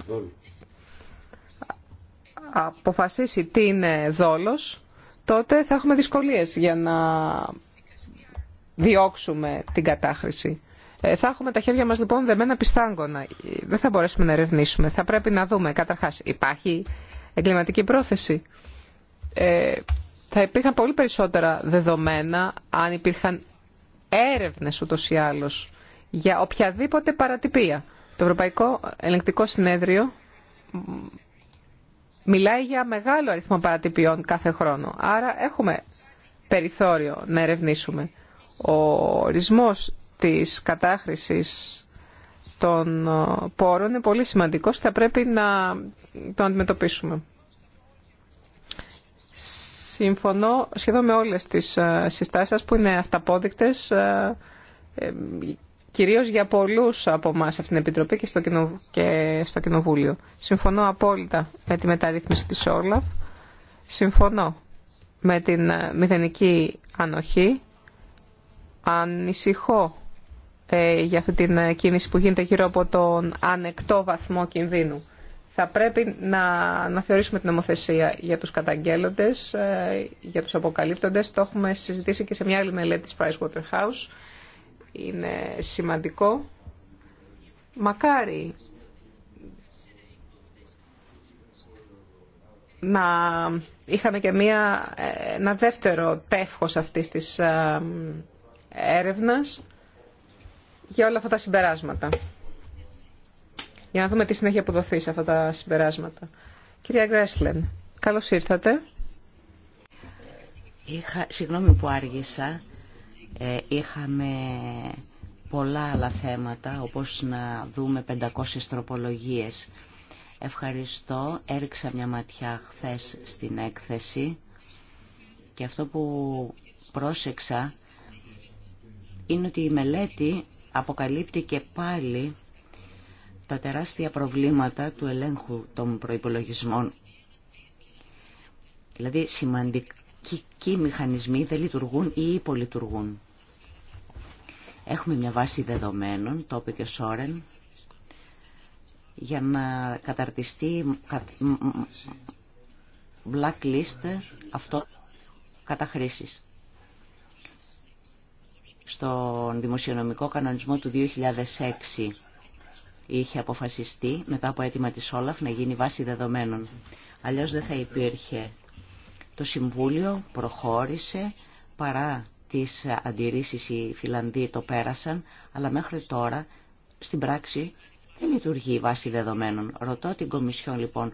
αποφασίσει τι είναι δόλος, τότε θα έχουμε δυσκολίες για να διώξουμε την κατάχρηση. Ε, θα έχουμε τα χέρια μας λοιπόν δεμένα πιστάγκωνα. Δεν θα μπορέσουμε να ερευνήσουμε. Θα πρέπει να δούμε καταρχάς υπάρχει εγκληματική πρόθεση. Ε, θα υπήρχαν πολύ περισσότερα δεδομένα αν υπήρχαν έρευνες ούτως ή άλλως για οποιαδήποτε παρατυπία. Το Ευρωπαϊκό Ελεγκτικό Συνέδριο μιλάει για μεγάλο αριθμό παρατυπιών κάθε χρόνο. Άρα έχουμε περιθώριο να ερευνήσουμε. Ο ορισμός της κατάχρησης των ε, πόρων είναι πολύ σημαντικός και θα πρέπει να το αντιμετωπίσουμε. Συμφωνώ σχεδόν με όλες τις ε, συστάσεις σας που είναι αυταπόδεικτες ε, ε, κυρίως για πολλούς από εμά αυτήν την Επιτροπή και στο, κοινο... και στο Κοινοβούλιο. Συμφωνώ απόλυτα με τη μεταρρύθμιση της Όλαφ. Συμφωνώ με την μηδενική ανοχή. Ανησυχώ για αυτή την κίνηση που γίνεται γύρω από τον ανεκτό βαθμό κινδύνου θα πρέπει να, να θεωρήσουμε την νομοθεσία για τους καταγγέλλοντες, ε, για τους αποκαλύπτοντες. Το έχουμε συζητήσει και σε μια άλλη μελέτη της Pricewaterhouse. Είναι σημαντικό. Μακάρι να είχαμε και μια, ε, ένα δεύτερο τεύχος αυτής της ε, έρευνας για όλα αυτά τα συμπεράσματα για να δούμε τι συνέχεια που σε αυτά τα συμπεράσματα. Κυρία Γκρέσλεν, καλώς ήρθατε. Είχα, συγγνώμη που άργησα. Ε, είχαμε πολλά άλλα θέματα, όπως να δούμε 500 τροπολογίες. Ευχαριστώ. Έριξα μια ματιά χθες στην έκθεση και αυτό που πρόσεξα είναι ότι η μελέτη αποκαλύπτει και πάλι τα τεράστια προβλήματα του ελέγχου των προϋπολογισμών. Δηλαδή σημαντικοί μηχανισμοί δεν λειτουργούν ή υπολειτουργούν. Έχουμε μια βάση δεδομένων, το και Σόρεν, για να καταρτιστεί blacklist αυτό κατά χρήσης. Στον δημοσιονομικό κανονισμό του 2006 είχε αποφασιστεί μετά από αίτημα της Όλαφ να γίνει βάση δεδομένων. Αλλιώς δεν θα υπήρχε. Το Συμβούλιο προχώρησε παρά τις αντιρρήσεις οι Φιλανδοί το πέρασαν, αλλά μέχρι τώρα στην πράξη δεν λειτουργεί βάση δεδομένων. Ρωτώ την Κομισιόν λοιπόν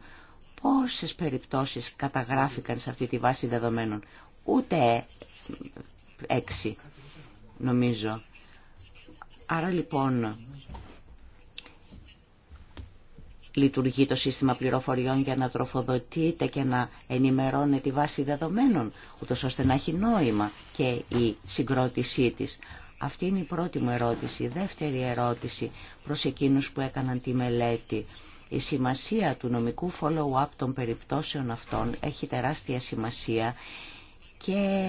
πόσες περιπτώσεις καταγράφηκαν σε αυτή τη βάση δεδομένων. Ούτε έξι νομίζω. Άρα λοιπόν λειτουργεί το σύστημα πληροφοριών για να τροφοδοτείται και να ενημερώνει τη βάση δεδομένων, ούτω ώστε να έχει νόημα και η συγκρότησή της. Αυτή είναι η πρώτη μου ερώτηση. Η δεύτερη ερώτηση προς εκείνους που έκαναν τη μελέτη. Η σημασία του νομικού follow-up των περιπτώσεων αυτών έχει τεράστια σημασία και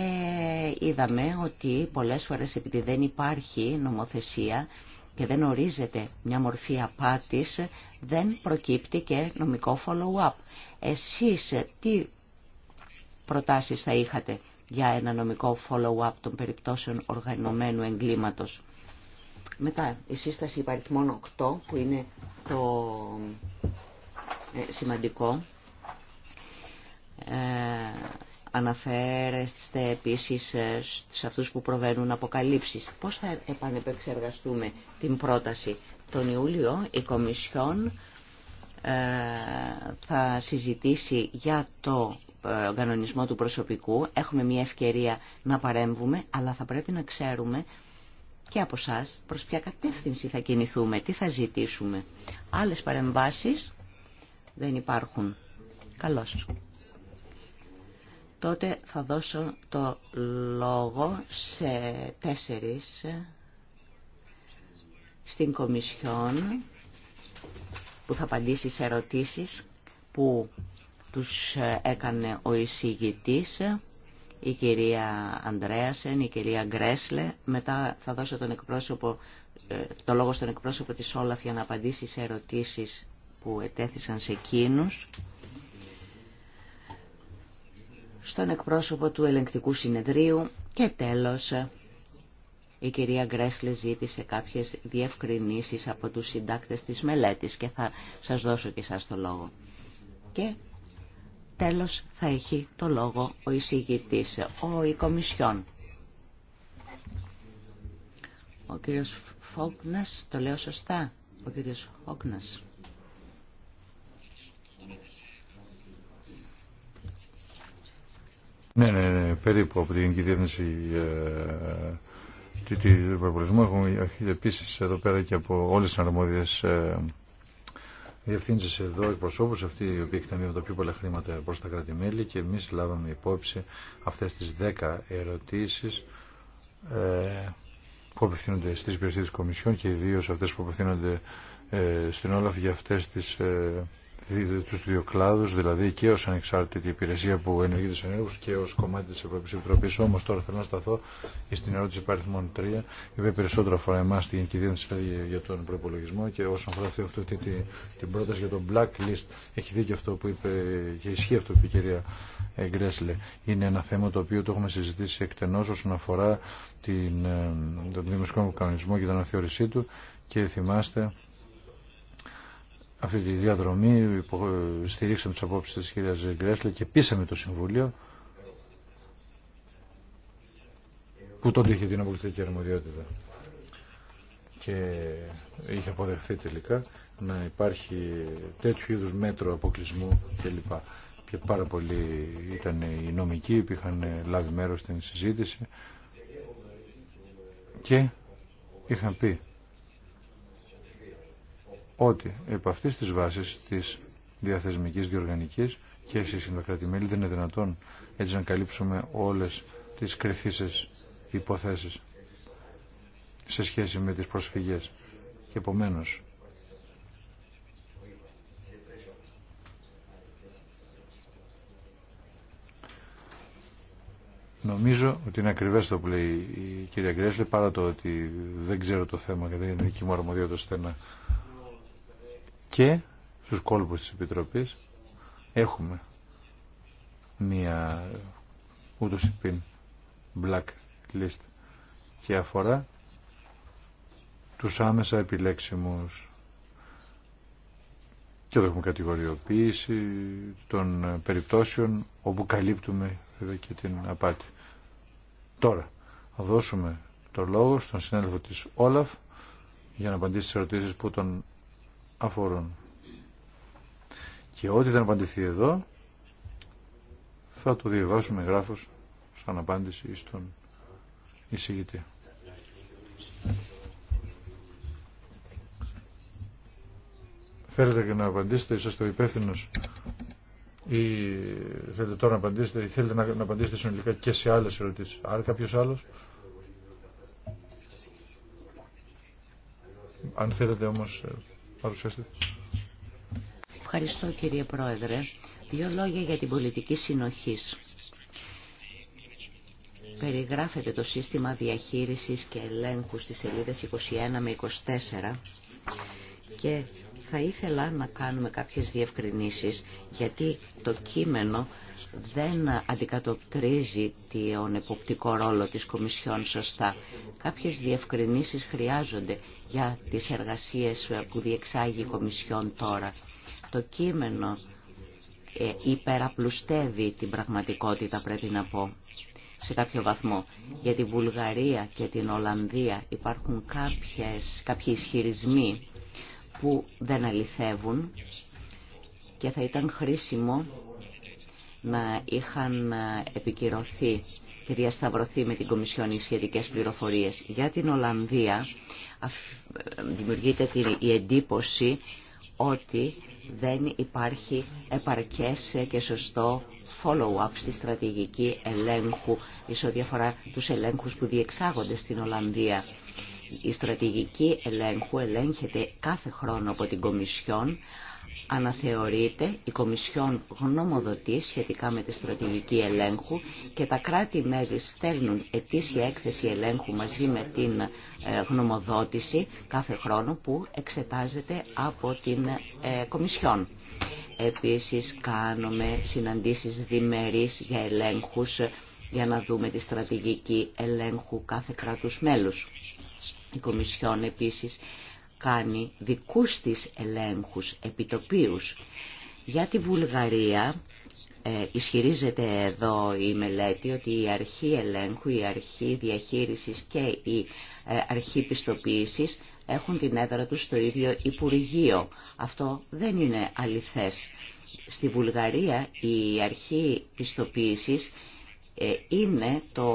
είδαμε ότι πολλές φορές επειδή δεν υπάρχει νομοθεσία και δεν ορίζεται μια μορφή απάτης, δεν προκύπτει και νομικό follow-up. Εσείς τι προτάσεις θα είχατε για ένα νομικό follow-up των περιπτώσεων οργανωμένου εγκλήματος. Μετά η σύσταση υπαριθμών 8 που είναι το ε, σημαντικό. Ε, Αναφέρεστε επίσης ε, σε αυτούς που προβαίνουν αποκαλύψεις. Πώς θα επανεπεξεργαστούμε την πρόταση. Τον Ιούλιο η Κομισιόν ε, θα συζητήσει για το ε, κανονισμό του προσωπικού. Έχουμε μια ευκαιρία να παρέμβουμε, αλλά θα πρέπει να ξέρουμε και από εσά προς ποια κατεύθυνση θα κινηθούμε, τι θα ζητήσουμε. Άλλες παρεμβάσεις δεν υπάρχουν. Καλώς τότε θα δώσω το λόγο σε τέσσερις στην Κομισιόν που θα απαντήσει σε ερωτήσεις που τους έκανε ο εισηγητής η κυρία Ανδρέασεν, η κυρία Γκρέσλε. Μετά θα δώσω τον εκπρόσωπο, ε, το λόγο στον εκπρόσωπο της Όλαφ για να απαντήσει σε ερωτήσεις που ετέθησαν σε εκείνους στον εκπρόσωπο του ελεγκτικού συνεδρίου και τέλος η κυρία Γκρέσλε ζήτησε κάποιες διευκρινήσεις από τους συντάκτες της μελέτης και θα σας δώσω και σας το λόγο. Και τέλος θα έχει το λόγο ο εισηγητής, ο η Ο κύριος Φόγνας, το λέω σωστά, ο κύριος Φόγνας. Ναι, ναι, ναι, περίπου από την κυβέρνηση Διεύθυνση ε, του Υπερπολισμού έχουμε επίση εδώ πέρα και από όλε τι αρμόδιε διευθύνσει εδώ εκπροσώπου, αυτοί οι οποίοι εκταμείουν τα πιο πολλά χρήματα προ τα κράτη-μέλη και εμεί λάβαμε υπόψη αυτέ τι 10 ερωτήσει ε, που απευθύνονται στι υπηρεσίε τη Κομισιόν και ιδίω αυτέ που απευθύνονται ε, στην Όλαφ για αυτέ τι του δύο κλάδου, δηλαδή και ω ανεξάρτητη υπηρεσία που ενεργεί του Ενέργου και ω κομμάτι τη Ευρωπαϊκή Επιτροπή. όμω τώρα θέλω να σταθώ στην ερώτηση παριθμών 3, η οποία περισσότερο αφορά εμάς την κυβέρνηση για τον προπολογισμό και όσον αφορά αυτή, αυτή, την πρόταση για τον blacklist, έχει δίκιο αυτό που είπε και ισχύει αυτό που είπε η κυρία ε, Γκρέσλε. Είναι ένα θέμα το οποίο το έχουμε συζητήσει εκτενώ όσον αφορά την, ε, τον δημοσιονομικό κανονισμό και την αναθεώρησή του και θυμάστε αυτή τη διαδρομή στηρίξαμε τις απόψεις της κυρίας Γκρέσλε και πείσαμε το Συμβούλιο που τότε είχε την απολυτική αρμοδιότητα και είχε αποδεχθεί τελικά να υπάρχει τέτοιου είδους μέτρο αποκλεισμού κλπ. Και πάρα πολλοί ήταν οι νομικοί που είχαν λάβει μέρος στην συζήτηση και είχαν πει ότι επ' αυτή τη βάση τη διαθεσμική διοργανική και εσεί με κρατημέλη δεν είναι δυνατόν έτσι να καλύψουμε όλε τι κρυθήσει υποθέσει σε σχέση με τις προσφυγές. Και επομένως, Νομίζω ότι είναι ακριβέ το που λέει η κυρία Γκρέσλε, παρά το ότι δεν ξέρω το θέμα και δεν είναι δική μου αρμοδιότητα και στους κόλπους της Επιτροπής έχουμε μία ούτως υπήν black list και αφορά τους άμεσα επιλέξιμους και εδώ έχουμε κατηγοριοποίηση των περιπτώσεων όπου καλύπτουμε βέβαια και την απάτη. Τώρα θα δώσουμε το λόγο στον συνέλεγχο της Όλαφ για να απαντήσει στις ερωτήσεις που τον αφορούν. Και ό,τι δεν απαντηθεί εδώ θα το διαβάσουμε γράφος σαν απάντηση στον εισηγητή. Θέλετε και να απαντήσετε, είσαστε ο υπεύθυνο ή θέλετε τώρα να απαντήσετε ή θέλετε να, να απαντήσετε συνολικά και σε άλλες ερωτήσεις. Άρα κάποιος άλλος. Αν θέλετε όμως ε, Ευχαριστώ κύριε Πρόεδρε. Δύο λόγια για την πολιτική συνοχής. Περιγράφεται το σύστημα διαχείρισης και ελέγχου στις σελίδες 21 με 24 και θα ήθελα να κάνουμε κάποιες διευκρινήσεις γιατί το κείμενο δεν αντικατοπτρίζει τον εποπτικό ρόλο της Κομισιόν σωστά. Κάποιες διευκρινήσεις χρειάζονται για τις εργασίες που διεξάγει η Κομισιόν τώρα. Το κείμενο ε, υπεραπλουστεύει την πραγματικότητα, πρέπει να πω, σε κάποιο βαθμό. Για την Βουλγαρία και την Ολλανδία υπάρχουν κάποιες, κάποιοι ισχυρισμοί που δεν αληθεύουν και θα ήταν χρήσιμο να είχαν ε, επικυρωθεί και διασταυρωθεί με την Κομισιόν οι σχετικές πληροφορίες. Για την Ολλανδία δημιουργείται η εντύπωση ότι δεν υπάρχει επαρκές και σωστό follow-up στη στρατηγική ελέγχου εις ό,τι αφορά τους ελέγχους που διεξάγονται στην Ολλανδία. Η στρατηγική ελέγχου ελέγχεται κάθε χρόνο από την Κομισιόν αναθεωρείται η Κομισιόν γνωμοδοτή σχετικά με τη στρατηγική ελέγχου και τα κράτη-μέλη στέλνουν ετήσια έκθεση ελέγχου μαζί με την ε, γνωμοδότηση κάθε χρόνο που εξετάζεται από την ε, Κομισιόν. Επίσης κάνουμε συναντήσεις διμερείς για ελέγχους ε, για να δούμε τη στρατηγική ελέγχου κάθε κράτους μέλους. Η Κομισιόν επίσης κάνει δικούς της ελέγχους επιτοπίους. Για τη Βουλγαρία ε, ισχυρίζεται εδώ η μελέτη ότι η αρχή ελέγχου, η αρχή διαχείρισης και η ε, αρχή πιστοποίησης έχουν την έδρα τους στο ίδιο Υπουργείο. Αυτό δεν είναι αληθές. Στη Βουλγαρία η αρχή πιστοποίησης ε, είναι το,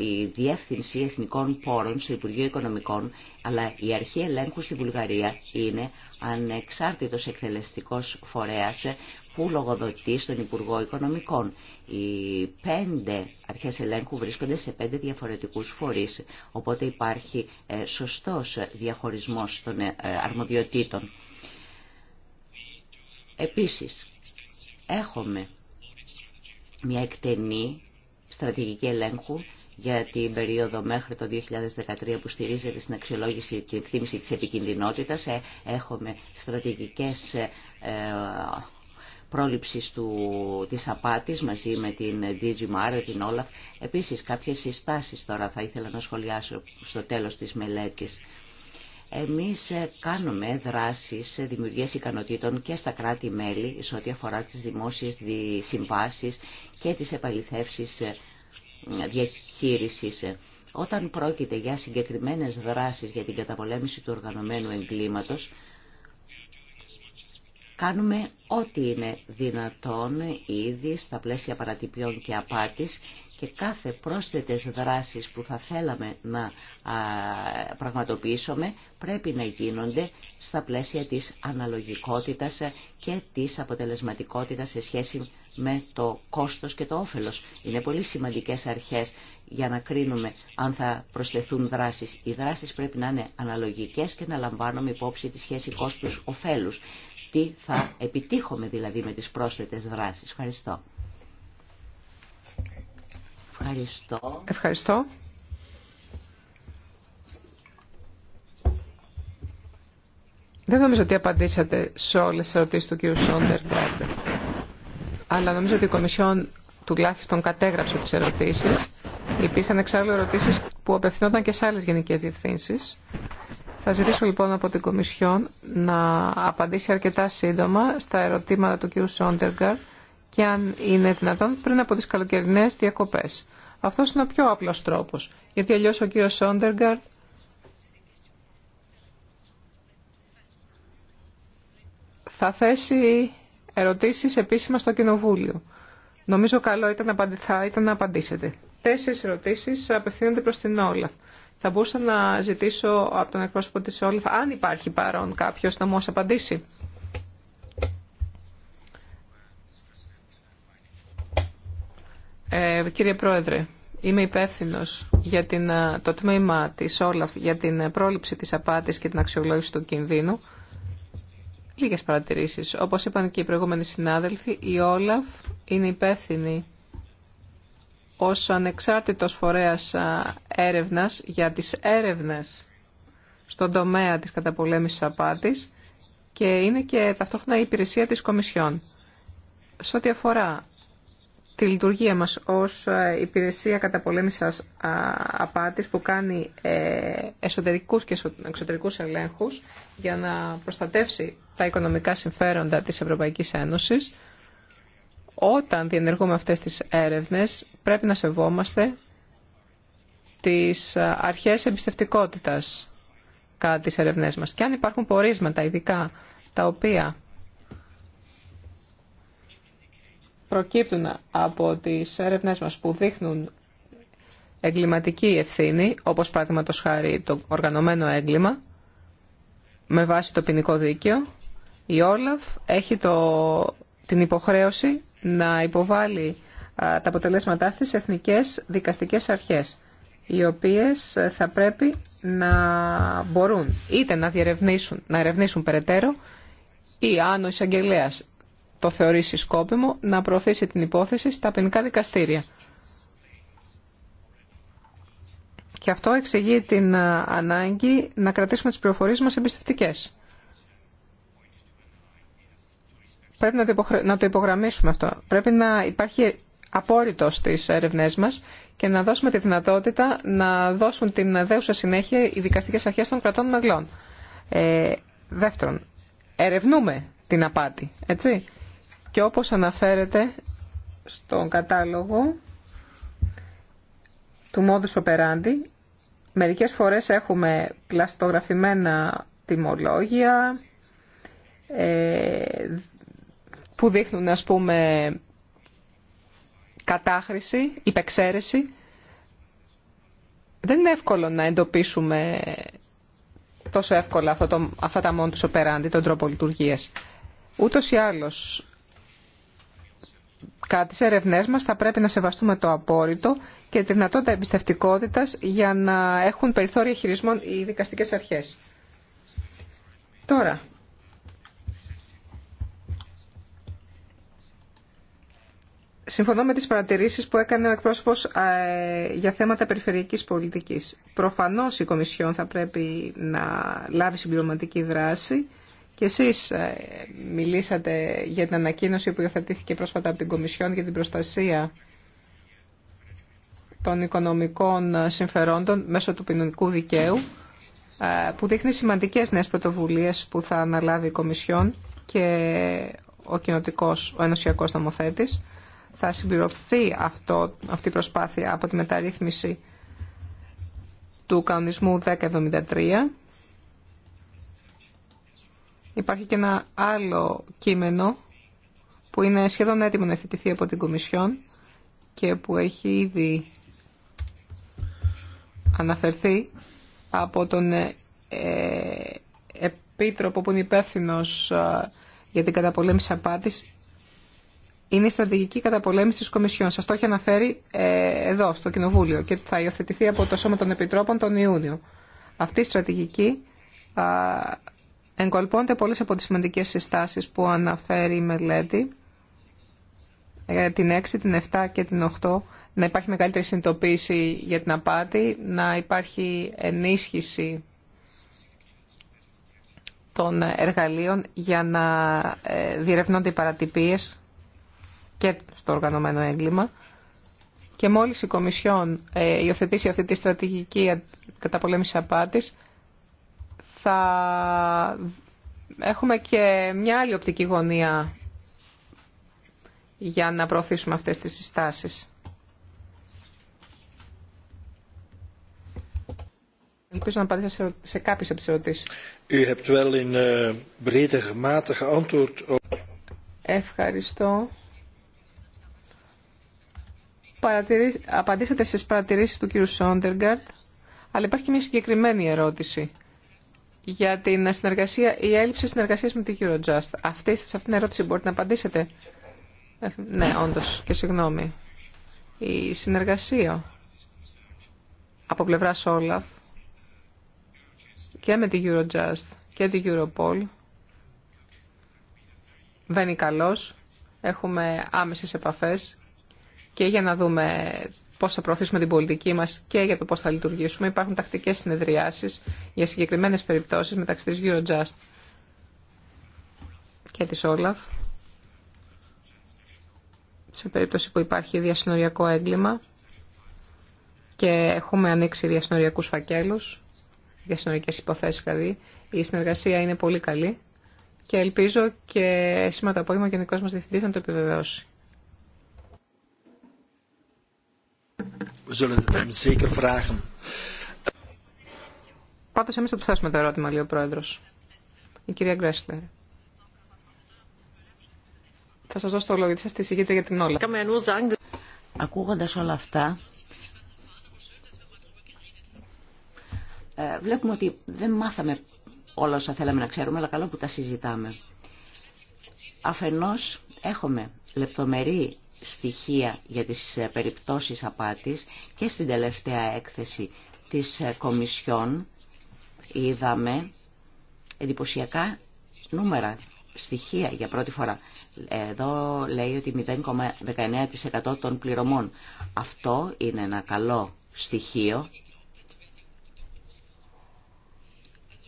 η Διεύθυνση Εθνικών Πόρων στο Υπουργείο Οικονομικών, αλλά η αρχή ελέγχου στη Βουλγαρία είναι ανεξάρτητος εκτελεστικός φορέας που λογοδοτεί στον Υπουργό Οικονομικών. Οι πέντε αρχές ελέγχου βρίσκονται σε πέντε διαφορετικούς φορείς, οπότε υπάρχει ε, σωστός διαχωρισμός των ε, αρμοδιοτήτων. Επίσης, έχουμε μια εκτενή στρατηγική ελέγχου για την περίοδο μέχρι το 2013 που στηρίζεται στην αξιολόγηση και εκτίμηση της επικινδυνότητας. Ε, έχουμε στρατηγικές ε, πρόληψης του, της απάτης μαζί με την DGMAR, την OLAF. Επίσης κάποιες συστάσεις τώρα θα ήθελα να σχολιάσω στο τέλος της μελέτης. Εμείς ε, κάνουμε δράσεις δημιουργίας ικανοτήτων και στα κράτη-μέλη σε ό,τι αφορά τις δημόσιες συμβάσεις και τις επαληθεύσεις ε, διαχείρισης. Όταν πρόκειται για συγκεκριμένες δράσεις για την καταπολέμηση του οργανωμένου εγκλήματος, κάνουμε ό,τι είναι δυνατόν ήδη στα πλαίσια παρατυπιών και απάτης και κάθε πρόσθετες δράσεις που θα θέλαμε να πραγματοποιήσουμε πρέπει να γίνονται στα πλαίσια της αναλογικότητας και της αποτελεσματικότητας σε σχέση με το κόστος και το όφελος. Είναι πολύ σημαντικές αρχές για να κρίνουμε αν θα προσθεθούν δράσεις. Οι δράσεις πρέπει να είναι αναλογικές και να λαμβάνουμε υπόψη τη σχέση κόστους-οφέλους. Τι θα επιτύχουμε δηλαδή με τις πρόσθετες δράσεις. Ευχαριστώ. Ευχαριστώ. Δεν νομίζω ότι απαντήσατε σε όλες τις ερωτήσεις του κ. Σόντεργαρντ. Αλλά νομίζω ότι η Κομισιόν τουλάχιστον κατέγραψε τις ερωτήσεις. Υπήρχαν εξάλλου ερωτήσεις που απευθυνόταν και σε άλλες γενικές διευθύνσεις. Θα ζητήσω λοιπόν από την Κομισιόν να απαντήσει αρκετά σύντομα στα ερωτήματα του κ. Σόντεργαρντ και αν είναι δυνατόν πριν από τις καλοκαιρινές διακοπές. Αυτός είναι ο πιο απλός τρόπος, γιατί αλλιώς ο κύριος Σόντεργαρτ θα θέσει ερωτήσεις επίσημα στο Κοινοβούλιο. Νομίζω καλό ήταν να, θα ήταν να απαντήσετε. Τέσσερις ερωτήσεις απευθύνονται προς την Όλαφ. Θα μπορούσα να ζητήσω από τον εκπρόσωπο της Όλαφ, αν υπάρχει παρόν κάποιος, να μου απαντήσει. Ε, κύριε Πρόεδρε, είμαι υπεύθυνο για ε, το τμήμα της Όλαφ για την ε, πρόληψη της απάτης και την αξιολόγηση του κινδύνου. Λίγες παρατηρήσεις. Όπως είπαν και οι προηγούμενοι συνάδελφοι, η Όλαφ είναι υπεύθυνη ω ανεξάρτητο φορέα ε, έρευνας για τις έρευνες στον τομέα της καταπολέμησης απάτης και είναι και ταυτόχρονα η υπηρεσία της Κομισιόν. Σε ό,τι αφορά τη λειτουργία μας ως ε, υπηρεσία καταπολέμησης απάτης που κάνει ε, εσωτερικούς και εξωτερικούς ελέγχους για να προστατεύσει τα οικονομικά συμφέροντα της Ευρωπαϊκής Ένωσης. Όταν διενεργούμε αυτές τις έρευνες πρέπει να σεβόμαστε τις ε, αρχές εμπιστευτικότητας κατά τις ερευνές μας. Και αν υπάρχουν πορίσματα ειδικά τα οποία προκύπτουν από τις έρευνές μας που δείχνουν εγκληματική ευθύνη, όπως παραδείγματο χάρη το οργανωμένο έγκλημα, με βάση το ποινικό δίκαιο, η Όλαφ έχει το, την υποχρέωση να υποβάλει τα αποτελέσματά στις εθνικές δικαστικές αρχές, οι οποίες ε, θα πρέπει να μπορούν είτε να διερευνήσουν, να ερευνήσουν περαιτέρω ή αν ο το θεωρήσει σκόπιμο να προωθήσει την υπόθεση στα ποινικά δικαστήρια. Και αυτό εξηγεί την ε, ανάγκη να κρατήσουμε τις πληροφορίες μας εμπιστευτικές. Πρέπει να το, να το υπογραμμίσουμε αυτό. Πρέπει να υπάρχει απόρριτο στις έρευνές μας και να δώσουμε τη δυνατότητα να δώσουν την δέουσα συνέχεια οι δικαστικές αρχές των κρατών μεγλών. Ε, δεύτερον, ερευνούμε την απάτη, έτσι και όπως αναφέρεται στον κατάλογο του modus operandi, μερικές φορές έχουμε πλαστογραφημένα τιμολόγια ε, που δείχνουν ας πούμε κατάχρηση, υπεξαίρεση. Δεν είναι εύκολο να εντοπίσουμε τόσο εύκολα αυτό το, αυτά τα μόντου operandi, τον τρόπο λειτουργίας. Ούτως ή άλλως κάτι σε ερευνές μας θα πρέπει να σεβαστούμε το απόρριτο και τη δυνατότητα εμπιστευτικότητας για να έχουν περιθώρια χειρισμών οι δικαστικές αρχές. Τώρα, συμφωνώ με τις παρατηρήσεις που έκανε ο εκπρόσωπος ε, για θέματα περιφερειακής πολιτικής. Προφανώς η Κομισιόν θα πρέπει να λάβει συμπληρωματική δράση και εσείς ε, μιλήσατε για την ανακοίνωση που υιοθετήθηκε πρόσφατα από την Κομισιόν για την προστασία των οικονομικών συμφερόντων μέσω του ποινικού δικαίου ε, που δείχνει σημαντικές νέες πρωτοβουλίες που θα αναλάβει η Κομισιόν και ο κοινοτικός, ο ενωσιακός νομοθέτης. Θα συμπληρωθεί αυτό, αυτή η προσπάθεια από τη μεταρρύθμιση του κανονισμού 1073 Υπάρχει και ένα άλλο κείμενο που είναι σχεδόν έτοιμο να θετηθεί από την Κομισιόν και που έχει ήδη αναφερθεί από τον ε, ε, Επίτροπο που είναι υπεύθυνο ε, για την καταπολέμηση απάτης είναι η στρατηγική καταπολέμηση της Κομισιόν. Σας το έχει αναφέρει εδώ, στο Κοινοβούλιο και θα υιοθετηθεί από το Σώμα των Επιτρόπων τον Ιούνιο. Αυτή η στρατηγική Εγκολπώνται πολλές από τις σημαντικές συστάσεις που αναφέρει η μελέτη, ε, την 6, την 7 και την 8, να υπάρχει μεγαλύτερη συνειδητοποίηση για την απάτη, να υπάρχει ενίσχυση των εργαλείων για να ε, διερευνούνται οι παρατυπίες και στο οργανωμένο έγκλημα. Και μόλις η Κομισιόν ε, υιοθετήσει αυτή τη στρατηγική καταπολέμηση απάτης, θα έχουμε και μια άλλη οπτική γωνία για να προωθήσουμε αυτές τις συστάσεις. Ελπίζω να απαντήσω σε κάποιες από τις ερωτήσεις. Eh, Ευχαριστώ. Απαντήσατε στις παρατηρήσεις του κ. Σόντεργαρτ, αλλά υπάρχει και μια συγκεκριμένη ερώτηση για την συνεργασία, η έλλειψη συνεργασίας με την Eurojust. Αυτή, σε αυτήν την ερώτηση μπορείτε να απαντήσετε. Ε, ναι, όντως, και συγγνώμη. Η συνεργασία από πλευρά Όλαφ και με την Eurojust και την Europol δεν είναι καλός. Έχουμε άμεσες επαφές και για να δούμε Πώ θα προωθήσουμε την πολιτική μα και για το πώ θα λειτουργήσουμε. Υπάρχουν τακτικέ συνεδριάσει για συγκεκριμένε περιπτώσει μεταξύ τη Eurojust και τη Όλαφ. Σε περίπτωση που υπάρχει διασυνοριακό έγκλημα και έχουμε ανοίξει διασυνοριακούς φακέλους, διασυνοριακές υποθέσει, δηλαδή, η συνεργασία είναι πολύ καλή και ελπίζω και σήμερα το απόγευμα ο Γενικός μας Διευθυντής να το επιβεβαιώσει. We zullen het εμείς θα του θέσουμε το ερώτημα, λέει ο πρόεδρο. Η κυρία Γκρέσλερ. Θα σα δώσω το λόγο, γιατί σα τη συγκείτε για την όλα. Ακούγοντα όλα αυτά, ε, βλέπουμε ότι δεν μάθαμε όλα όσα θέλαμε να ξέρουμε, αλλά καλό που τα συζητάμε. Αφενός έχουμε λεπτομερή στοιχεία για τις ε, περιπτώσεις απάτης και στην τελευταία έκθεση της ε, Κομισιόν είδαμε εντυπωσιακά νούμερα, στοιχεία για πρώτη φορά. Εδώ λέει ότι 0,19% των πληρωμών. Αυτό είναι ένα καλό στοιχείο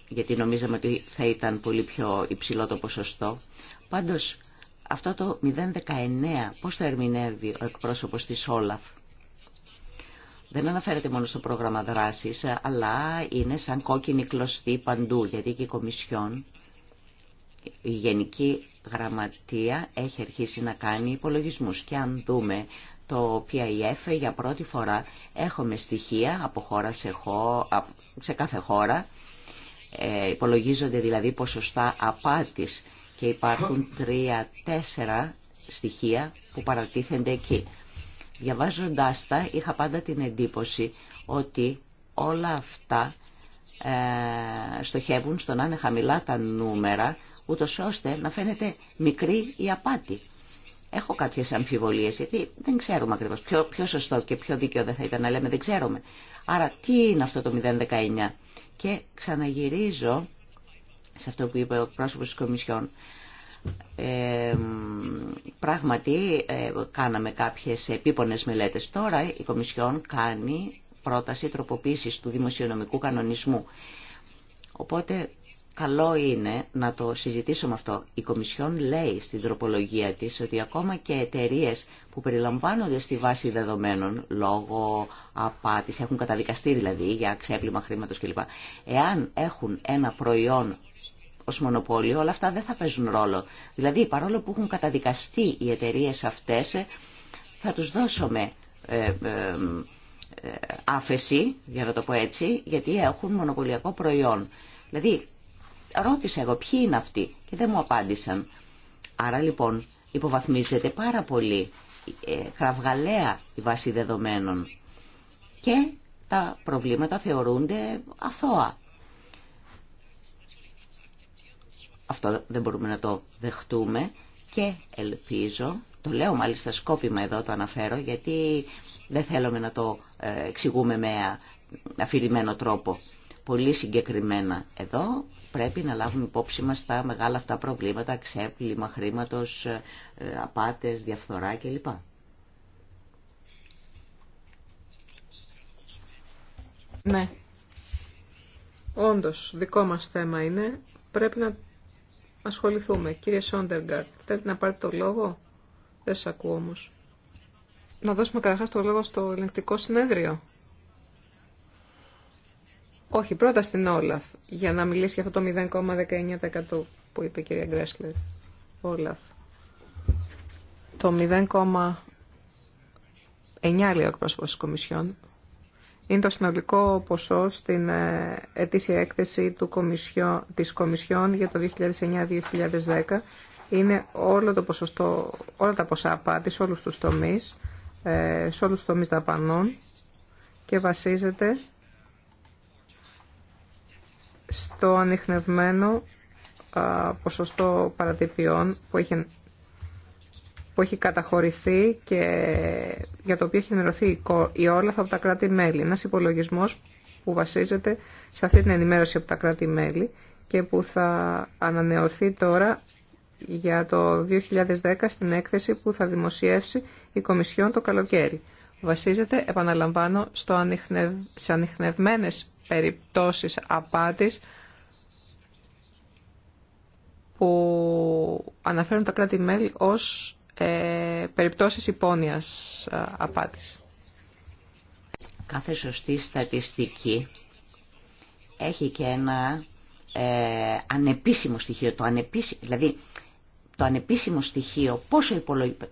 γιατί νομίζαμε ότι θα ήταν πολύ πιο υψηλό το ποσοστό. Πάντως αυτό το 019 πώς το ερμηνεύει ο εκπρόσωπος της Όλαφ. Δεν αναφέρεται μόνο στο πρόγραμμα δράσης, αλλά είναι σαν κόκκινη κλωστή παντού, γιατί και η Κομισιόν, η Γενική Γραμματεία, έχει αρχίσει να κάνει υπολογισμούς. Και αν δούμε το PIF για πρώτη φορά έχουμε στοιχεία από, χώρα σε, κάθε χώρα, ε, υπολογίζονται δηλαδή ποσοστά απάτης και υπάρχουν τρία-τέσσερα στοιχεία που παρατίθενται εκεί. Διαβάζοντάς τα είχα πάντα την εντύπωση ότι όλα αυτά ε, στοχεύουν στο να είναι χαμηλά τα νούμερα ούτως ώστε να φαίνεται μικρή η απάτη. Έχω κάποιες αμφιβολίες, γιατί δεν ξέρουμε ακριβώς ποιο, ποιο σωστό και ποιο δίκαιο δεν θα ήταν να λέμε, δεν ξέρουμε. Άρα τι είναι αυτό το 019. Και ξαναγυρίζω σε αυτό που είπε ο πρόσωπος της Κομισιόν. Ε, πράγματι ε, κάναμε κάποιες επίπονες μελέτες. Τώρα η Κομισιόν κάνει πρόταση τροποποίησης του δημοσιονομικού κανονισμού. Οπότε καλό είναι να το συζητήσουμε αυτό. Η Κομισιόν λέει στην τροπολογία της ότι ακόμα και εταιρείε που περιλαμβάνονται στη βάση δεδομένων λόγω απάτης, έχουν καταδικαστεί δηλαδή για ξέπλυμα χρήματος κλπ. Εάν έχουν ένα προϊόν ως μονοπόλιο, όλα αυτά δεν θα παίζουν ρόλο. Δηλαδή, παρόλο που έχουν καταδικαστεί οι εταιρείες αυτές, ε, θα τους δώσουμε ε, ε, άφεση, για να το πω έτσι, γιατί έχουν μονοπωλιακό προϊόν. Δηλαδή, ρώτησα εγώ ποιοι είναι αυτοί και δεν μου απάντησαν. Άρα λοιπόν υποβαθμίζεται πάρα πολύ ε, η βάση δεδομένων και τα προβλήματα θεωρούνται αθώα. Αυτό δεν μπορούμε να το δεχτούμε και ελπίζω, το λέω μάλιστα σκόπιμα εδώ το αναφέρω γιατί δεν θέλουμε να το ε, εξηγούμε με αφηρημένο τρόπο. Πολύ συγκεκριμένα εδώ πρέπει να λάβουμε υπόψη μας τα μεγάλα αυτά προβλήματα, ξέπλυμα χρήματος, ε, ε, απάτες, διαφθορά κλπ. Ναι. Όντως, δικό μας θέμα είναι, πρέπει να ασχοληθούμε. Κύριε Σόντεργαρτ, θέλετε να πάρετε το λόγο. Δεν σα ακούω όμω. Να δώσουμε καταρχά το λόγο στο ελεγκτικό συνέδριο. Όχι, πρώτα στην Όλαφ, για να μιλήσει για αυτό το 0,19% που είπε η κυρία Γκρέσλερ. Όλαφ. Το 0,9% λέει ο εκπρόσωπο τη Κομισιόν είναι το συνολικό ποσό στην ε, ετήσια έκθεση του Κομισιό, της Κομισιόν για το 2009-2010. Είναι όλο το ποσοστό, όλα τα ποσά απάτη σε όλους τους τομείς, ε, σε όλους τους τομείς δαπανών και βασίζεται στο ανιχνευμένο ποσοστό παρατυπιών που έχει που έχει καταχωρηθεί και για το οποίο έχει ενημερωθεί η Όλαφ από τα κράτη-μέλη. Ένας υπολογισμός που βασίζεται σε αυτή την ενημέρωση από τα κράτη-μέλη και που θα ανανεωθεί τώρα για το 2010 στην έκθεση που θα δημοσιεύσει η Κομισιόν το καλοκαίρι. Βασίζεται, επαναλαμβάνω, στο ανιχνευ... σε περιπτώσεις απάτης που αναφέρουν τα κράτη-μέλη ως ε, περιπτώσεις υπόνοιας ε, απάτης. Κάθε σωστή στατιστική έχει και ένα ε, ανεπίσημο στοιχείο. Το δηλαδή το ανεπίσημο στοιχείο, πόσο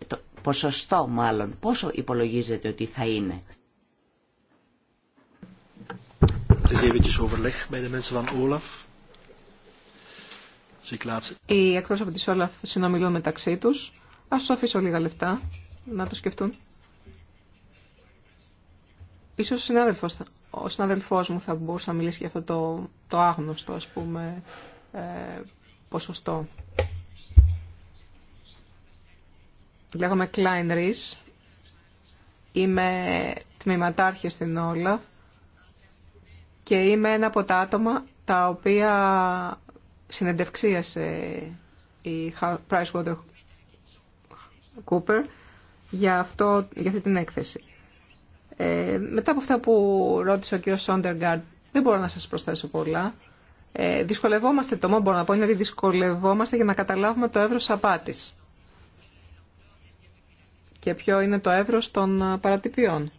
το ποσοστό μάλλον, πόσο υπολογίζεται ότι θα είναι. Οι εκπρόσωποι της Όλαφ συνομιλούν μεταξύ τους. Ας τους αφήσω λίγα λεπτά να το σκεφτούν. Ίσως ο συνάδελφος, μου θα μπορούσε να μιλήσει για αυτό το, το άγνωστο, ας πούμε, ε, ποσοστό. Λέγομαι Klein Ρις. Είμαι τμήματάρχη στην Όλα και είμαι ένα από τα άτομα τα οποία συνεντευξίασε η Κούπερ για, αυτό, για αυτή την έκθεση. Ε, μετά από αυτά που ρώτησε ο κ. Σόντεργαρντ, δεν μπορώ να σας προσθέσω πολλά. Ε, δυσκολευόμαστε, το μόνο μπορώ να πω είναι ότι δυσκολευόμαστε για να καταλάβουμε το εύρος απάτης και ποιο είναι το εύρο των παρατυπιών.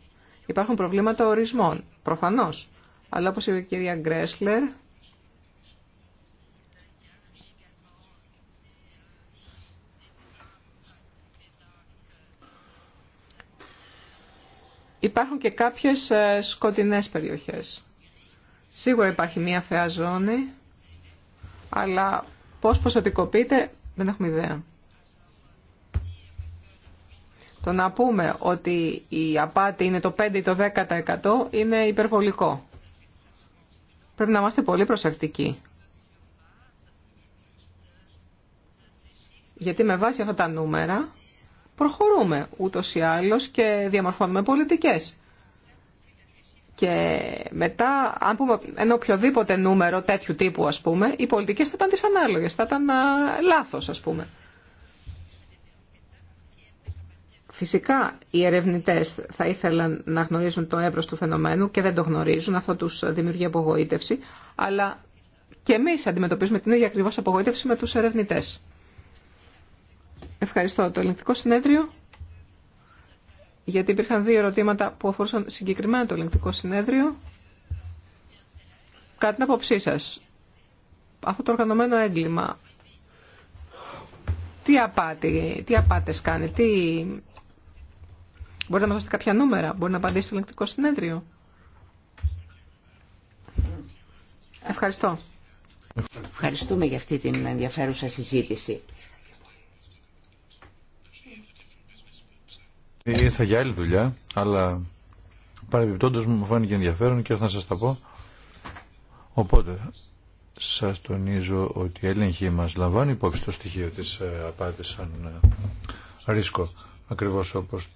Υπάρχουν προβλήματα ορισμών, προφανώς. Αλλά όπως είπε η κυρία Γκρέσλερ, υπάρχουν και κάποιες ε, σκοτεινές περιοχές. Σίγουρα υπάρχει μία φαιά ζώνη, αλλά πώς ποσοτικοποιείται δεν έχουμε ιδέα. Το να πούμε ότι η απάτη είναι το 5 ή το 10% είναι υπερβολικό. Πρέπει να είμαστε πολύ προσεκτικοί. Γιατί με βάση αυτά τα νούμερα προχωρούμε ούτως ή άλλως και διαμορφώνουμε πολιτικές. Και μετά, αν πούμε ένα οποιοδήποτε νούμερο τέτοιου τύπου, ας πούμε, οι πολιτικές θα ήταν δυσανάλογες, θα ήταν α, λάθος, ας πούμε. Φυσικά, οι ερευνητές θα ήθελαν να γνωρίζουν το έύρο του φαινομένου και δεν το γνωρίζουν, αυτό τους δημιουργεί απογοήτευση, αλλά και εμείς αντιμετωπίζουμε την ίδια ακριβώ απογοήτευση με τους ερευνητές. Ευχαριστώ. Το ελεγκτικό συνέδριο, γιατί υπήρχαν δύο ερωτήματα που αφορούσαν συγκεκριμένα το ελεγκτικό συνέδριο. Κάτι την απόψή σα. Αυτό το οργανωμένο έγκλημα, τι, απάτη, τι απάτες κάνει, τι... Μπορείτε να μας δώσετε κάποια νούμερα, μπορεί να απαντήσει το ελεγκτικό συνέδριο. Ευχαριστώ. Ευχαριστούμε για αυτή την ενδιαφέρουσα συζήτηση. Ήρθα για άλλη δουλειά, αλλά παρεμπιπτόντως μου φάνηκε ενδιαφέρον και θα σας τα πω. Οπότε, σας τονίζω ότι η έλεγχη μας λαμβάνει υπόψη το στοιχείο της ε, απάτη σαν ε, ρίσκο, ακριβώς όπως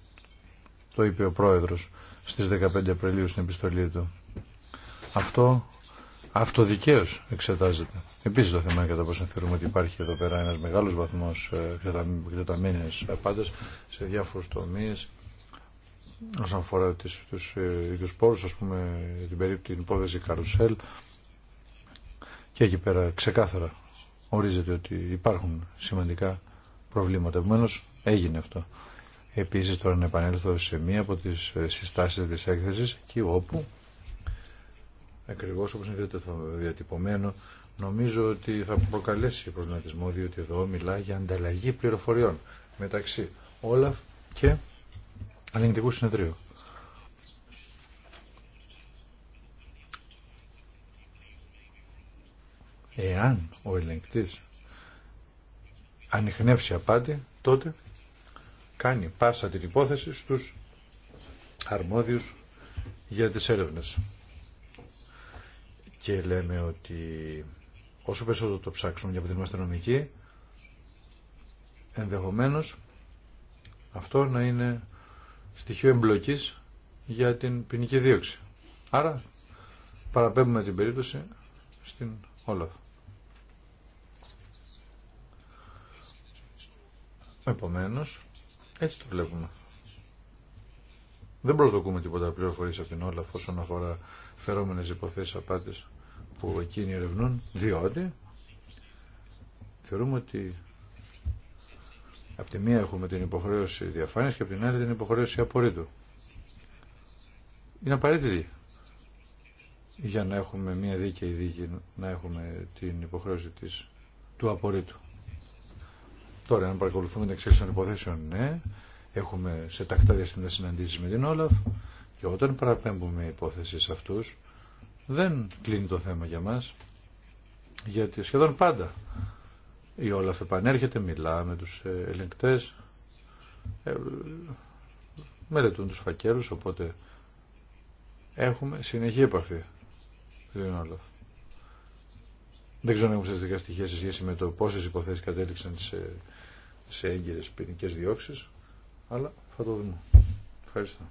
το είπε ο πρόεδρος στις 15 Απριλίου στην επιστολή του. Αυτό Αυτοδικαίω εξετάζεται. Επίση το θέμα είναι κατά πόσο θεωρούμε ότι υπάρχει εδώ πέρα ένας μεγάλος βαθμός εκτεταμένε πάντας σε διάφορου τομεί όσον αφορά του τους ε, πόρου, α ας πούμε την περίπτωση την υπόθεση καρουσέλ και εκεί πέρα ξεκάθαρα ορίζεται ότι υπάρχουν σημαντικά προβλήματα. Επομένω έγινε αυτό. Επίση τώρα να επανέλθω σε μία από τι ε, συστάσει τη έκθεση εκεί όπου ακριβώς όπω είναι διατυπωμένο, νομίζω ότι θα προκαλέσει προβληματισμό, διότι εδώ μιλά για ανταλλαγή πληροφοριών μεταξύ Όλαφ και Αλληλεγκτικού Συνεδρίου. Εάν ο ελεγκτή ανοιχνεύσει απάτη, τότε κάνει πάσα την υπόθεση στους αρμόδιους για τις έρευνες και λέμε ότι όσο περισσότερο το ψάξουμε για την αστυνομική, ενδεχομένως αυτό να είναι στοιχείο εμπλοκής για την ποινική δίωξη. Άρα παραπέμπουμε την περίπτωση στην Όλαφ. Επομένως, έτσι το βλέπουμε. Δεν προσδοκούμε τίποτα πληροφορίες από την Όλαφ όσον αφορά φερόμενες υποθέσεις απάτες που εκείνοι ερευνούν, διότι θεωρούμε ότι από τη μία έχουμε την υποχρέωση διαφάνειας και από την άλλη την υποχρέωση απορρίτου. Είναι απαραίτητη για να έχουμε μία δίκαιη δίκη, να έχουμε την υποχρέωση της, του απορρίτου. Τώρα, αν παρακολουθούμε την εξέλιξη των υποθέσεων, ναι, έχουμε σε τακτά διαστήματα συναντήσεις με την Όλαφ, και όταν παραπέμπουμε υπόθεση σε αυτούς, δεν κλείνει το θέμα για μας, γιατί σχεδόν πάντα η Όλαφ επανέρχεται, μιλά με τους ε, ελεγκτές, ε, μελετούν τους φακέλους, οπότε έχουμε συνεχή επαφή με την Δεν ξέρω αν έχουμε στατιστικά στοιχεία σε σχέση με το πόσες υποθέσεις κατέληξαν σε, σε έγκυρες ποινικές διώξεις, αλλά θα το δούμε. Ευχαριστώ.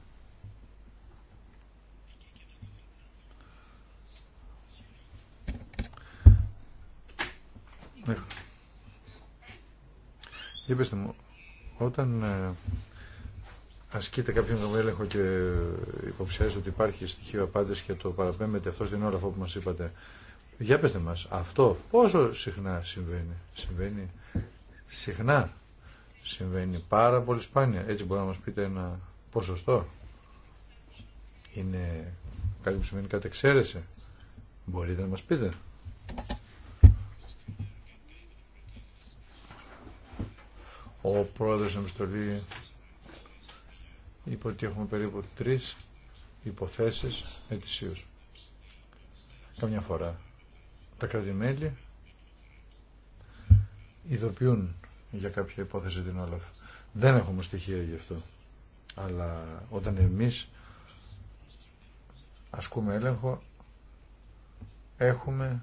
Για ναι. μου, όταν ε, ασκείται κάποιον τον έλεγχο και υποψιάζεται ότι υπάρχει στοιχείο απάντηση και το παραπέμπεται αυτό στην όλα αυτό που μας είπατε. Για πετε μας, αυτό πόσο συχνά συμβαίνει. Συμβαίνει συχνά. Συμβαίνει πάρα πολύ σπάνια. Έτσι μπορεί να μας πείτε ένα ποσοστό. Είναι κάτι που σημαίνει κατεξαίρεση. Μπορείτε να μας πείτε. Ο πρόεδρος Εμιστολή είπε ότι έχουμε περίπου τρεις υποθέσεις ετησίως. Καμιά φορά τα κρατημέλη ειδοποιούν για κάποια υπόθεση την Όλαφ. Δεν έχουμε στοιχεία γι' αυτό. Αλλά όταν εμείς ασκούμε έλεγχο έχουμε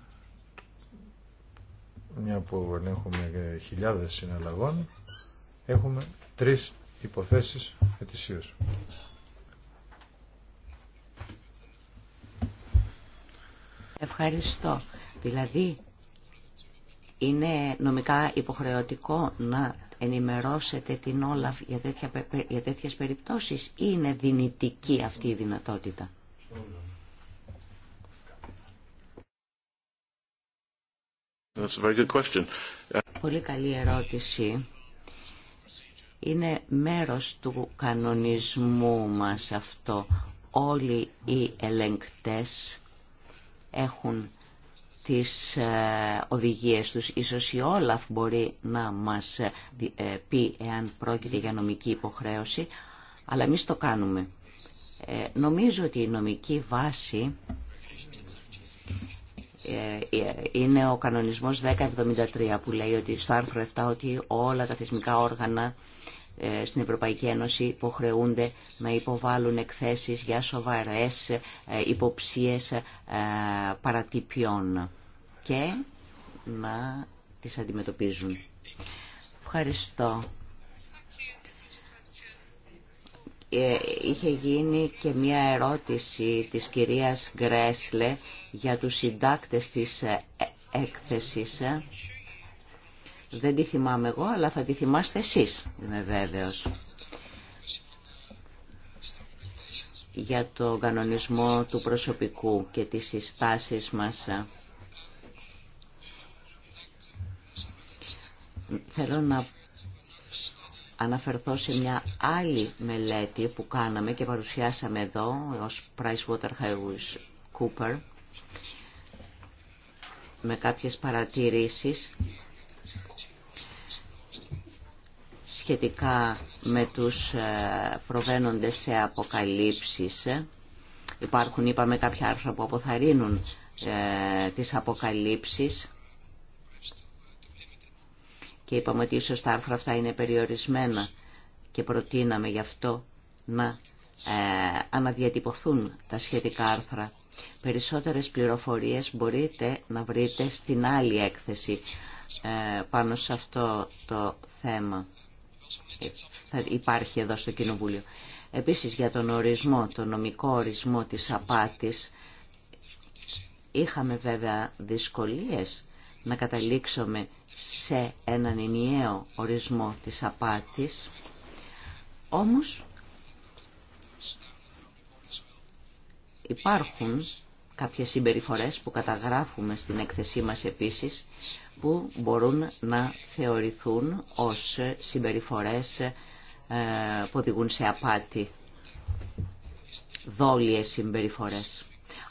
μια που ελέγχουμε χιλιάδες συναλλαγών έχουμε τρεις υποθέσεις ετησίως. Ευχαριστώ. Δηλαδή, είναι νομικά υποχρεωτικό να ενημερώσετε την Όλαφ για, τέτοια, για τέτοιες περιπτώσεις ή είναι δυνητική αυτή η δυνατότητα. Πολύ καλή ερώτηση. Είναι μέρος του κανονισμού μας αυτό. Όλοι οι ελεγκτές έχουν τις ε, οδηγίες τους. Ίσως η Όλαφ μπορεί να μας ε, ε, πει εάν πρόκειται για νομική υποχρέωση, αλλά εμεί το κάνουμε. Νομίζω ότι η νομική βάση είναι ο κανονισμός 1073 που λέει ότι στο άρθρο 7 ότι όλα τα θεσμικά όργανα ε, στην Ευρωπαϊκή Ένωση υποχρεούνται να υποβάλουν εκθέσεις για σοβαρές ε, υποψίες ε, παρατυπιών και να τις αντιμετωπίζουν. Ευχαριστώ. Είχε γίνει και μια ερώτηση της κυρίας Γκρέσλε για τους συντάκτες της έκθεσης δεν τη θυμάμαι εγώ, αλλά θα τη θυμάστε εσείς, είμαι βέβαιος. Για το κανονισμό του προσωπικού και τις συστάσεις μας. Ε, θέλω να αναφερθώ σε μια άλλη μελέτη που κάναμε και παρουσιάσαμε εδώ ως PricewaterhouseCooper με κάποιες παρατηρήσεις σχετικά με τους ε, προβαίνοντες σε αποκαλύψεις. Ε, υπάρχουν, είπαμε, κάποια άρθρα που αποθαρρύνουν ε, τις αποκαλύψεις και είπαμε ότι ίσως τα άρθρα αυτά είναι περιορισμένα και προτείναμε γι' αυτό να αναδιατυπωθούν τα σχετικά άρθρα. Περισσότερες πληροφορίες μπορείτε να βρείτε στην άλλη έκθεση πάνω σε αυτό το θέμα υπάρχει εδώ στο Κοινοβούλιο. Επίσης για τον ορισμό, τον νομικό ορισμό της απάτης, είχαμε βέβαια δυσκολίες να καταλήξουμε σε έναν ενιαίο ορισμό της απάτης, όμως υπάρχουν κάποιες συμπεριφορές που καταγράφουμε στην έκθεσή μας επίσης, που μπορούν να θεωρηθούν ως συμπεριφορές ε, που οδηγούν σε απάτη, δόλιες συμπεριφορές.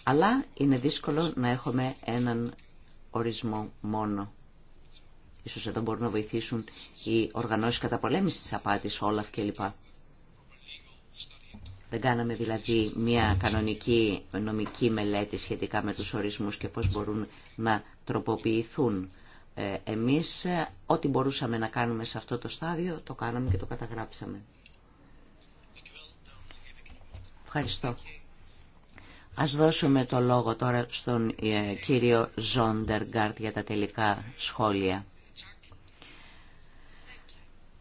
Αλλά είναι δύσκολο να έχουμε έναν ορισμό μόνο. Ίσως εδώ μπορούν να βοηθήσουν οι οργανώσεις πολέμηση της απάτης, όλα κλπ. Δεν κάναμε δηλαδή μια κανονική νομική μελέτη σχετικά με τους ορισμούς και πώς μπορούν να τροποποιηθούν ε, εμείς ε, ό,τι μπορούσαμε να κάνουμε σε αυτό το στάδιο το κάναμε και το καταγράψαμε. Ευχαριστώ. Ας δώσουμε το λόγο τώρα στον ε, κύριο Ζόντεργκάρτ για τα τελικά σχόλια.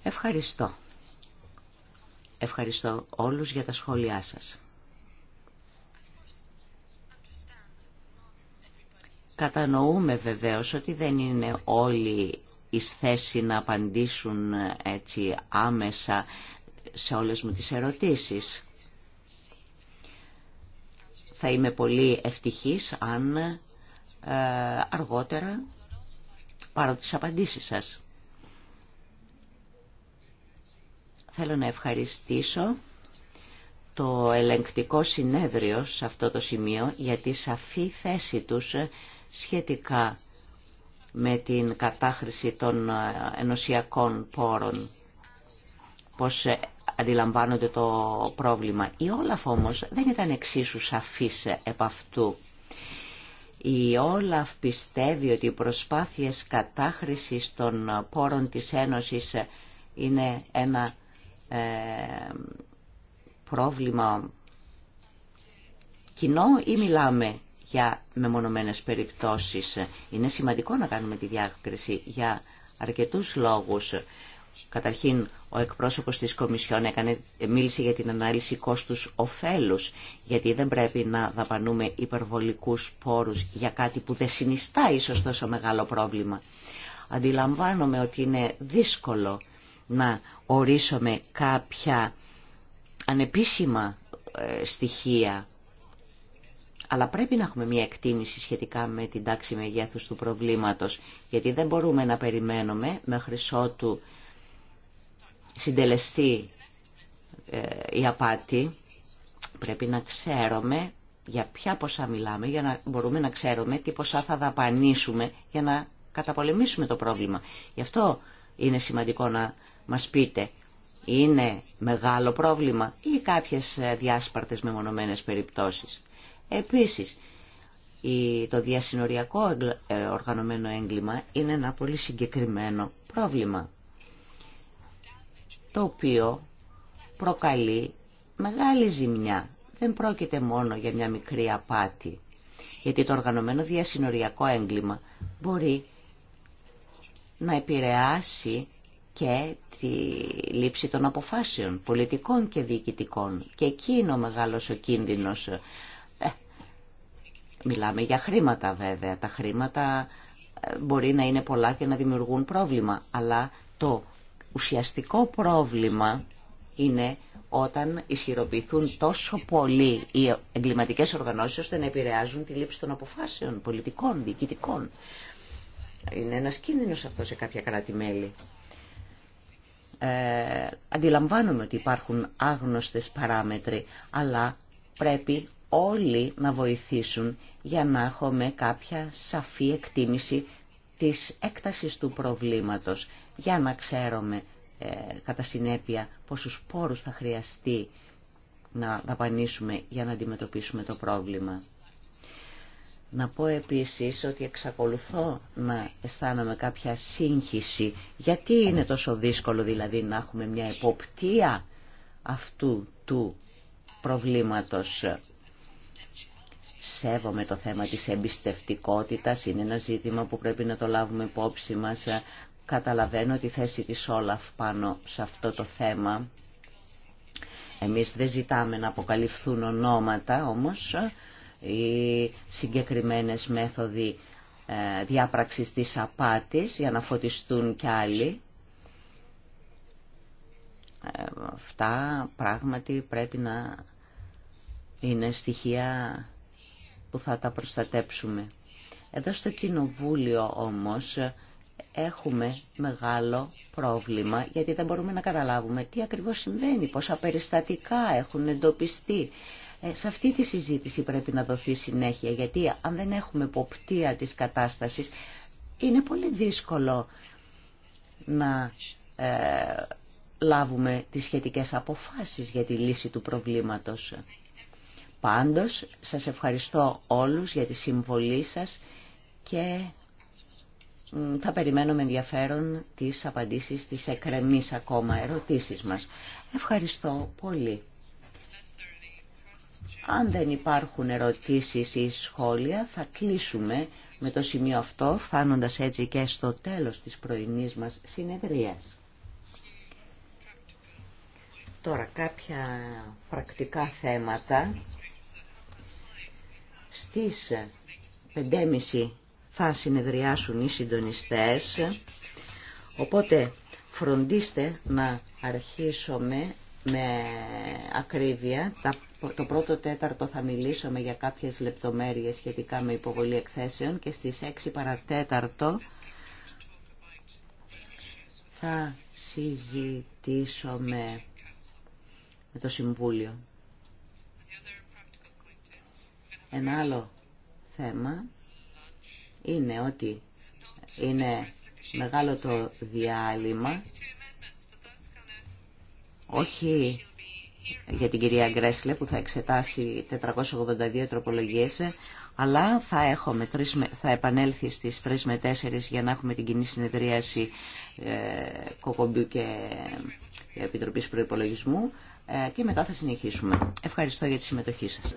Ευχαριστώ. Ευχαριστώ όλους για τα σχόλιά σας. Κατανοούμε βεβαίως ότι δεν είναι όλοι εις θέση να απαντήσουν έτσι άμεσα σε όλες μου τις ερωτήσεις. Θα είμαι πολύ ευτυχής αν ε, αργότερα πάρω τις απαντήσεις σας. Θέλω να ευχαριστήσω το ελεγκτικό συνέδριο σε αυτό το σημείο για τη σαφή θέση τους σχετικά με την κατάχρηση των ε, ενωσιακών πόρων, πώς ε, αντιλαμβάνονται το πρόβλημα. Η Όλαφ όμως δεν ήταν εξίσου σαφής ε, επ' αυτού. Η Όλαφ πιστεύει ότι οι προσπάθειες κατάχρησης των πόρων της Ένωσης είναι ένα πρόβλημα κοινό ή μιλάμε για μεμονωμένες περιπτώσεις. Είναι σημαντικό να κάνουμε τη διάκριση για αρκετούς λόγους. Καταρχήν, ο εκπρόσωπος της Κομισιόν έκανε, μίλησε για την ανάλυση κόστους κόστους-οφέλους, γιατί δεν πρέπει να δαπανούμε υπερβολικούς πόρους για κάτι που δεν συνιστά ίσως τόσο μεγάλο πρόβλημα. Αντιλαμβάνομαι ότι είναι δύσκολο να ορίσουμε κάποια ανεπίσημα ε, στοιχεία αλλά πρέπει να έχουμε μια εκτίμηση σχετικά με την τάξη μεγέθους του προβλήματος, γιατί δεν μπορούμε να περιμένουμε μέχρι ότου συντελεστεί ε, η απάτη. Πρέπει να ξέρουμε για ποια ποσά μιλάμε, για να μπορούμε να ξέρουμε τι ποσά θα δαπανίσουμε για να καταπολεμήσουμε το πρόβλημα. Γι' αυτό είναι σημαντικό να μας πείτε, είναι μεγάλο πρόβλημα ή κάποιες ε, διάσπαρτες μεμονωμένες περιπτώσεις. Επίσης, το διασυνοριακό ε, οργανωμένο έγκλημα είναι ένα πολύ συγκεκριμένο πρόβλημα, το οποίο προκαλεί μεγάλη ζημιά. Δεν πρόκειται μόνο για μια μικρή απάτη, γιατί το οργανωμένο διασυνοριακό έγκλημα μπορεί να επηρεάσει και τη λήψη των αποφάσεων, πολιτικών και διοικητικών. Και εκεί είναι ο μεγάλος ο κίνδυνος Μιλάμε για χρήματα βέβαια. Τα χρήματα ε, μπορεί να είναι πολλά και να δημιουργούν πρόβλημα, αλλά το ουσιαστικό πρόβλημα είναι όταν ισχυροποιηθούν τόσο πολύ οι εγκληματικέ οργανώσει ώστε να επηρεάζουν τη λήψη των αποφάσεων πολιτικών, διοικητικών. Είναι ένας κίνδυνος αυτό σε κάποια κράτη-μέλη. Ε, αντιλαμβάνομαι ότι υπάρχουν άγνωστες παράμετροι, αλλά πρέπει όλοι να βοηθήσουν για να έχουμε κάποια σαφή εκτίμηση της έκτασης του προβλήματος, για να ξέρουμε ε, κατά συνέπεια πόσους πόρους θα χρειαστεί να δαπανίσουμε για να αντιμετωπίσουμε το πρόβλημα. Να πω επίσης ότι εξακολουθώ να αισθάνομαι κάποια σύγχυση. Γιατί είναι τόσο δύσκολο δηλαδή να έχουμε μια εποπτεία αυτού του προβλήματος. Σέβομαι το θέμα της εμπιστευτικότητας, είναι ένα ζήτημα που πρέπει να το λάβουμε υπόψη μας. Καταλαβαίνω τη θέση της Όλαφ πάνω σε αυτό το θέμα. Εμείς δεν ζητάμε να αποκαλυφθούν ονόματα όμως Οι συγκεκριμένες μέθοδοι ε, διάπραξης της απάτης για να φωτιστούν κι άλλοι. Ε, αυτά πράγματι πρέπει να είναι στοιχεία που θα τα προστατέψουμε. Εδώ στο Κοινοβούλιο όμως έχουμε μεγάλο πρόβλημα γιατί δεν μπορούμε να καταλάβουμε τι ακριβώς συμβαίνει, πόσα περιστατικά έχουν εντοπιστεί. Ε, σε αυτή τη συζήτηση πρέπει να δοθεί συνέχεια γιατί αν δεν έχουμε ποπτία της κατάστασης είναι πολύ δύσκολο να ε, λάβουμε τις σχετικές αποφάσεις για τη λύση του προβλήματος. Πάντως, σας ευχαριστώ όλους για τη συμβολή σας και θα περιμένω με ενδιαφέρον τις απαντήσεις της εκρεμής ακόμα ερωτήσεις μας. Ευχαριστώ πολύ. Αν δεν υπάρχουν ερωτήσεις ή σχόλια θα κλείσουμε με το σημείο αυτό φτάνοντας έτσι και στο τέλος της πρωινής μας συνεδρίας. Τώρα κάποια πρακτικά θέματα. Στις 5.30 θα συνεδριάσουν οι συντονιστές, οπότε φροντίστε να αρχίσουμε με ακρίβεια. Το πρώτο τέταρτο θα μιλήσουμε για κάποιες λεπτομέρειες σχετικά με υποβολή εκθέσεων και στις 6 παρατέταρτο θα συζητήσουμε με το Συμβούλιο. Ένα άλλο θέμα είναι ότι είναι μεγάλο το διάλειμμα όχι για την κυρία Γκρέσλε που θα εξετάσει 482 τροπολογίες αλλά θα, έχουμε, θα επανέλθει στις 3 με 4 για να έχουμε την κοινή συνεδρίαση ε, Κοκομπιού και ε, Επιτροπής Προϋπολογισμού ε, και μετά θα συνεχίσουμε. Ευχαριστώ για τη συμμετοχή σας.